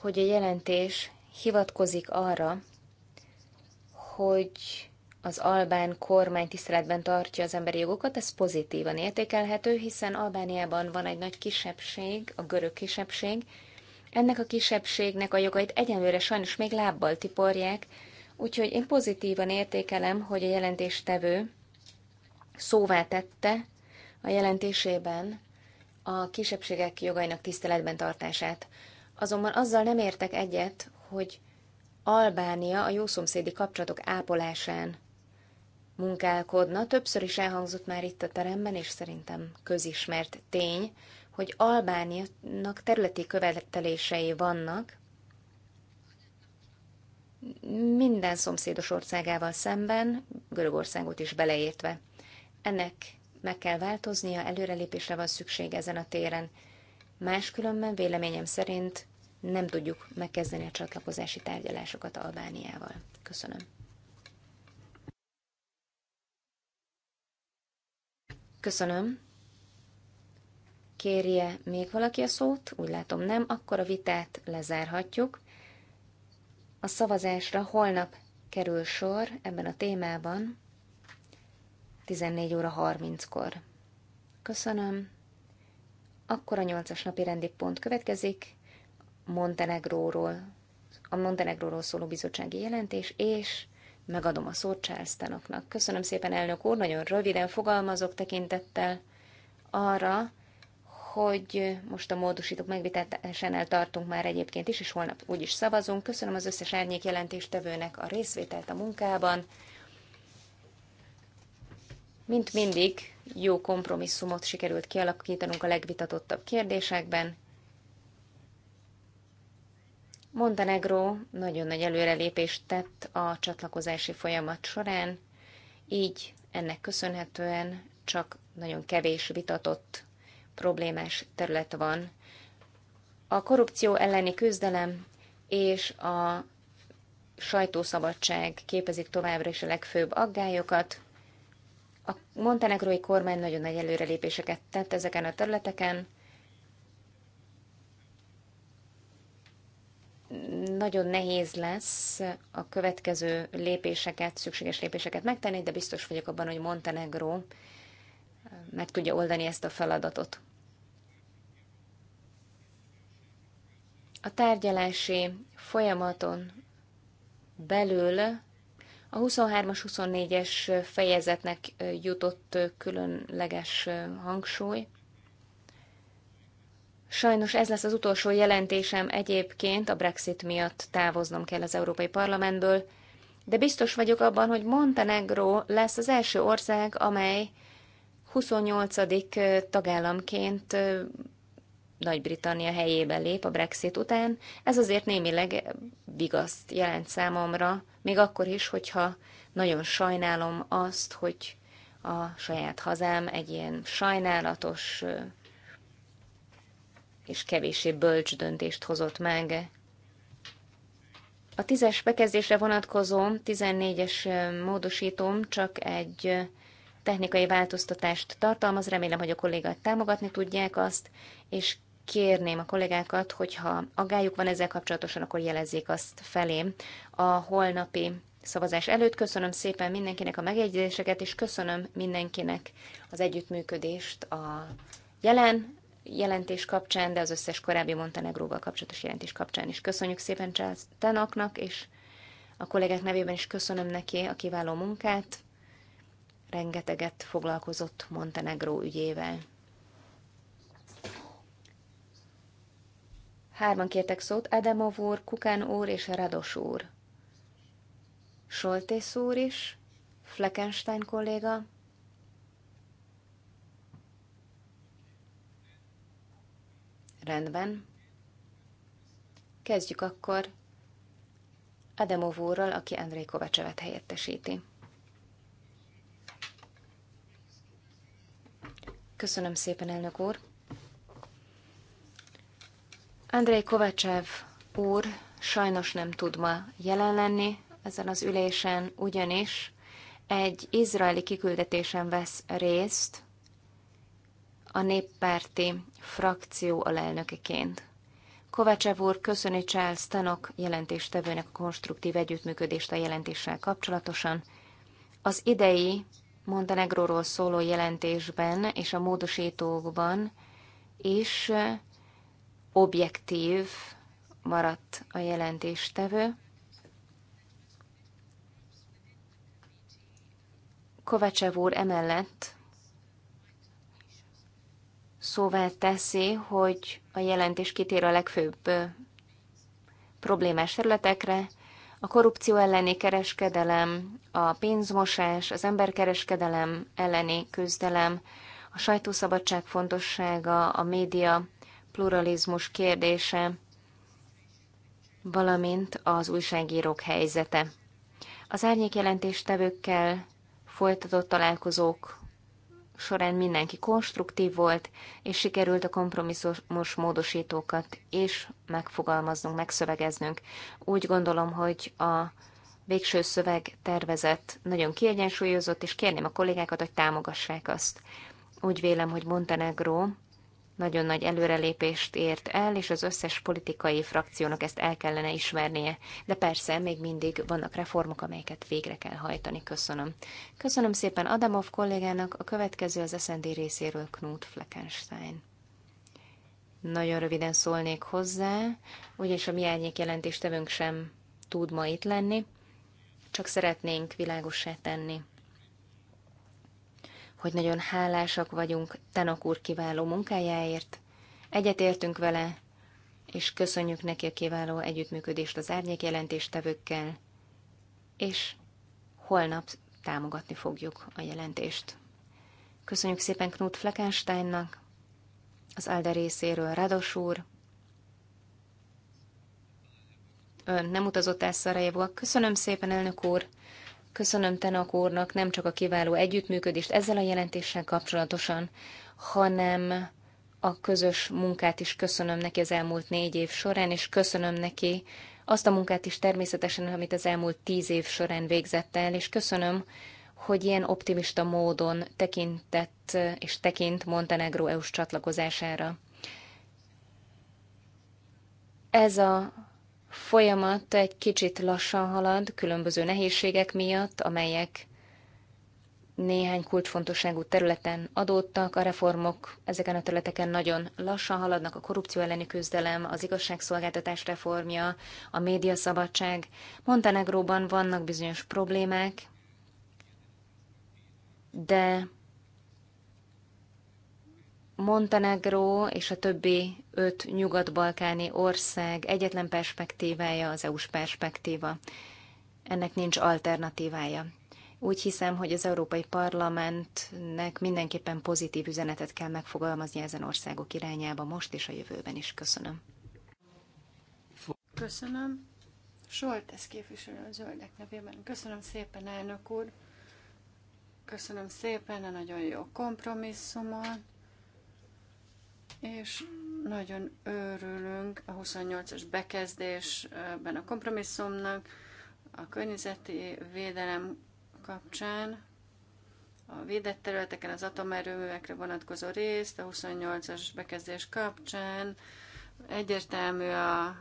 hogy a jelentés hivatkozik arra, hogy az albán kormány tiszteletben tartja az emberi jogokat, ez pozitívan értékelhető, hiszen Albániában van egy nagy kisebbség, a görög kisebbség. Ennek a kisebbségnek a jogait egyenlőre sajnos még lábbal tiporják, úgyhogy én pozitívan értékelem, hogy a jelentéstevő szóvá tette a jelentésében a kisebbségek jogainak tiszteletben tartását. Azonban azzal nem értek egyet, hogy Albánia a jószomszédi kapcsolatok ápolásán munkálkodna. Többször is elhangzott már itt a teremben, és szerintem közismert tény, hogy Albániának területi követelései vannak minden szomszédos országával szemben, Görögországot is beleértve. Ennek meg kell változnia, előrelépésre van szükség ezen a téren. Máskülönben véleményem szerint nem tudjuk megkezdeni a csatlakozási tárgyalásokat Albániával. Köszönöm. Köszönöm. Kérje még valaki a szót? Úgy látom nem, akkor a vitát lezárhatjuk. A szavazásra holnap kerül sor ebben a témában 14 óra 30-kor. Köszönöm. Akkor a nyolcas napi rendi pont következik. Montenegróról, a Montenegróról szóló bizottsági jelentés, és Megadom a szót Tanoknak. Köszönöm szépen, elnök úr, nagyon röviden fogalmazok tekintettel arra, hogy most a módosítók megvitetesen tartunk már egyébként is, és holnap is szavazunk. Köszönöm az összes árnyék jelentéstevőnek a részvételt a munkában. Mint mindig, jó kompromisszumot sikerült kialakítanunk a legvitatottabb kérdésekben, Montenegro nagyon nagy előrelépést tett a csatlakozási folyamat során, így ennek köszönhetően csak nagyon kevés vitatott problémás terület van. A korrupció elleni küzdelem és a sajtószabadság képezik továbbra is a legfőbb aggályokat. A montenegrói kormány nagyon nagy előrelépéseket tett ezeken a területeken, nagyon nehéz lesz a következő lépéseket, szükséges lépéseket megtenni, de biztos vagyok abban, hogy Montenegro meg tudja oldani ezt a feladatot. A tárgyalási folyamaton belül a 23-as, 24-es fejezetnek jutott különleges hangsúly. Sajnos ez lesz az utolsó jelentésem egyébként, a Brexit miatt távoznom kell az Európai Parlamentből, de biztos vagyok abban, hogy Montenegro lesz az első ország, amely 28. tagállamként Nagy-Britannia helyébe lép a Brexit után. Ez azért némileg vigaszt jelent számomra, még akkor is, hogyha nagyon sajnálom azt, hogy a saját hazám egy ilyen sajnálatos és kevésbé bölcs döntést hozott meg. A tízes bekezdésre vonatkozó 14-es csak egy technikai változtatást tartalmaz, remélem, hogy a kollégát támogatni tudják azt, és kérném a kollégákat, hogyha aggájuk van ezzel kapcsolatosan, akkor jelezzék azt felém a holnapi szavazás előtt. Köszönöm szépen mindenkinek a megjegyzéseket, és köszönöm mindenkinek az együttműködést a jelen jelentés kapcsán, de az összes korábbi Montenegróval kapcsolatos jelentés kapcsán is. Köszönjük szépen Charles Tenaknak, és a kollégák nevében is köszönöm neki a kiváló munkát. Rengeteget foglalkozott Montenegró ügyével. Hárman kértek szót, Adamov úr, Kukán úr és Rados úr. Soltész úr is, Fleckenstein kolléga, Rendben. Kezdjük akkor Ademovóral, aki André Kovacsevet helyettesíti. Köszönöm szépen, elnök úr. Andrei Kovácsev úr sajnos nem tud ma jelen lenni ezen az ülésen, ugyanis egy izraeli kiküldetésen vesz részt, a néppárti frakció alelnökeként. Kovácsev úr köszöni Charles Tanok jelentéstevőnek a konstruktív együttműködést a jelentéssel kapcsolatosan. Az idei Montenegróról szóló jelentésben és a módosítókban is objektív maradt a jelentéstevő. Kovácsev úr emellett szóvá teszi, hogy a jelentés kitér a legfőbb problémás területekre, a korrupció elleni kereskedelem, a pénzmosás, az emberkereskedelem elleni küzdelem, a sajtószabadság fontossága, a média pluralizmus kérdése, valamint az újságírók helyzete. Az árnyék jelentéstevőkkel folytatott találkozók során mindenki konstruktív volt, és sikerült a kompromisszumos módosítókat is megfogalmaznunk, megszövegeznünk. Úgy gondolom, hogy a végső szöveg tervezett nagyon kiegyensúlyozott, és kérném a kollégákat, hogy támogassák azt. Úgy vélem, hogy Montenegro nagyon nagy előrelépést ért el, és az összes politikai frakciónak ezt el kellene ismernie. De persze, még mindig vannak reformok, amelyeket végre kell hajtani. Köszönöm. Köszönöm szépen Adamov kollégának, a következő az SND részéről Knut Fleckenstein. Nagyon röviden szólnék hozzá, ugyanis a mi árnyék jelentéstevünk sem tud ma itt lenni, csak szeretnénk világossá tenni hogy nagyon hálásak vagyunk Tanok úr kiváló munkájáért. Egyetértünk vele, és köszönjük neki a kiváló együttműködést az árnyék jelentéstevőkkel, és holnap támogatni fogjuk a jelentést. Köszönjük szépen Knut Fleckensteinnak, az Alde részéről Rados úr. Ön nem utazott el Szarajevóak. Köszönöm szépen, elnök úr. Köszönöm Tenak úrnak nem csak a kiváló együttműködést ezzel a jelentéssel kapcsolatosan, hanem a közös munkát is köszönöm neki az elmúlt négy év során, és köszönöm neki azt a munkát is természetesen, amit az elmúlt tíz év során végzett el, és köszönöm, hogy ilyen optimista módon tekintett és tekint Montenegro EU-s csatlakozására. Ez a folyamat egy kicsit lassan halad, különböző nehézségek miatt, amelyek néhány kulcsfontosságú területen adódtak, a reformok ezeken a területeken nagyon lassan haladnak, a korrupció elleni küzdelem, az igazságszolgáltatás reformja, a médiaszabadság. Montenegróban vannak bizonyos problémák, de Montenegró és a többi öt nyugat-balkáni ország egyetlen perspektívája az EU-s perspektíva. Ennek nincs alternatívája. Úgy hiszem, hogy az Európai Parlamentnek mindenképpen pozitív üzenetet kell megfogalmazni ezen országok irányába most és a jövőben is. Köszönöm. Köszönöm. Soltesz képviselő a zöldek nevében. Köszönöm szépen, elnök úr. Köszönöm szépen a nagyon jó kompromisszumot és nagyon örülünk a 28-as bekezdésben a kompromisszumnak, a környezeti védelem kapcsán, a védett területeken az atomerőművekre vonatkozó részt, a 28-as bekezdés kapcsán. Egyértelmű a, a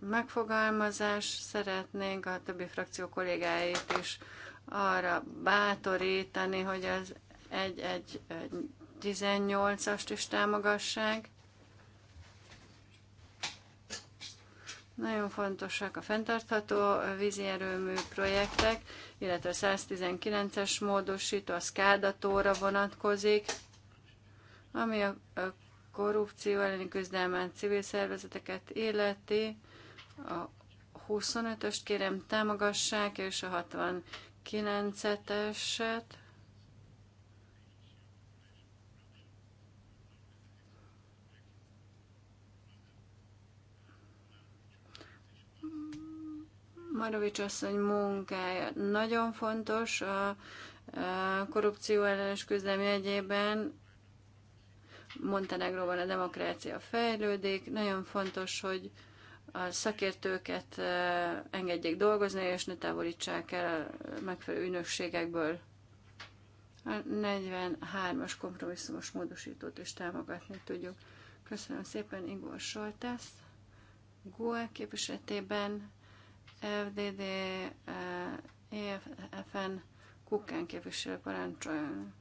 megfogalmazás, szeretnénk a többi frakció kollégáit is arra bátorítani, hogy az egy-egy 18-ast is támogassák. Nagyon fontosak a fenntartható vízi erőmű projektek, illetve a 119-es módosító a szkádatóra vonatkozik, ami a korrupció elleni küzdelmen civil szervezeteket illeti. A 25-öst kérem támogassák, és a 69-eset. Marovics asszony munkája nagyon fontos a korrupció ellenes küzdelmi egyében. Montenegróban a demokrácia fejlődik, nagyon fontos, hogy a szakértőket e, engedjék dolgozni, és ne távolítsák el megfelelő ünökségekből. A 43-as kompromisszumos módosítót is támogatni tudjuk. Köszönöm szépen Igor Soltász, GUE képviseletében FDD, EFN, eh, e Kukán képviselő parancsoljon.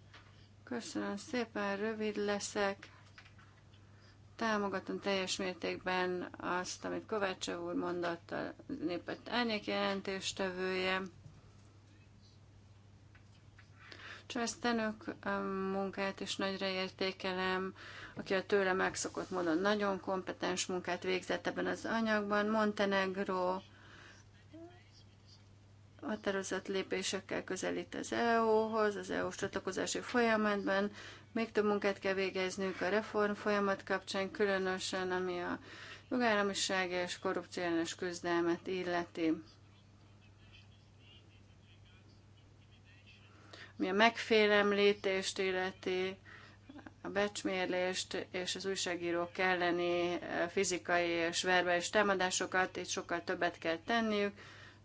Köszönöm szépen, rövid leszek. Támogatom teljes mértékben azt, amit Kovácsa úr mondott, a népet elnyék jelentéstevője. Császtenök eh, munkát is nagyra értékelem, aki a tőle megszokott módon nagyon kompetens munkát végzett ebben az anyagban. Montenegro határozott lépésekkel közelít az EU-hoz, az EU csatlakozási folyamatban. Még több munkát kell végeznünk a reform folyamat kapcsán, különösen ami a jogállamiság és korrupciós küzdelmet illeti. Ami a megfélemlítést illeti, a becsmérlést és az újságírók elleni eh, fizikai és verbális támadásokat, itt sokkal többet kell tenniük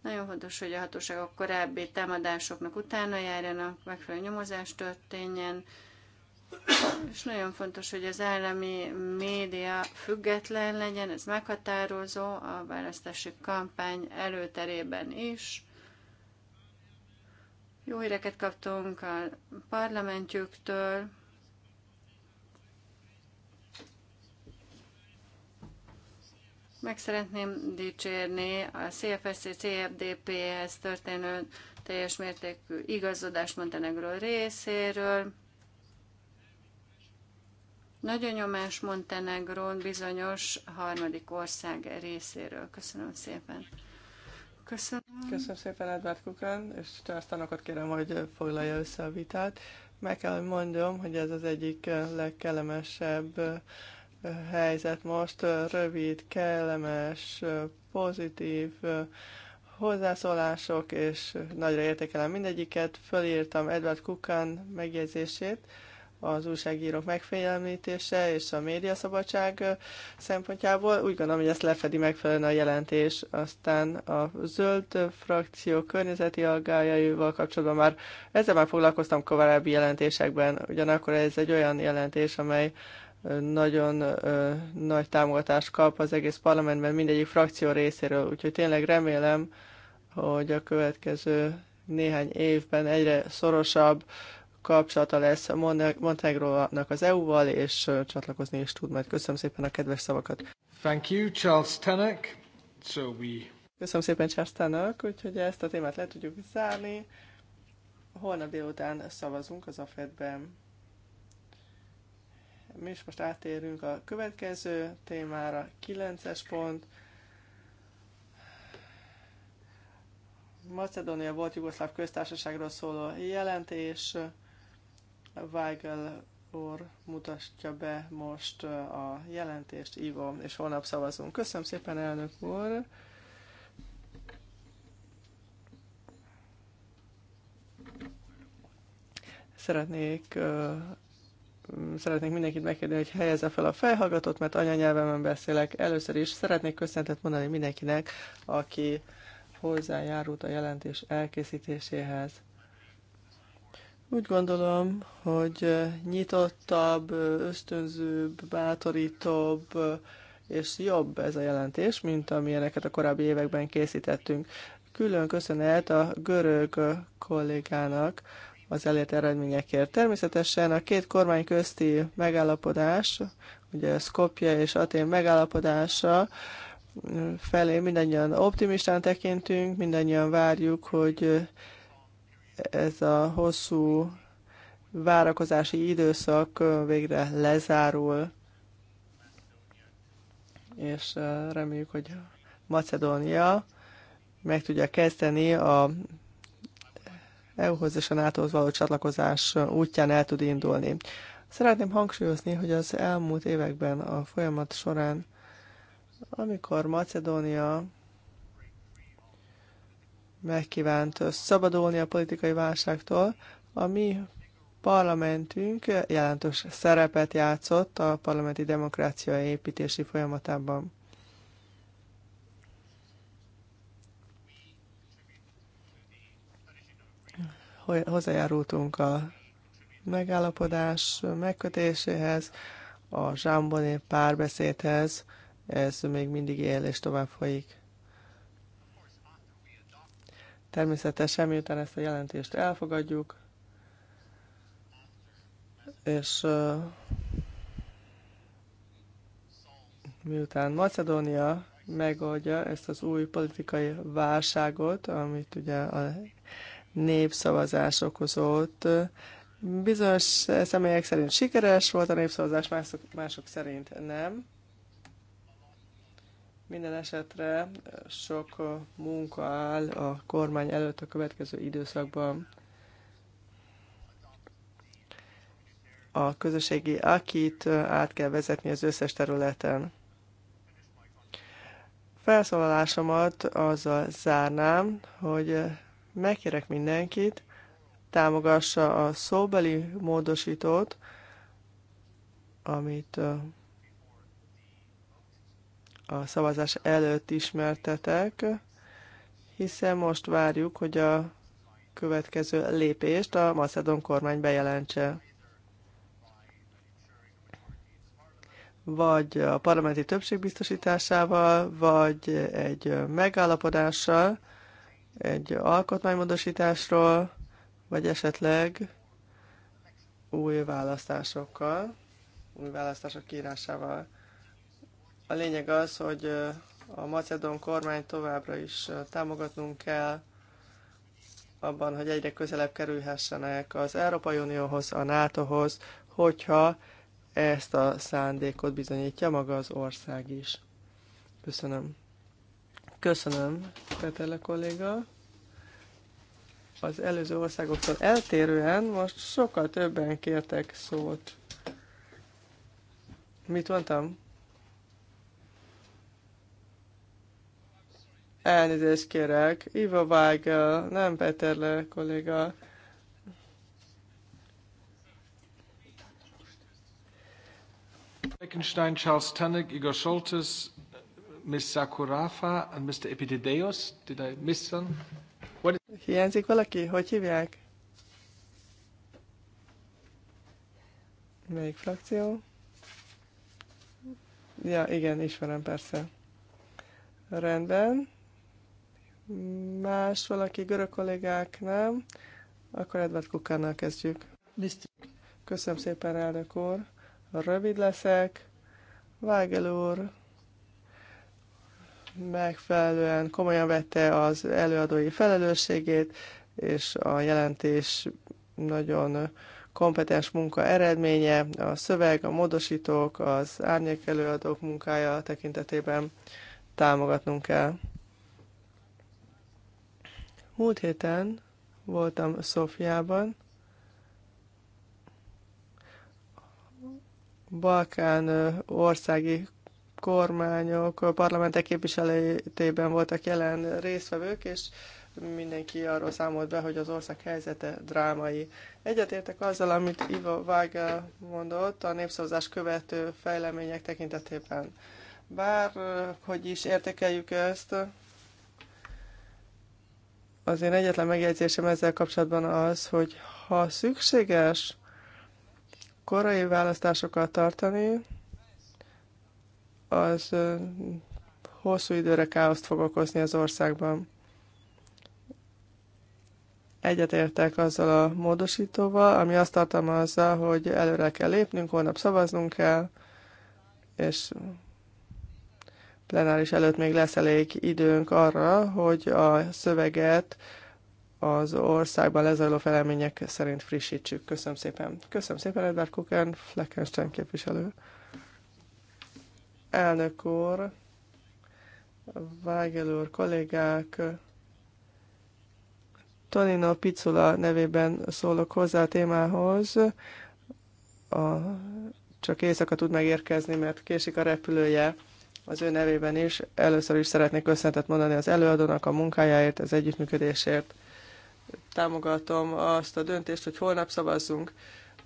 nagyon fontos, hogy a hatóságok korábbi támadásoknak utána járjanak, megfelelő nyomozás történjen, és nagyon fontos, hogy az állami média független legyen, ez meghatározó a választási kampány előterében is. Jó híreket kaptunk a parlamentjüktől, Meg szeretném dicsérni a CFSC CFDP-hez történő teljes mértékű igazodás Montenegro részéről. Nagyon nyomás Montenegrón bizonyos harmadik ország részéről. Köszönöm szépen. Köszönöm. Köszönöm szépen Edvard Kukan, és Charles kérem, hogy foglalja össze a vitát. Meg kell, hogy mondjam, hogy ez az egyik legkelemesebb helyzet most rövid, kellemes, pozitív hozzászólások, és nagyra értékelem mindegyiket. Fölírtam Edward Kukan megjegyzését, az újságírók megfélemlítése és a médiaszabadság szempontjából. Úgy gondolom, hogy ezt lefedi megfelelően a jelentés. Aztán a zöld frakció környezeti aggájaival kapcsolatban már ezzel már foglalkoztam korábbi jelentésekben, ugyanakkor ez egy olyan jelentés, amely nagyon nagy támogatást kap az egész parlamentben mindegyik frakció részéről, úgyhogy tényleg remélem, hogy a következő néhány évben egyre szorosabb kapcsolata lesz Montenegrónak az EU-val, és csatlakozni is tud majd. Köszönöm szépen a kedves szavakat. Thank you, Charles Tenek. So we... Köszönöm szépen Charles Tenek, úgyhogy ezt a témát le tudjuk zárni. Holnap délután szavazunk az AFED-ben is most átérünk a következő témára, 9-es pont. Macedónia volt Jugoszláv köztársaságról szóló jelentés. Weigel úr mutatja be most a jelentést, Ivo, és holnap szavazunk. Köszönöm szépen, elnök úr! Szeretnék szeretnék mindenkit megkérni, hogy helyezze fel a fejhallgatót, mert anyanyelvemen beszélek. Először is szeretnék köszönetet mondani mindenkinek, aki hozzájárult a jelentés elkészítéséhez. Úgy gondolom, hogy nyitottabb, ösztönzőbb, bátorítóbb és jobb ez a jelentés, mint amilyeneket a korábbi években készítettünk. Külön köszönet a görög kollégának, az elért eredményekért. Természetesen a két kormány közti megállapodás, ugye Skopje és Atén megállapodása felé mindannyian optimistán tekintünk, mindannyian várjuk, hogy ez a hosszú várakozási időszak végre lezárul, és reméljük, hogy Macedónia meg tudja kezdeni a EU-hoz és a NATO-hoz való csatlakozás útján el tud indulni. Szeretném hangsúlyozni, hogy az elmúlt években a folyamat során, amikor Macedónia megkívánt szabadulni a politikai válságtól, a mi parlamentünk jelentős szerepet játszott a parlamenti demokrácia építési folyamatában. hozzájárultunk a megállapodás megkötéséhez, a zsámboné párbeszédhez, ez még mindig él és tovább folyik. Természetesen, miután ezt a jelentést elfogadjuk, és miután Macedónia megoldja ezt az új politikai válságot, amit ugye a népszavazás okozott. Bizonyos személyek szerint sikeres volt a népszavazás, mások, mások szerint nem. Minden esetre sok munka áll a kormány előtt a következő időszakban. A közösségi akit át kell vezetni az összes területen. Felszólalásomat azzal zárnám, hogy Megkérek mindenkit, támogassa a szóbeli módosítót, amit a szavazás előtt ismertetek, hiszen most várjuk, hogy a következő lépést a Macedon kormány bejelentse. Vagy a parlamenti többség biztosításával, vagy egy megállapodással, egy alkotmánymódosításról, vagy esetleg új választásokkal, új választások írásával. A lényeg az, hogy a macedon kormány továbbra is támogatnunk kell abban, hogy egyre közelebb kerülhessenek az Európai Unióhoz, a NATO-hoz, hogyha ezt a szándékot bizonyítja maga az ország is. Köszönöm. Köszönöm, Petele kolléga. Az előző országoktól eltérően most sokkal többen kértek szót. Mit mondtam? Elnézést kérek. Iva Weigel, nem Peterle kolléga. Eckenstein, Charles Tannig, Igor Scholtes, Ms. Sakurafa and Mr. Did I miss some? What is... Hiányzik valaki? Hogy hívják? Melyik frakció? Ja, igen, ismerem persze. Rendben. Más valaki, görög kollégák, nem? Akkor Edward Kukánnal kezdjük. Köszönöm szépen, elnök úr. Rövid leszek. Vágel úr, megfelelően komolyan vette az előadói felelősségét, és a jelentés nagyon kompetens munka eredménye, a szöveg, a módosítók, az árnyék előadók munkája tekintetében támogatnunk kell. Múlt héten voltam Szofiában, Balkán országi kormányok, a parlamentek képviseletében voltak jelen résztvevők, és mindenki arról számolt be, hogy az ország helyzete drámai. Egyetértek azzal, amit Ivo Vágel mondott a népszavazás követő fejlemények tekintetében. Bár, hogy is értékeljük ezt, az én egyetlen megjegyzésem ezzel kapcsolatban az, hogy ha szükséges korai választásokat tartani, az hosszú időre káoszt fog okozni az országban. Egyetértek azzal a módosítóval, ami azt tartalmazza, hogy előre kell lépnünk, holnap szavaznunk kell, és plenáris előtt még lesz elég időnk arra, hogy a szöveget az országban lezajló felemények szerint frissítsük. Köszönöm szépen. Köszönöm szépen, Edward Kuken, Fleckenstein képviselő. Elnök úr, Weigel úr, kollégák, Tonino Picula nevében szólok hozzá a témához. A, csak éjszaka tud megérkezni, mert késik a repülője az ő nevében is. Először is szeretnék köszönetet mondani az előadónak a munkájáért, az együttműködésért. Támogatom azt a döntést, hogy holnap szavazzunk.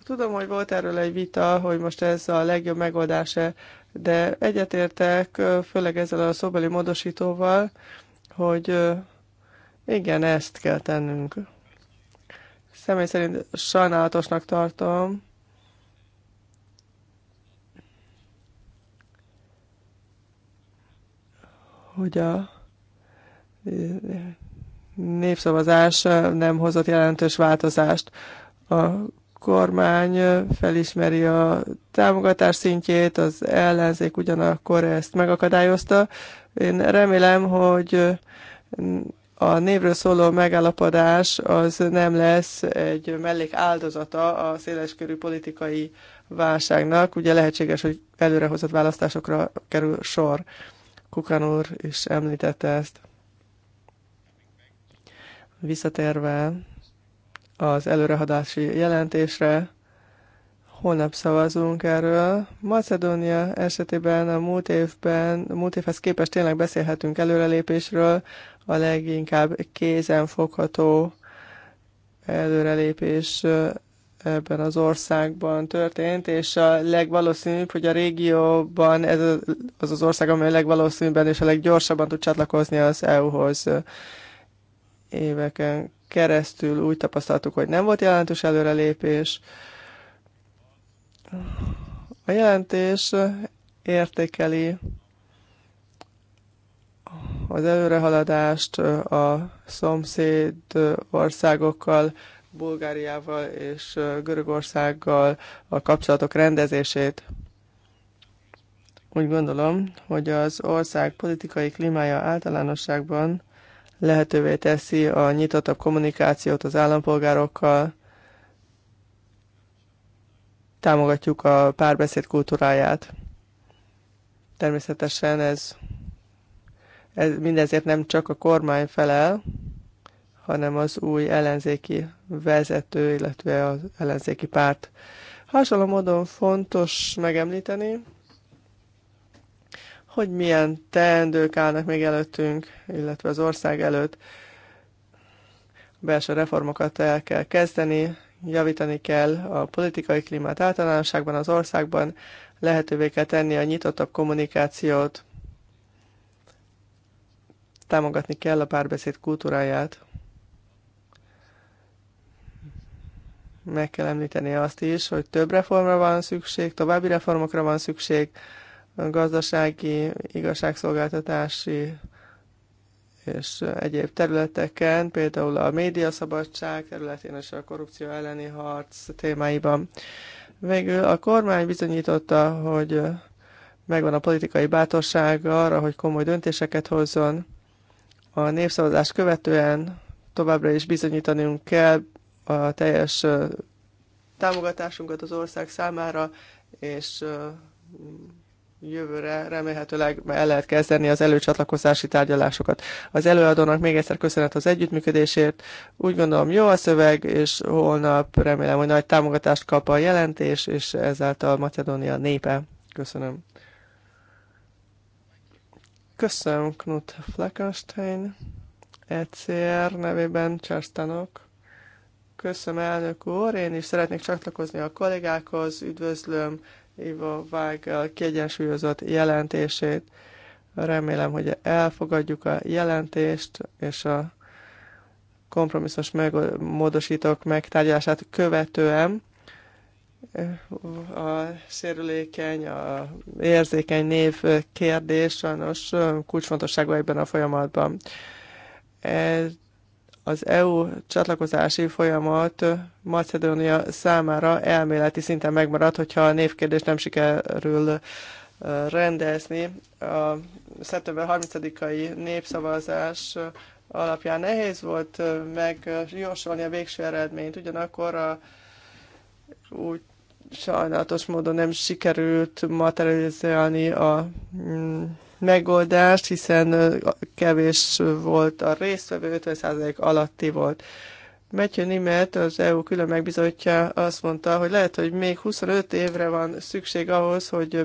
Tudom, hogy volt erről egy vita, hogy most ez a legjobb megoldása de egyetértek, főleg ezzel a szóbeli módosítóval, hogy igen, ezt kell tennünk. Személy szerint sajnálatosnak tartom, hogy a népszavazás nem hozott jelentős változást. A kormány felismeri a támogatás szintjét, az ellenzék ugyanakkor ezt megakadályozta. Én remélem, hogy a névről szóló megállapodás az nem lesz egy mellék áldozata a széleskörű politikai válságnak. Ugye lehetséges, hogy előrehozott választásokra kerül sor. Kukan úr is említette ezt. Visszatérve az előrehadási jelentésre. Holnap szavazunk erről. Macedónia esetében a múlt évben, a múlt évhez képest tényleg beszélhetünk előrelépésről, a leginkább kézenfogható előrelépés ebben az országban történt, és a legvalószínűbb, hogy a régióban ez az az ország, amely a legvalószínűbben és a leggyorsabban tud csatlakozni az EU-hoz éveken keresztül úgy tapasztaltuk, hogy nem volt jelentős előrelépés. A jelentés értékeli az előrehaladást a szomszéd országokkal, Bulgáriával és Görögországgal a kapcsolatok rendezését. Úgy gondolom, hogy az ország politikai klímája általánosságban lehetővé teszi a nyitottabb kommunikációt az állampolgárokkal, támogatjuk a párbeszéd kultúráját. Természetesen ez, ez mindezért nem csak a kormány felel, hanem az új ellenzéki vezető, illetve az ellenzéki párt. Hasonló módon fontos megemlíteni, hogy milyen teendők állnak még előttünk, illetve az ország előtt. A belső reformokat el kell kezdeni, javítani kell a politikai klímát általánosságban az országban, lehetővé kell tenni a nyitottabb kommunikációt, támogatni kell a párbeszéd kultúráját. Meg kell említeni azt is, hogy több reformra van szükség, további reformokra van szükség, gazdasági, igazságszolgáltatási és egyéb területeken, például a médiaszabadság területén és a korrupció elleni harc témáiban. Végül a kormány bizonyította, hogy megvan a politikai bátorsága arra, hogy komoly döntéseket hozzon. A népszavazás követően továbbra is bizonyítanunk kell a teljes támogatásunkat az ország számára, és jövőre remélhetőleg el lehet kezdeni az előcsatlakozási tárgyalásokat. Az előadónak még egyszer köszönet az együttműködésért. Úgy gondolom jó a szöveg, és holnap remélem, hogy nagy támogatást kap a jelentés, és ezáltal Macedónia népe. Köszönöm. Köszönöm Knut Fleckenstein, ECR nevében Cserstanok. Köszönöm elnök úr, én is szeretnék csatlakozni a kollégákhoz, üdvözlöm Ivo Weigel kiegyensúlyozott jelentését. Remélem, hogy elfogadjuk a jelentést, és a kompromisszos meg, módosítók megtárgyalását követően a sérülékeny, a érzékeny név kérdés sajnos kulcsfontosságú ebben a folyamatban. Ez az EU csatlakozási folyamat Macedónia számára elméleti szinten megmarad, hogyha a névkérdés nem sikerül rendezni. A szeptember 30-ai népszavazás alapján nehéz volt megjósolni a végső eredményt, ugyanakkor a, úgy sajnálatos módon nem sikerült materializálni a mm, megoldást, hiszen kevés volt a résztvevő, 50% alatti volt. Matthew Nimet, az EU külön megbizotja azt mondta, hogy lehet, hogy még 25 évre van szükség ahhoz, hogy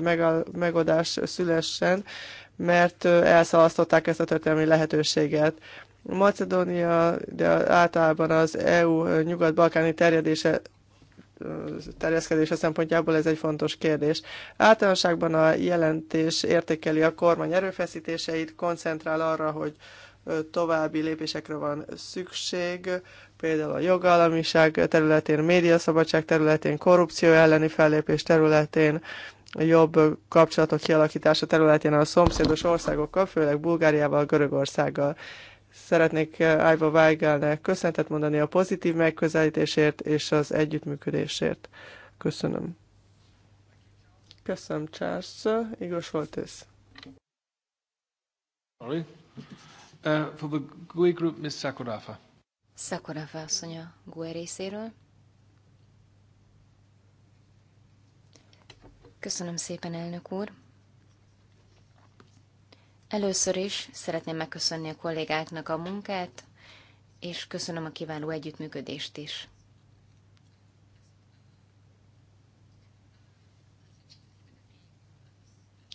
megoldás szülessen, mert elszalasztották ezt a történelmi lehetőséget. Macedónia, de általában az EU nyugat-balkáni terjedése terjeszkedése szempontjából ez egy fontos kérdés. Általánosságban a jelentés értékeli a kormány erőfeszítéseit, koncentrál arra, hogy további lépésekre van szükség, például a jogállamiság területén, médiaszabadság területén, korrupció elleni fellépés területén, jobb kapcsolatok kialakítása területén a szomszédos országokkal, főleg Bulgáriával, Görögországgal. Szeretnék Ájva eh, Vájgálnek köszönetet mondani a pozitív megközelítésért és az együttműködésért. Köszönöm. Köszönöm, Charles. Igor volt Sorry. Uh, for the GUI e group, Miss Sakurafa. Sakurafa asszonya a e részéről. Köszönöm szépen, elnök úr. Először is szeretném megköszönni a kollégáknak a munkát, és köszönöm a kiváló együttműködést is.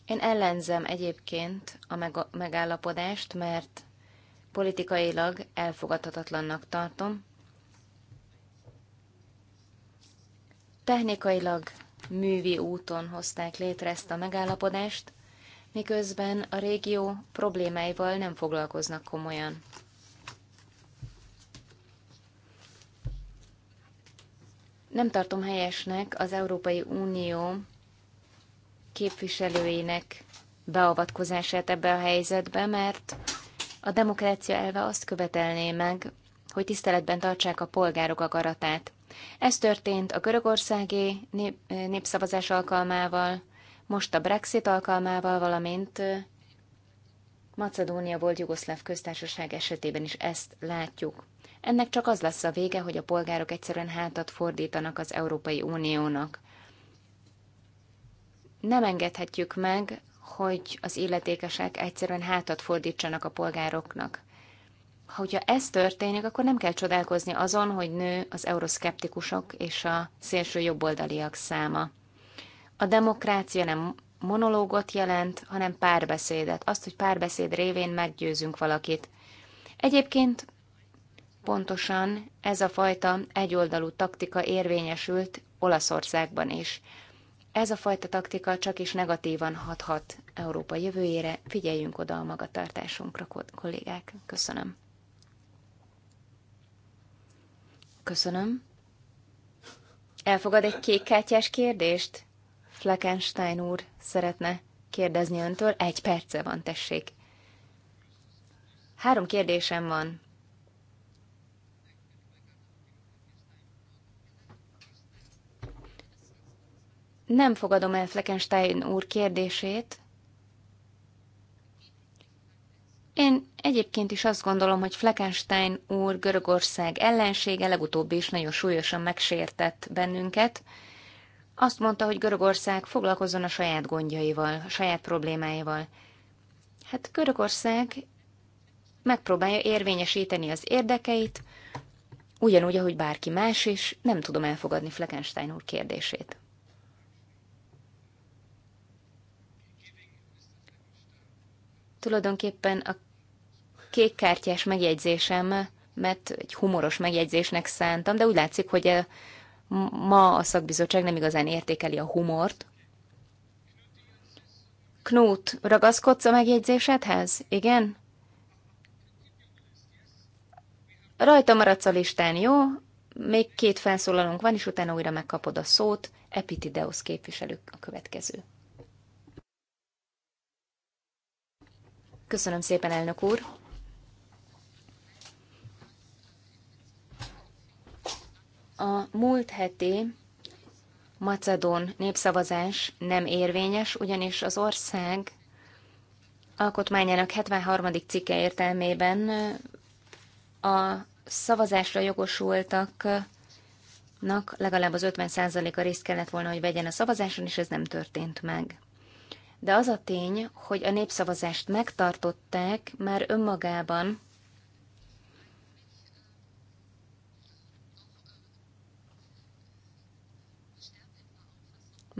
Én ellenzem egyébként a megállapodást, mert politikailag elfogadhatatlannak tartom. Technikailag művi úton hozták létre ezt a megállapodást, miközben a régió problémáival nem foglalkoznak komolyan. Nem tartom helyesnek az Európai Unió képviselőinek beavatkozását ebbe a helyzetbe, mert a demokrácia elve azt követelné meg, hogy tiszteletben tartsák a polgárok akaratát. Ez történt a görögországi népszavazás alkalmával, most a Brexit alkalmával, valamint Macedónia volt Jugoszláv köztársaság esetében is ezt látjuk. Ennek csak az lesz a vége, hogy a polgárok egyszerűen hátat fordítanak az Európai Uniónak. Nem engedhetjük meg, hogy az illetékesek egyszerűen hátat fordítsanak a polgároknak. Hogyha ez történik, akkor nem kell csodálkozni azon, hogy nő az euroszkeptikusok és a szélső jobboldaliak száma. A demokrácia nem monológot jelent, hanem párbeszédet, azt, hogy párbeszéd révén meggyőzünk valakit. Egyébként pontosan ez a fajta egyoldalú taktika érvényesült Olaszországban is. Ez a fajta taktika csak is negatívan hathat Európa jövőjére. Figyeljünk oda a magatartásunkra, kollégák. Köszönöm. Köszönöm. Elfogad egy kártyás kérdést? Fleckenstein úr szeretne kérdezni öntől. Egy perce van, tessék. Három kérdésem van. Nem fogadom el Fleckenstein úr kérdését. Én egyébként is azt gondolom, hogy Fleckenstein úr Görögország ellensége legutóbb is nagyon súlyosan megsértett bennünket. Azt mondta, hogy Görögország foglalkozzon a saját gondjaival, a saját problémáival. Hát Görögország megpróbálja érvényesíteni az érdekeit, ugyanúgy, ahogy bárki más is, nem tudom elfogadni Fleckenstein úr kérdését. Tulajdonképpen a kékkártyás megjegyzésem, mert egy humoros megjegyzésnek szántam, de úgy látszik, hogy a Ma a szakbizottság nem igazán értékeli a humort. Knut ragaszkodsz a megjegyzésedhez? Igen? Rajta maradsz a listán, jó? Még két felszólalónk van, és utána újra megkapod a szót. Epitideus képviselők a következő. Köszönöm szépen, elnök úr! A múlt heti macedón népszavazás nem érvényes, ugyanis az ország alkotmányának 73. cikke értelmében a szavazásra jogosultaknak legalább az 50%-a részt kellett volna, hogy vegyen a szavazáson, és ez nem történt meg. De az a tény, hogy a népszavazást megtartották, már önmagában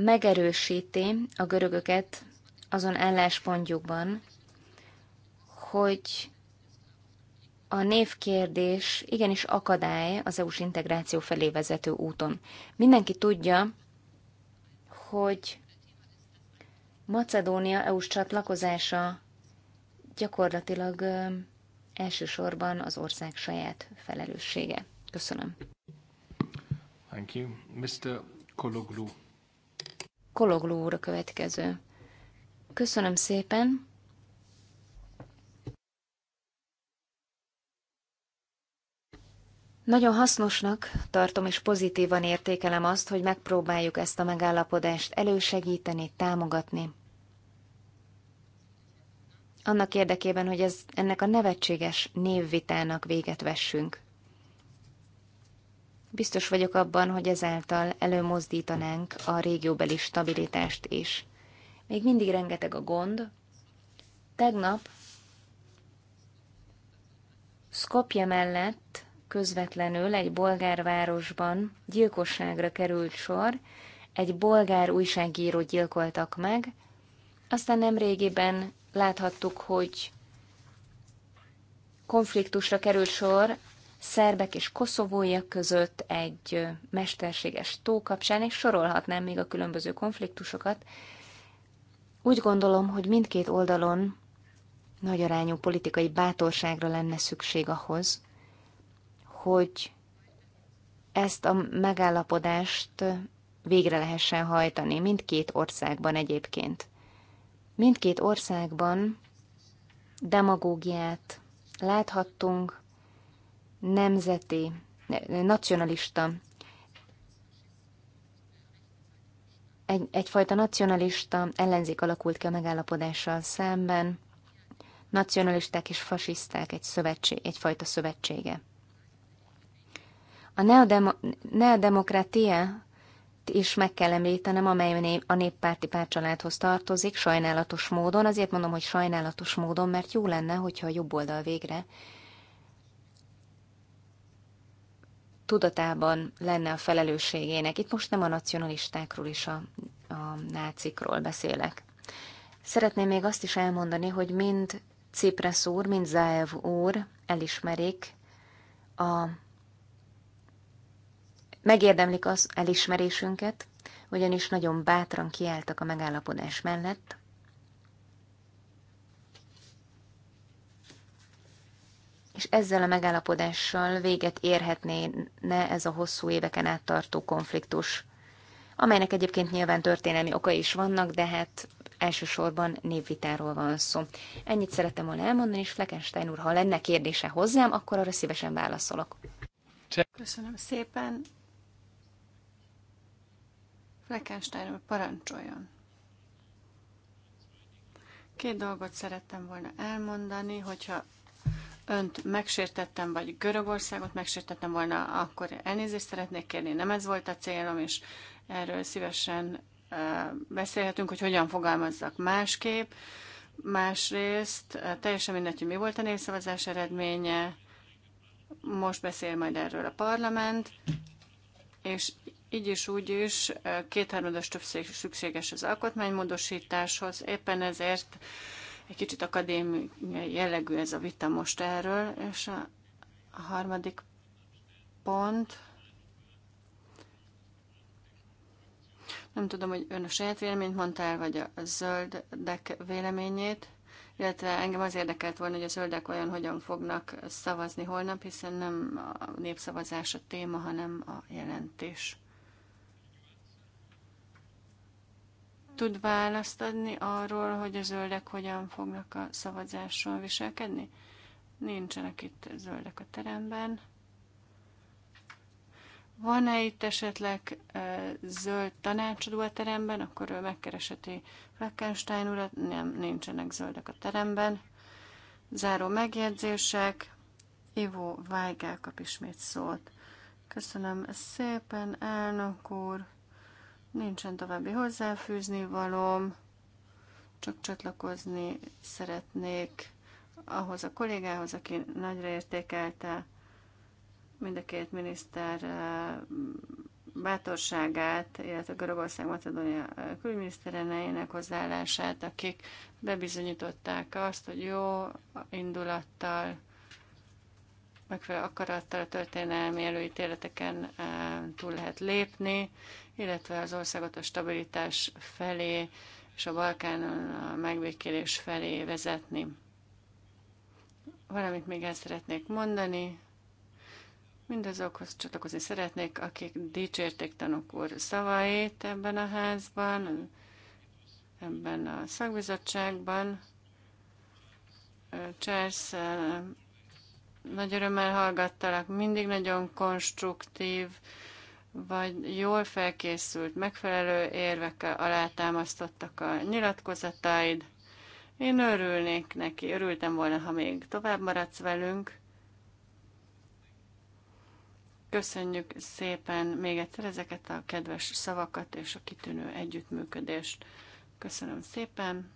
megerősíti a görögöket azon álláspontjukban, hogy a névkérdés igenis akadály az EU-s integráció felé vezető úton. Mindenki tudja, hogy Macedónia EU-s csatlakozása gyakorlatilag elsősorban az ország saját felelőssége. Köszönöm. Thank you. Mr. Kologlu. Kologló úr a következő. Köszönöm szépen. Nagyon hasznosnak tartom és pozitívan értékelem azt, hogy megpróbáljuk ezt a megállapodást elősegíteni, támogatni. Annak érdekében, hogy ez, ennek a nevetséges névvitának véget vessünk. Biztos vagyok abban, hogy ezáltal előmozdítanánk a régióbeli stabilitást is. Még mindig rengeteg a gond. Tegnap Skopje mellett közvetlenül egy bolgárvárosban gyilkosságra került sor, egy bolgár újságíró gyilkoltak meg, aztán nemrégiben láthattuk, hogy konfliktusra került sor szerbek és koszovóiak között, egy mesterséges tó kapcsán, és sorolhatnám még a különböző konfliktusokat. Úgy gondolom, hogy mindkét oldalon nagy arányú politikai bátorságra lenne szükség ahhoz, hogy ezt a megállapodást végre lehessen hajtani mindkét országban egyébként. Mindkét országban demagógiát láthattunk, nemzeti, nacionalista, egy, egyfajta nacionalista ellenzék alakult ki a megállapodással szemben, nacionalisták és fasiszták egy szövetség, egyfajta szövetsége. A neodemokratia is meg kell említenem, amely a néppárti párcsaládhoz tartozik, sajnálatos módon. Azért mondom, hogy sajnálatos módon, mert jó lenne, hogyha a jobb oldal végre tudatában lenne a felelősségének. Itt most nem a nacionalistákról és a, a nácikról beszélek. Szeretném még azt is elmondani, hogy mind Cipres úr, mind Záev úr elismerik a megérdemlik az elismerésünket, ugyanis nagyon bátran kiálltak a megállapodás mellett, és ezzel a megállapodással véget érhetné ne ez a hosszú éveken át tartó konfliktus, amelynek egyébként nyilván történelmi okai is vannak, de hát elsősorban névvitáról van szó. Ennyit szerettem volna elmondani, és Fleckenstein úr, ha lenne kérdése hozzám, akkor arra szívesen válaszolok. Köszönöm szépen. Fleckenstein úr, parancsoljon. Két dolgot szerettem volna elmondani, hogyha önt megsértettem, vagy Görögországot megsértettem volna, akkor elnézést szeretnék kérni. Nem ez volt a célom, és erről szívesen beszélhetünk, hogy hogyan fogalmazzak másképp. Másrészt teljesen mindegy, hogy mi volt a népszavazás eredménye, most beszél majd erről a parlament, és így is úgy is kétharmados többség szükséges az alkotmánymódosításhoz, éppen ezért egy kicsit akadémiai jellegű ez a vita most erről, és a, a harmadik pont, nem tudom, hogy ön a saját véleményt el, vagy a zöldek véleményét, illetve engem az érdekelt volna, hogy a zöldek olyan hogyan fognak szavazni holnap, hiszen nem a népszavazás a téma, hanem a jelentés. tud választ adni arról, hogy a zöldek hogyan fognak a szavazáson viselkedni? Nincsenek itt zöldek a teremben. Van-e itt esetleg e, zöld tanácsadó a teremben? Akkor ő megkereseti Frankenstein urat. Nem, nincsenek zöldek a teremben. Záró megjegyzések. Ivo Weigel kap ismét szót. Köszönöm szépen, elnök úr. Nincsen további hozzáfűzni valóm, csak csatlakozni szeretnék ahhoz a kollégához, aki nagyra értékelte mind a két miniszter eh, bátorságát, illetve Görögország Macedónia eh, külügyminiszterének hozzáállását, akik bebizonyították azt, hogy jó indulattal, megfelelő akarattal a történelmi előítéleteken eh, túl lehet lépni, illetve az országot a stabilitás felé és a balkán a megbékélés felé vezetni. Valamit még el szeretnék mondani, mindazokhoz csatlakozni szeretnék, akik dicsérték tanok, úr szavait ebben a házban, ebben a szakbizottságban. Charles, eh, nagy örömmel hallgattalak, mindig nagyon konstruktív, vagy jól felkészült, megfelelő érvekkel alátámasztottak a nyilatkozataid. Én örülnék neki, örültem volna, ha még tovább maradsz velünk. Köszönjük szépen még egyszer ezeket a kedves szavakat és a kitűnő együttműködést. Köszönöm szépen.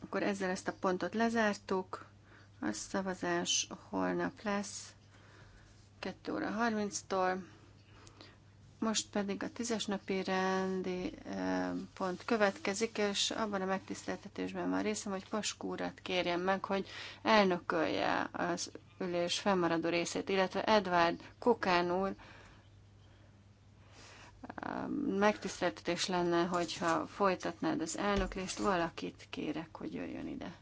Akkor ezzel ezt a pontot lezártuk. A szavazás holnap lesz. 2 óra 30-tól. Most pedig a tízes napi rendi eh, pont következik, és abban a megtiszteltetésben már részem, hogy Paskúrat kérjem meg, hogy elnökölje az ülés fennmaradó részét, illetve Edvard Kokán úr eh, megtiszteltetés lenne, hogyha folytatnád az elnöklést, valakit kérek, hogy jöjjön ide.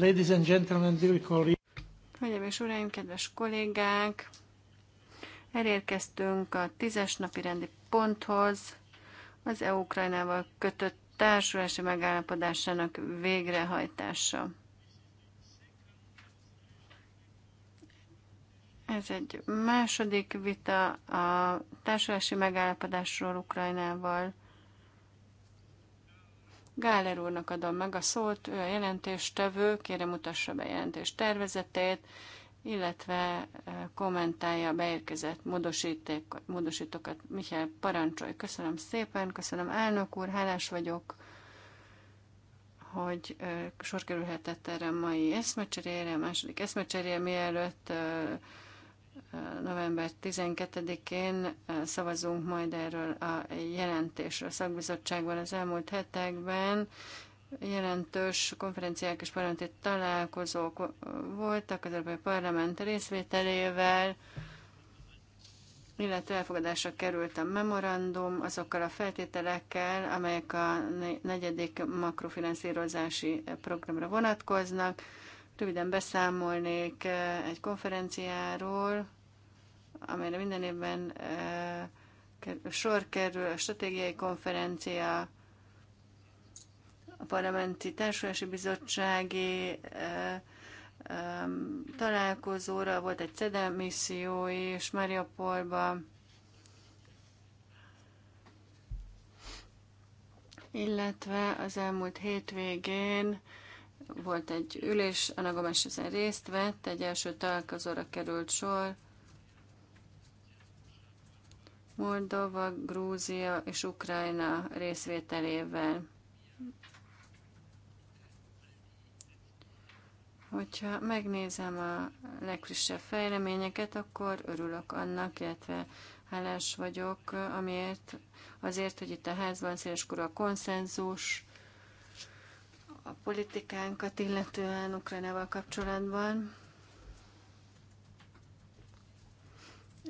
Ladies and gentlemen, dear colleagues. Hölgyeim és uraim, kedves kollégák! Elérkeztünk a tízes napi rendi ponthoz, az EU-Ukrajnával kötött társulási megállapodásának végrehajtása. Ez egy második vita a társulási megállapodásról Ukrajnával. Gáler úrnak adom meg a szót, ő a jelentéstevő, kérem mutassa be jelentés tervezetét, illetve e, kommentálja a beérkezett módosítókat. Mihály, parancsolj! Köszönöm szépen, köszönöm elnök úr, hálás vagyok, hogy e, sor kerülhetett erre a mai eszmecserére, a második eszmecserére, mielőtt e, november 12-én szavazunk majd erről a jelentésről. A szakbizottságban az elmúlt hetekben jelentős konferenciák és parlamenti találkozók voltak az Európai Parlament részvételével, illetve elfogadásra került a memorandum azokkal a feltételekkel, amelyek a negyedik makrofinanszírozási programra vonatkoznak. Röviden beszámolnék eh, egy konferenciáról, amelyre minden évben eh, sor kerül a stratégiai konferencia, a parlamenti társulási bizottsági eh, találkozóra, volt egy CEDEM misszió is Mariupolba, illetve az elmúlt hétvégén volt egy ülés, Anna Gomes ezen részt vett, egy első találkozóra került sor. Moldova, Grúzia és Ukrajna részvételével. Hogyha megnézem a legfrissebb fejleményeket, akkor örülök annak, illetve hálás vagyok, amiért azért, hogy itt a házban széleskor a konszenzus, a politikánkat illetően Ukrajnával kapcsolatban.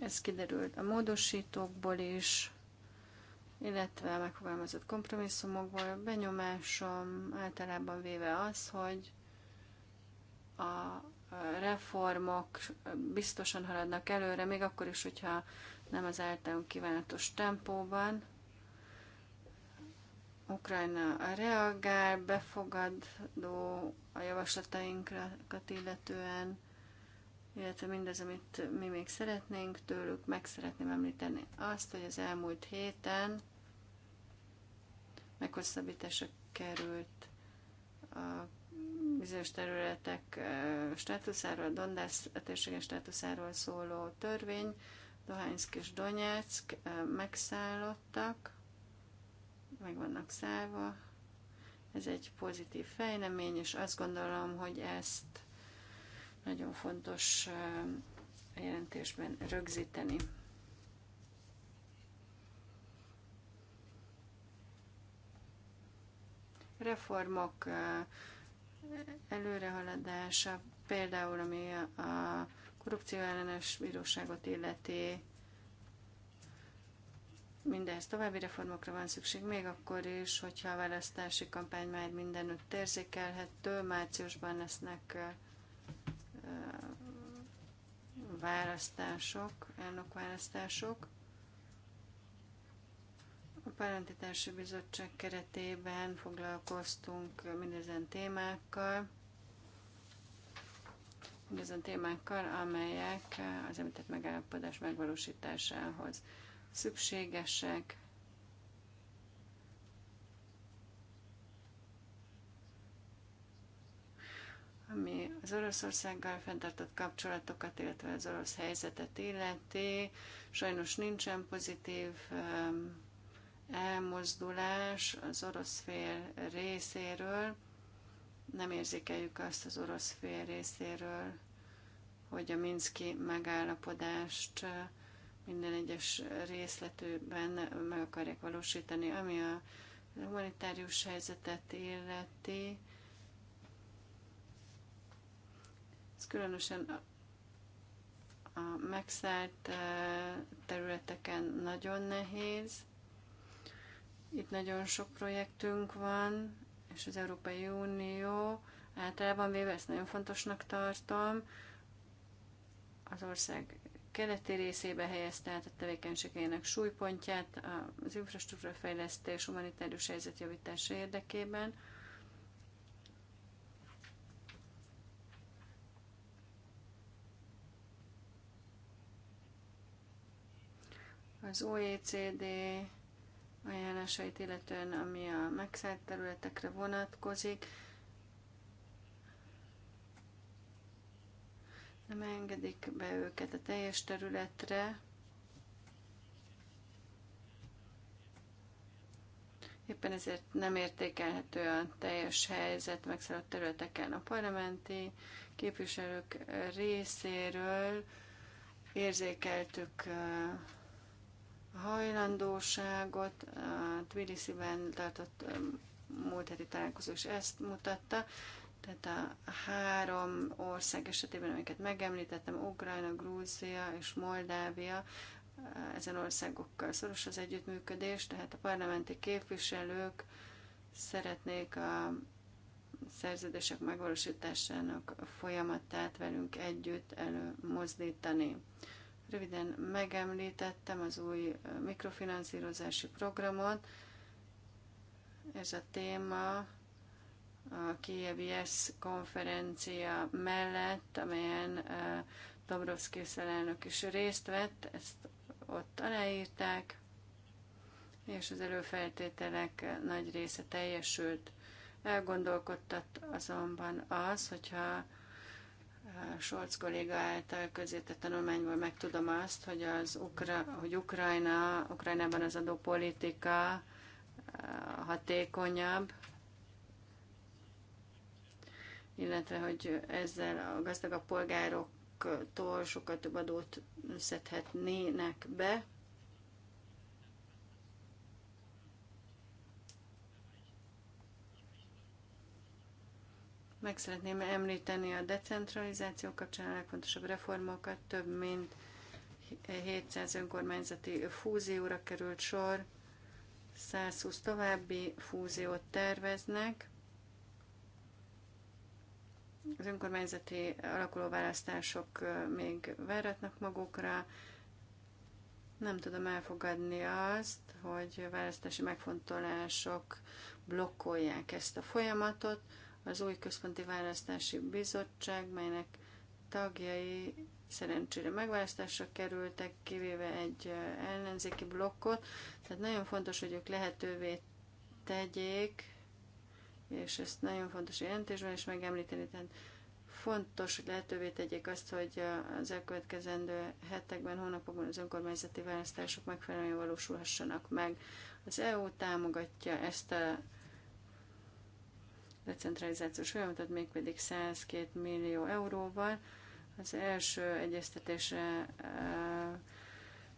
Ez kiderült a módosítókból is, illetve a megfogalmazott kompromisszumokból. Benyomásom általában véve az, hogy a reformok biztosan haladnak előre, még akkor is, hogyha nem az általunk kívánatos tempóban. Ukrajna reagál, befogadó a javaslatainkat illetően, illetve mindez, amit mi még szeretnénk tőlük, meg szeretném említeni azt, hogy az elmúlt héten meghosszabbításra került a bizonyos területek státuszáról, a Dondász térségen státuszáról szóló törvény, Dohányszk és Donyeck megszállottak, meg vannak szállva. Ez egy pozitív fejlemény, és azt gondolom, hogy ezt nagyon fontos jelentésben rögzíteni. Reformok előrehaladása, például ami a korrupcióellenes bíróságot illeti, Mindez további reformokra van szükség, még akkor is, hogyha a választási kampány már mindenütt érzékelhető, márciusban lesznek választások, elnökválasztások. A Parlamenti Bizottság keretében foglalkoztunk mindezen témákkal, mindezen témákkal, amelyek az említett megállapodás megvalósításához szükségesek. ami az Oroszországgal fenntartott kapcsolatokat, illetve az orosz helyzetet illeti. Sajnos nincsen pozitív elmozdulás az orosz fél részéről. Nem érzékeljük azt az orosz fél részéről, hogy a Minszki megállapodást minden egyes részletőben meg akarják valósítani, ami a humanitárius helyzetet illeti. Ez különösen a megszállt eh, területeken nagyon nehéz. Itt nagyon sok projektünk van, és az Európai Unió általában véve ezt nagyon fontosnak tartom. Az ország keleti részébe helyezte át a tevékenységének súlypontját az infrastruktúra fejlesztés, humanitárius helyzet javítása érdekében. Az OECD ajánlásait illetően, ami a megszállt területekre vonatkozik, nem engedik be őket a teljes területre. Éppen ezért nem értékelhető a teljes helyzet megszállott területeken a parlamenti képviselők részéről érzékeltük a hajlandóságot, a Tbilisi-ben tartott múlt heti találkozó is ezt mutatta, tehát a három ország esetében, amiket megemlítettem, Ukrajna, Grúzia és Moldávia, ezen országokkal szoros az együttműködés, tehát a parlamenti képviselők szeretnék a szerződések megvalósításának folyamatát velünk együtt előmozdítani. Röviden megemlítettem az új mikrofinanszírozási programot. Ez a téma a Kievi konferencia mellett, amelyen Dobrovszki elnök is részt vett, ezt ott aláírták, és az előfeltételek nagy része teljesült. Elgondolkodtat azonban az, hogyha Scholz kolléga által közített tanulmányból megtudom azt, hogy, az Ukra- hogy Ukrajna, Ukrajnában az adópolitika hatékonyabb, illetve hogy ezzel a gazdagabb polgároktól sokkal több adót szedhetnének be. Meg szeretném említeni a decentralizáció kapcsán a legfontosabb reformokat, több mint 700 önkormányzati fúzióra került sor, 120 további fúziót terveznek. Az önkormányzati alakulóválasztások még váratnak magukra. Nem tudom elfogadni azt, hogy választási megfontolások blokkolják ezt a folyamatot. Az új központi választási bizottság, melynek tagjai szerencsére megválasztásra kerültek, kivéve egy ellenzéki blokkot. Tehát nagyon fontos, hogy ők lehetővé tegyék és ezt nagyon fontos jelentésben is megemlíteni, tehát fontos, hogy lehetővé tegyék azt, hogy az elkövetkezendő hetekben, hónapokban az önkormányzati választások megfelelően valósulhassanak meg. Az EU támogatja ezt a decentralizációs folyamatot, mégpedig 102 millió euróval. Az első egyeztetésre eh,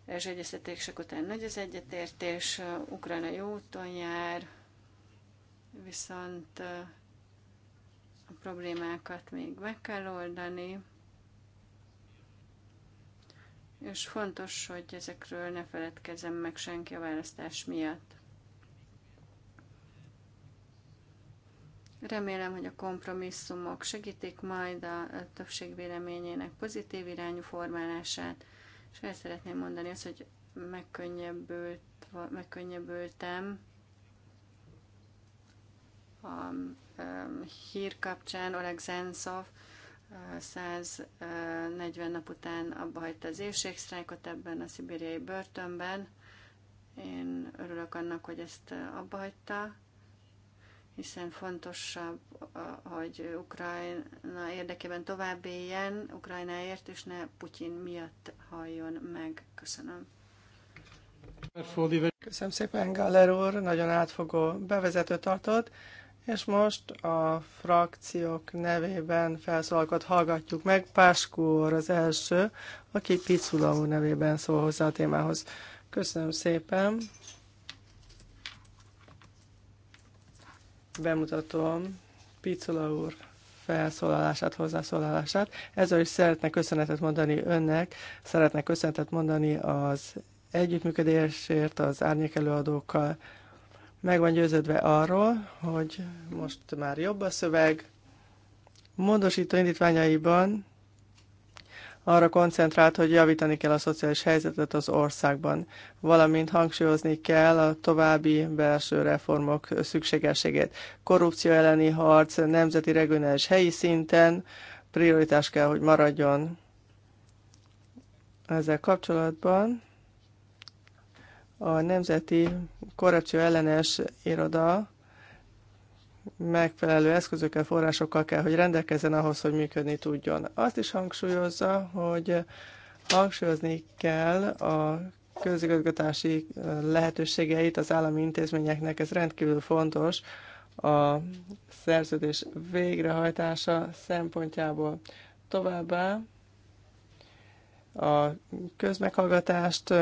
első egyeztetések után nagy az egyetértés, eh, Ukrajna jó úton jár, viszont a problémákat még meg kell oldani, és fontos, hogy ezekről ne feledkezem meg senki a választás miatt. Remélem, hogy a kompromisszumok segítik majd a többség véleményének pozitív irányú formálását, és el szeretném mondani azt, hogy megkönnyebbült, megkönnyebbültem, a um, hír kapcsán Oleg Zenszov 140 uh, nap után abba hagyta az éjségsztrájkot ebben a szibériai börtönben. Én örülök annak, hogy ezt uh, abba hagyta, hiszen fontosabb, uh, hogy Ukrajna érdekében tovább éljen, Ukrajnáért, és ne Putyin miatt halljon meg. Köszönöm. Köszönöm szépen, Galler úr, nagyon átfogó bevezető tartott. És most a frakciók nevében felszólalkot hallgatjuk meg. Páskó az első, aki Picula úr nevében szól hozzá a témához. Köszönöm szépen. Bemutatom Picula úr felszólalását, hozzászólalását. Ezzel is szeretnék köszönetet mondani önnek, szeretnék köszönetet mondani az együttműködésért, az árnyékelőadókkal, előadókkal, meg van győződve arról, hogy most már jobb a szöveg. Módosító indítványaiban arra koncentrált, hogy javítani kell a szociális helyzetet az országban, valamint hangsúlyozni kell a további belső reformok szükségességét. Korrupció elleni harc nemzeti, regionális, helyi szinten prioritás kell, hogy maradjon. Ezzel kapcsolatban a Nemzeti Korrupció Ellenes Iroda megfelelő eszközökkel, forrásokkal kell, hogy rendelkezzen ahhoz, hogy működni tudjon. Azt is hangsúlyozza, hogy hangsúlyozni kell a közigazgatási lehetőségeit az állami intézményeknek, ez rendkívül fontos a szerződés végrehajtása szempontjából. Továbbá a közmeghallgatást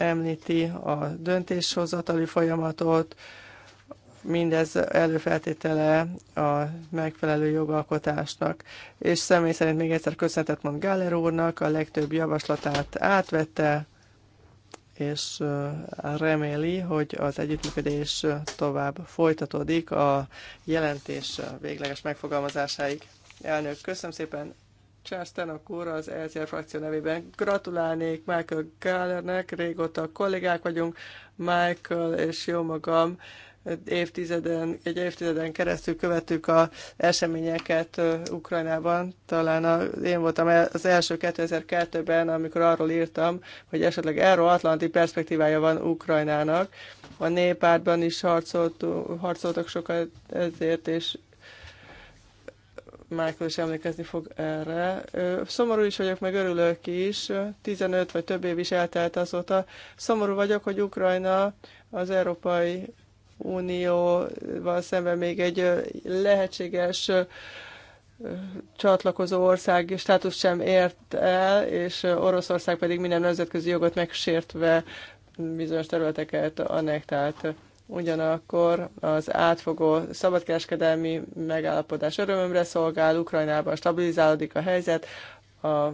említi a döntéshozatali folyamatot, mindez előfeltétele a megfelelő jogalkotásnak. És személy szerint még egyszer köszönetet mond Gáler úrnak, a legtöbb javaslatát átvette, és uh, reméli, hogy az együttműködés tovább folytatódik a jelentés végleges megfogalmazásáig. Elnök, köszönöm szépen, Császtának úr az ECR frakció nevében. Gratulálnék Michael Gallernek, régóta kollégák vagyunk, Michael és jó magam évtizeden, egy évtizeden keresztül követtük a eseményeket Ukrajnában. Talán a, én voltam az első 2002-ben, amikor arról írtam, hogy esetleg euróatlanti perspektívája van Ukrajnának. A néppártban is harcoltuk, harcoltak sokat ezért, és Michael is emlékezni fog erre. Szomorú is vagyok, meg örülök is. 15 vagy több év is eltelt azóta. Szomorú vagyok, hogy Ukrajna az Európai Unióval szemben még egy lehetséges csatlakozó ország státusz sem ért el, és Oroszország pedig minden nemzetközi jogot megsértve bizonyos területeket annektált. Ugyanakkor az átfogó szabadkereskedelmi megállapodás örömömre szolgál, Ukrajnában stabilizálódik a helyzet. A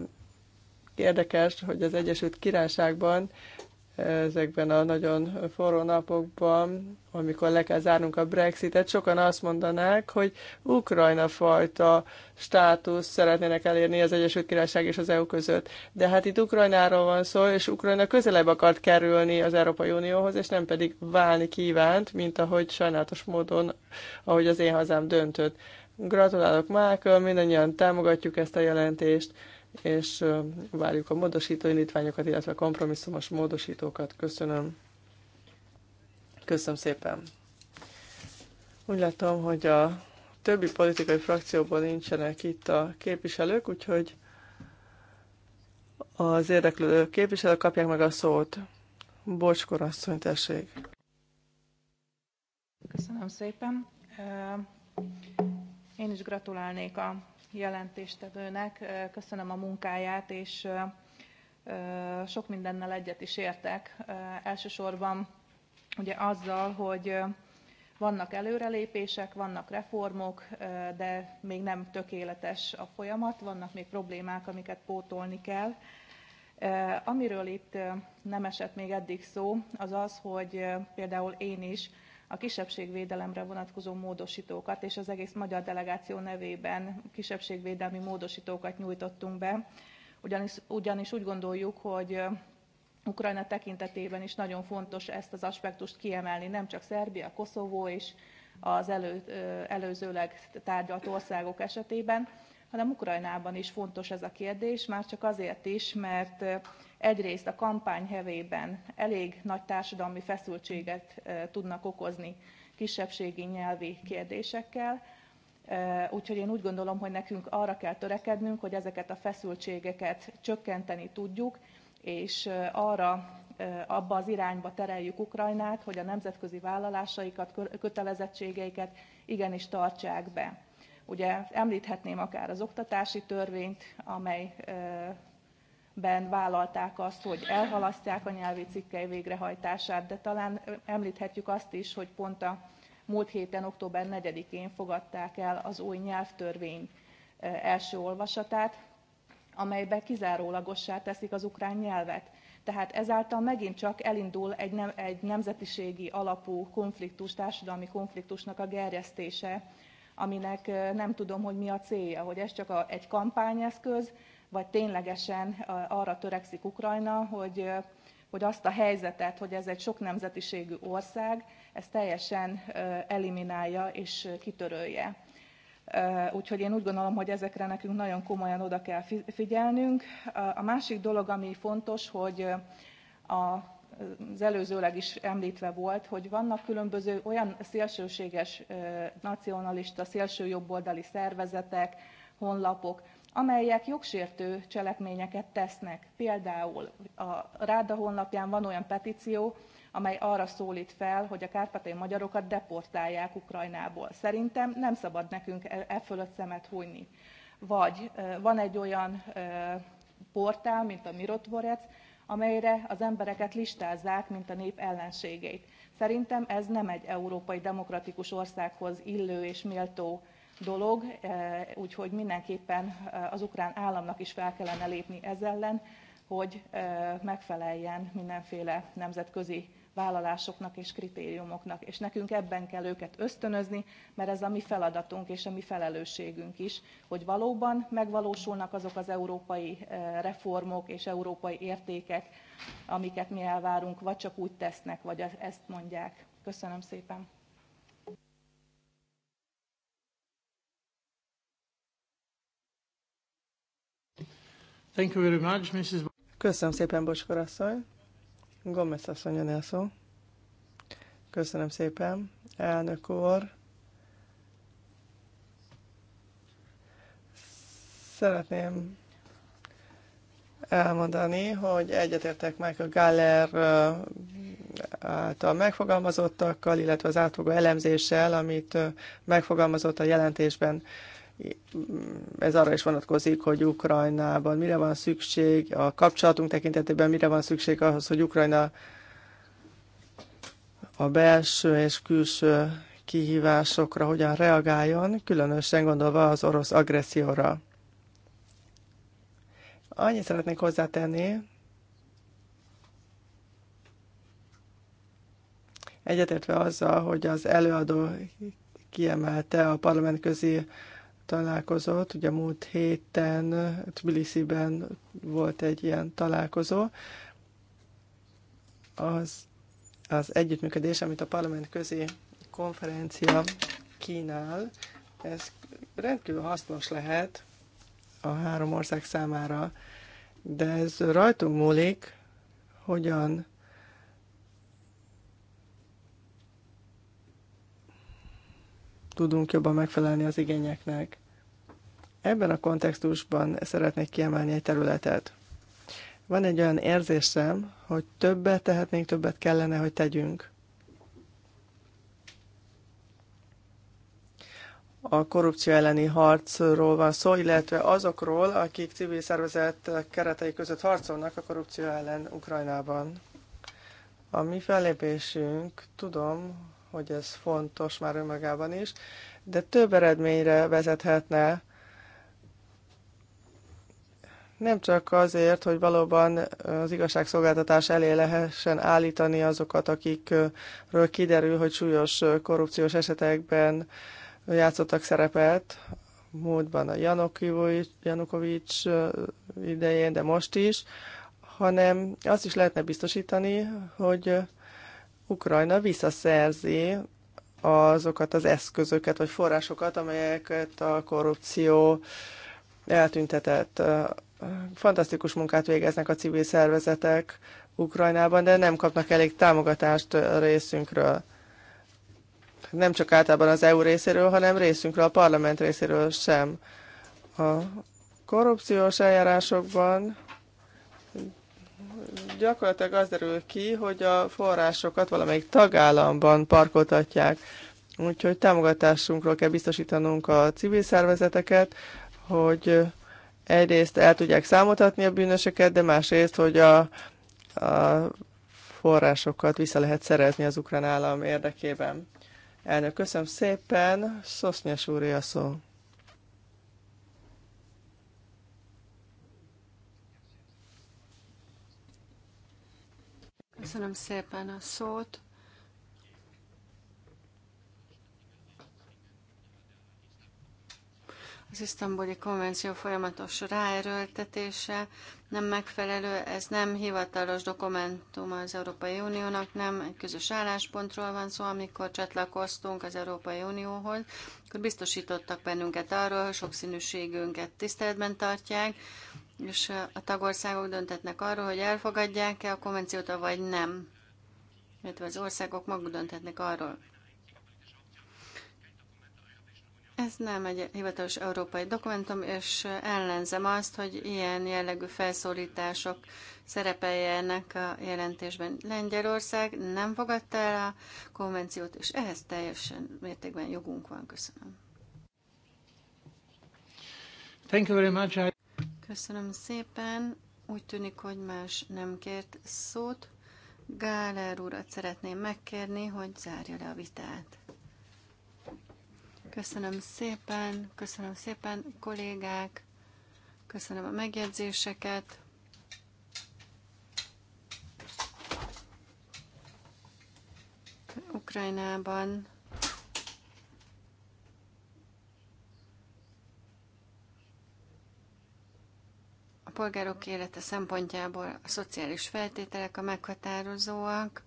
érdekes, hogy az Egyesült Királyságban ezekben a nagyon forró napokban, amikor le kell zárnunk a Brexitet, sokan azt mondanák, hogy Ukrajna fajta státusz szeretnének elérni az Egyesült Királyság és az EU között. De hát itt Ukrajnáról van szó, és Ukrajna közelebb akart kerülni az Európai Unióhoz, és nem pedig válni kívánt, mint ahogy sajnálatos módon, ahogy az én hazám döntött. Gratulálok Michael, mindannyian támogatjuk ezt a jelentést és várjuk a módosító indítványokat, illetve a kompromisszumos módosítókat. Köszönöm. Köszönöm szépen. Úgy látom, hogy a többi politikai frakcióban nincsenek itt a képviselők, úgyhogy az érdeklődő képviselők kapják meg a szót. Bocskor asszony, tessék. Köszönöm szépen. Én is gratulálnék a jelentéstevőnek. Köszönöm a munkáját, és sok mindennel egyet is értek. Elsősorban ugye azzal, hogy vannak előrelépések, vannak reformok, de még nem tökéletes a folyamat, vannak még problémák, amiket pótolni kell. Amiről itt nem esett még eddig szó, az az, hogy például én is a kisebbségvédelemre vonatkozó módosítókat, és az egész magyar delegáció nevében kisebbségvédelmi módosítókat nyújtottunk be, ugyanis, ugyanis úgy gondoljuk, hogy Ukrajna tekintetében is nagyon fontos ezt az aspektust kiemelni, nem csak Szerbia, Koszovó és az elő, előzőleg tárgyalt országok esetében, hanem Ukrajnában is fontos ez a kérdés, már csak azért is, mert egyrészt a kampány hevében elég nagy társadalmi feszültséget tudnak okozni kisebbségi nyelvi kérdésekkel, Úgyhogy én úgy gondolom, hogy nekünk arra kell törekednünk, hogy ezeket a feszültségeket csökkenteni tudjuk, és arra abba az irányba tereljük Ukrajnát, hogy a nemzetközi vállalásaikat, kötelezettségeiket igenis tartsák be. Ugye említhetném akár az oktatási törvényt, amelyben vállalták azt, hogy elhalasztják a nyelvi cikkei végrehajtását, de talán említhetjük azt is, hogy pont a múlt héten, október 4-én fogadták el az új nyelvtörvény első olvasatát, amelyben kizárólagossá teszik az ukrán nyelvet. Tehát ezáltal megint csak elindul egy, nem, egy nemzetiségi alapú konfliktus, társadalmi konfliktusnak a gerjesztése aminek nem tudom, hogy mi a célja, hogy ez csak egy kampányeszköz, vagy ténylegesen arra törekszik Ukrajna, hogy, hogy azt a helyzetet, hogy ez egy sok nemzetiségű ország, ezt teljesen eliminálja és kitörölje. Úgyhogy én úgy gondolom, hogy ezekre nekünk nagyon komolyan oda kell figyelnünk. A másik dolog, ami fontos, hogy a az előzőleg is említve volt, hogy vannak különböző olyan szélsőséges nacionalista, szélsőjobboldali szervezetek, honlapok, amelyek jogsértő cselekményeket tesznek. Például a Ráda honlapján van olyan petíció, amely arra szólít fel, hogy a kárpátai magyarokat deportálják Ukrajnából. Szerintem nem szabad nekünk e, e fölött szemet hújni. Vagy van egy olyan portál, mint a Mirotvorec, amelyre az embereket listázzák, mint a nép ellenségeit. Szerintem ez nem egy európai demokratikus országhoz illő és méltó dolog, e, úgyhogy mindenképpen e, az ukrán államnak is fel kellene lépni ez ellen, hogy e, megfeleljen mindenféle nemzetközi vállalásoknak és kritériumoknak, és nekünk ebben kell őket ösztönözni, mert ez a mi feladatunk és a mi felelősségünk is, hogy valóban megvalósulnak azok az európai eh, reformok és európai értékek, amiket mi elvárunk, vagy csak úgy tesznek, vagy ezt mondják. Köszönöm szépen! Thank you very much, Mrs. Köszönöm szépen, Bocskor asszony. Gomez asszony a Köszönöm szépen, elnök úr. Szeretném elmondani, hogy egyetértek meg a Galler által megfogalmazottakkal, illetve az átfogó elemzéssel, amit megfogalmazott a jelentésben ez arra is vonatkozik, hogy Ukrajnában mire van szükség, a kapcsolatunk tekintetében mire van szükség ahhoz, hogy Ukrajna a belső és külső kihívásokra hogyan reagáljon, különösen gondolva az orosz agresszióra. Annyit szeretnék hozzátenni, egyetértve azzal, hogy az előadó kiemelte a parlamentközi találkozott. Ugye múlt héten Tbilisi-ben volt egy ilyen találkozó. Az, az együttműködés, amit a parlament közé konferencia kínál, ez rendkívül hasznos lehet a három ország számára, de ez rajtunk múlik, hogyan tudunk jobban megfelelni az igényeknek. Ebben a kontextusban szeretnék kiemelni egy területet. Van egy olyan érzésem, hogy többet tehetnénk, többet kellene, hogy tegyünk. a korrupció elleni harcról van szó, illetve azokról, akik civil szervezet keretei között harcolnak a korrupció ellen Ukrajnában. A mi fellépésünk, tudom, hogy ez fontos már önmagában is, de több eredményre vezethetne, nem csak azért, hogy valóban az igazságszolgáltatás elé lehessen állítani azokat, akikről kiderül, hogy súlyos korrupciós esetekben játszottak szerepet, múltban a Janukovics idején, de most is, hanem azt is lehetne biztosítani, hogy Ukrajna visszaszerzi azokat az eszközöket vagy forrásokat, amelyeket a korrupció eltüntetett. Fantasztikus munkát végeznek a civil szervezetek Ukrajnában, de nem kapnak elég támogatást a részünkről. Nem csak általában az EU részéről, hanem részünkről, a parlament részéről sem. A korrupciós eljárásokban gyakorlatilag az derül ki, hogy a forrásokat valamelyik tagállamban parkoltatják. Úgyhogy támogatásunkról kell biztosítanunk a civil szervezeteket, hogy egyrészt el tudják számoltatni a bűnöseket, de másrészt, hogy a, a forrásokat vissza lehet szerezni az ukrán állam érdekében. Elnök, köszönöm szépen, Szosznyas úr, a szó. Köszönöm szépen a szót. Az isztambuli konvenció folyamatos ráerőltetése nem megfelelő, ez nem hivatalos dokumentum az Európai Uniónak, nem egy közös álláspontról van szó, amikor csatlakoztunk az Európai Unióhoz, akkor biztosítottak bennünket arról, hogy sokszínűségünket tiszteletben tartják, és a tagországok döntetnek arról, hogy elfogadják-e a konvenciót, vagy nem. Mert az országok maguk dönthetnek arról. Ez nem egy hivatalos európai dokumentum, és ellenzem azt, hogy ilyen jellegű felszólítások szerepeljenek a jelentésben. Lengyelország nem fogadta el a konvenciót, és ehhez teljesen mértékben jogunk van. Köszönöm. Thank you very much. Köszönöm szépen. Úgy tűnik, hogy más nem kért szót. Gáler urat szeretném megkérni, hogy zárja le a vitát. Köszönöm szépen, köszönöm szépen, kollégák, köszönöm a megjegyzéseket. Ukrajnában polgárok élete szempontjából a szociális feltételek a meghatározóak,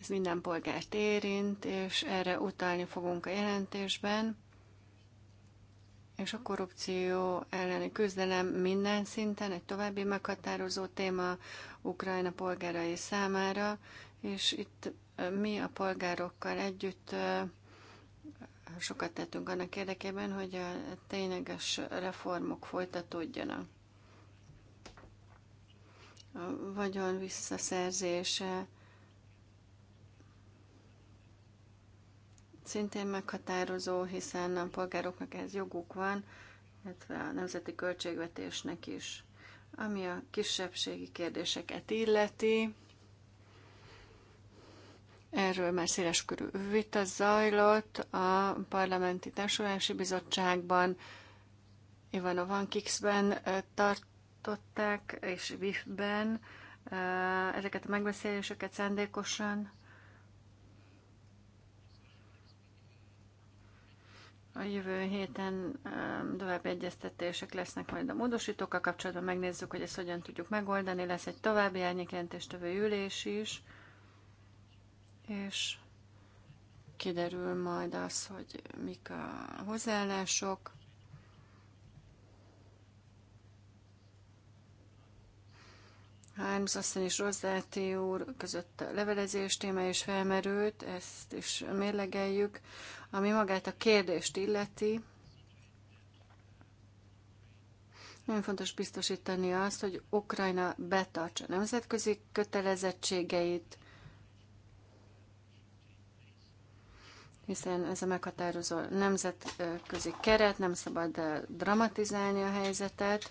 ez minden polgárt érint, és erre utalni fogunk a jelentésben. És a korrupció elleni küzdelem minden szinten egy további meghatározó téma Ukrajna polgárai számára, és itt mi a polgárokkal együtt sokat tettünk annak érdekében, hogy a tényleges reformok folytatódjanak a vagyon visszaszerzése szintén meghatározó, hiszen a polgároknak ez joguk van, illetve a nemzeti költségvetésnek is. Ami a kisebbségi kérdéseket illeti, Erről már körű vita zajlott a Parlamenti Társulási Bizottságban. Ivanovan Kixben tart, tartották, és WIF-ben eh, ezeket a megbeszéléseket szándékosan. A jövő héten eh, további egyeztetések lesznek majd a módosítókkal kapcsolatban, megnézzük, hogy ezt hogyan tudjuk megoldani. Lesz egy további árnyékjelentéstövő ülés is, és kiderül majd az, hogy mik a hozzáállások. Himes asszony és Rozzáti úr között a levelezés téma is felmerült, ezt is mérlegeljük. Ami magát a kérdést illeti, nagyon fontos biztosítani azt, hogy Ukrajna betartsa nemzetközi kötelezettségeit, hiszen ez a meghatározó nemzetközi keret, nem szabad dramatizálni a helyzetet.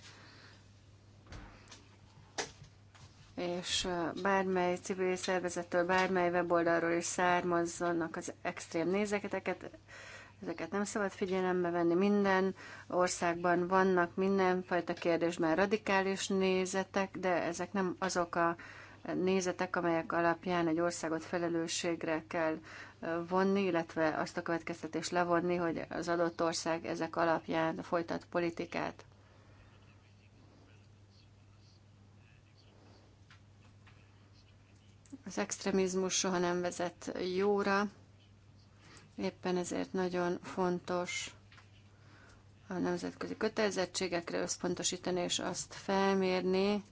és bármely civil szervezettől, bármely weboldalról is származzanak az extrém nézeketeket, ezeket nem szabad figyelembe venni. Minden országban vannak mindenfajta kérdésben radikális nézetek, de ezek nem azok a nézetek, amelyek alapján egy országot felelősségre kell vonni, illetve azt a következtetést levonni, hogy az adott ország ezek alapján folytat politikát. Az extrémizmus soha nem vezet jóra, éppen ezért nagyon fontos a nemzetközi kötelezettségekre összpontosítani és azt felmérni,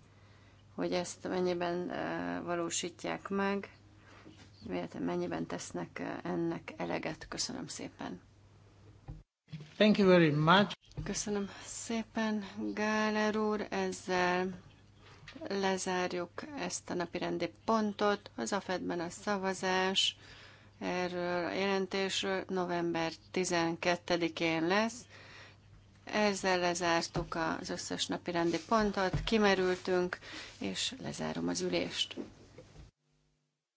hogy ezt mennyiben eh, valósítják meg, illetve mennyiben tesznek eh, ennek eleget. Köszönöm szépen. Thank you very much. Köszönöm szépen, Gáler úr. Ezzel lezárjuk ezt a napirendi pontot. Az AFED-ben a szavazás erről a jelentésről november 12-én lesz. Ezzel lezártuk az összes napirendi pontot, kimerültünk, és lezárom az ülést.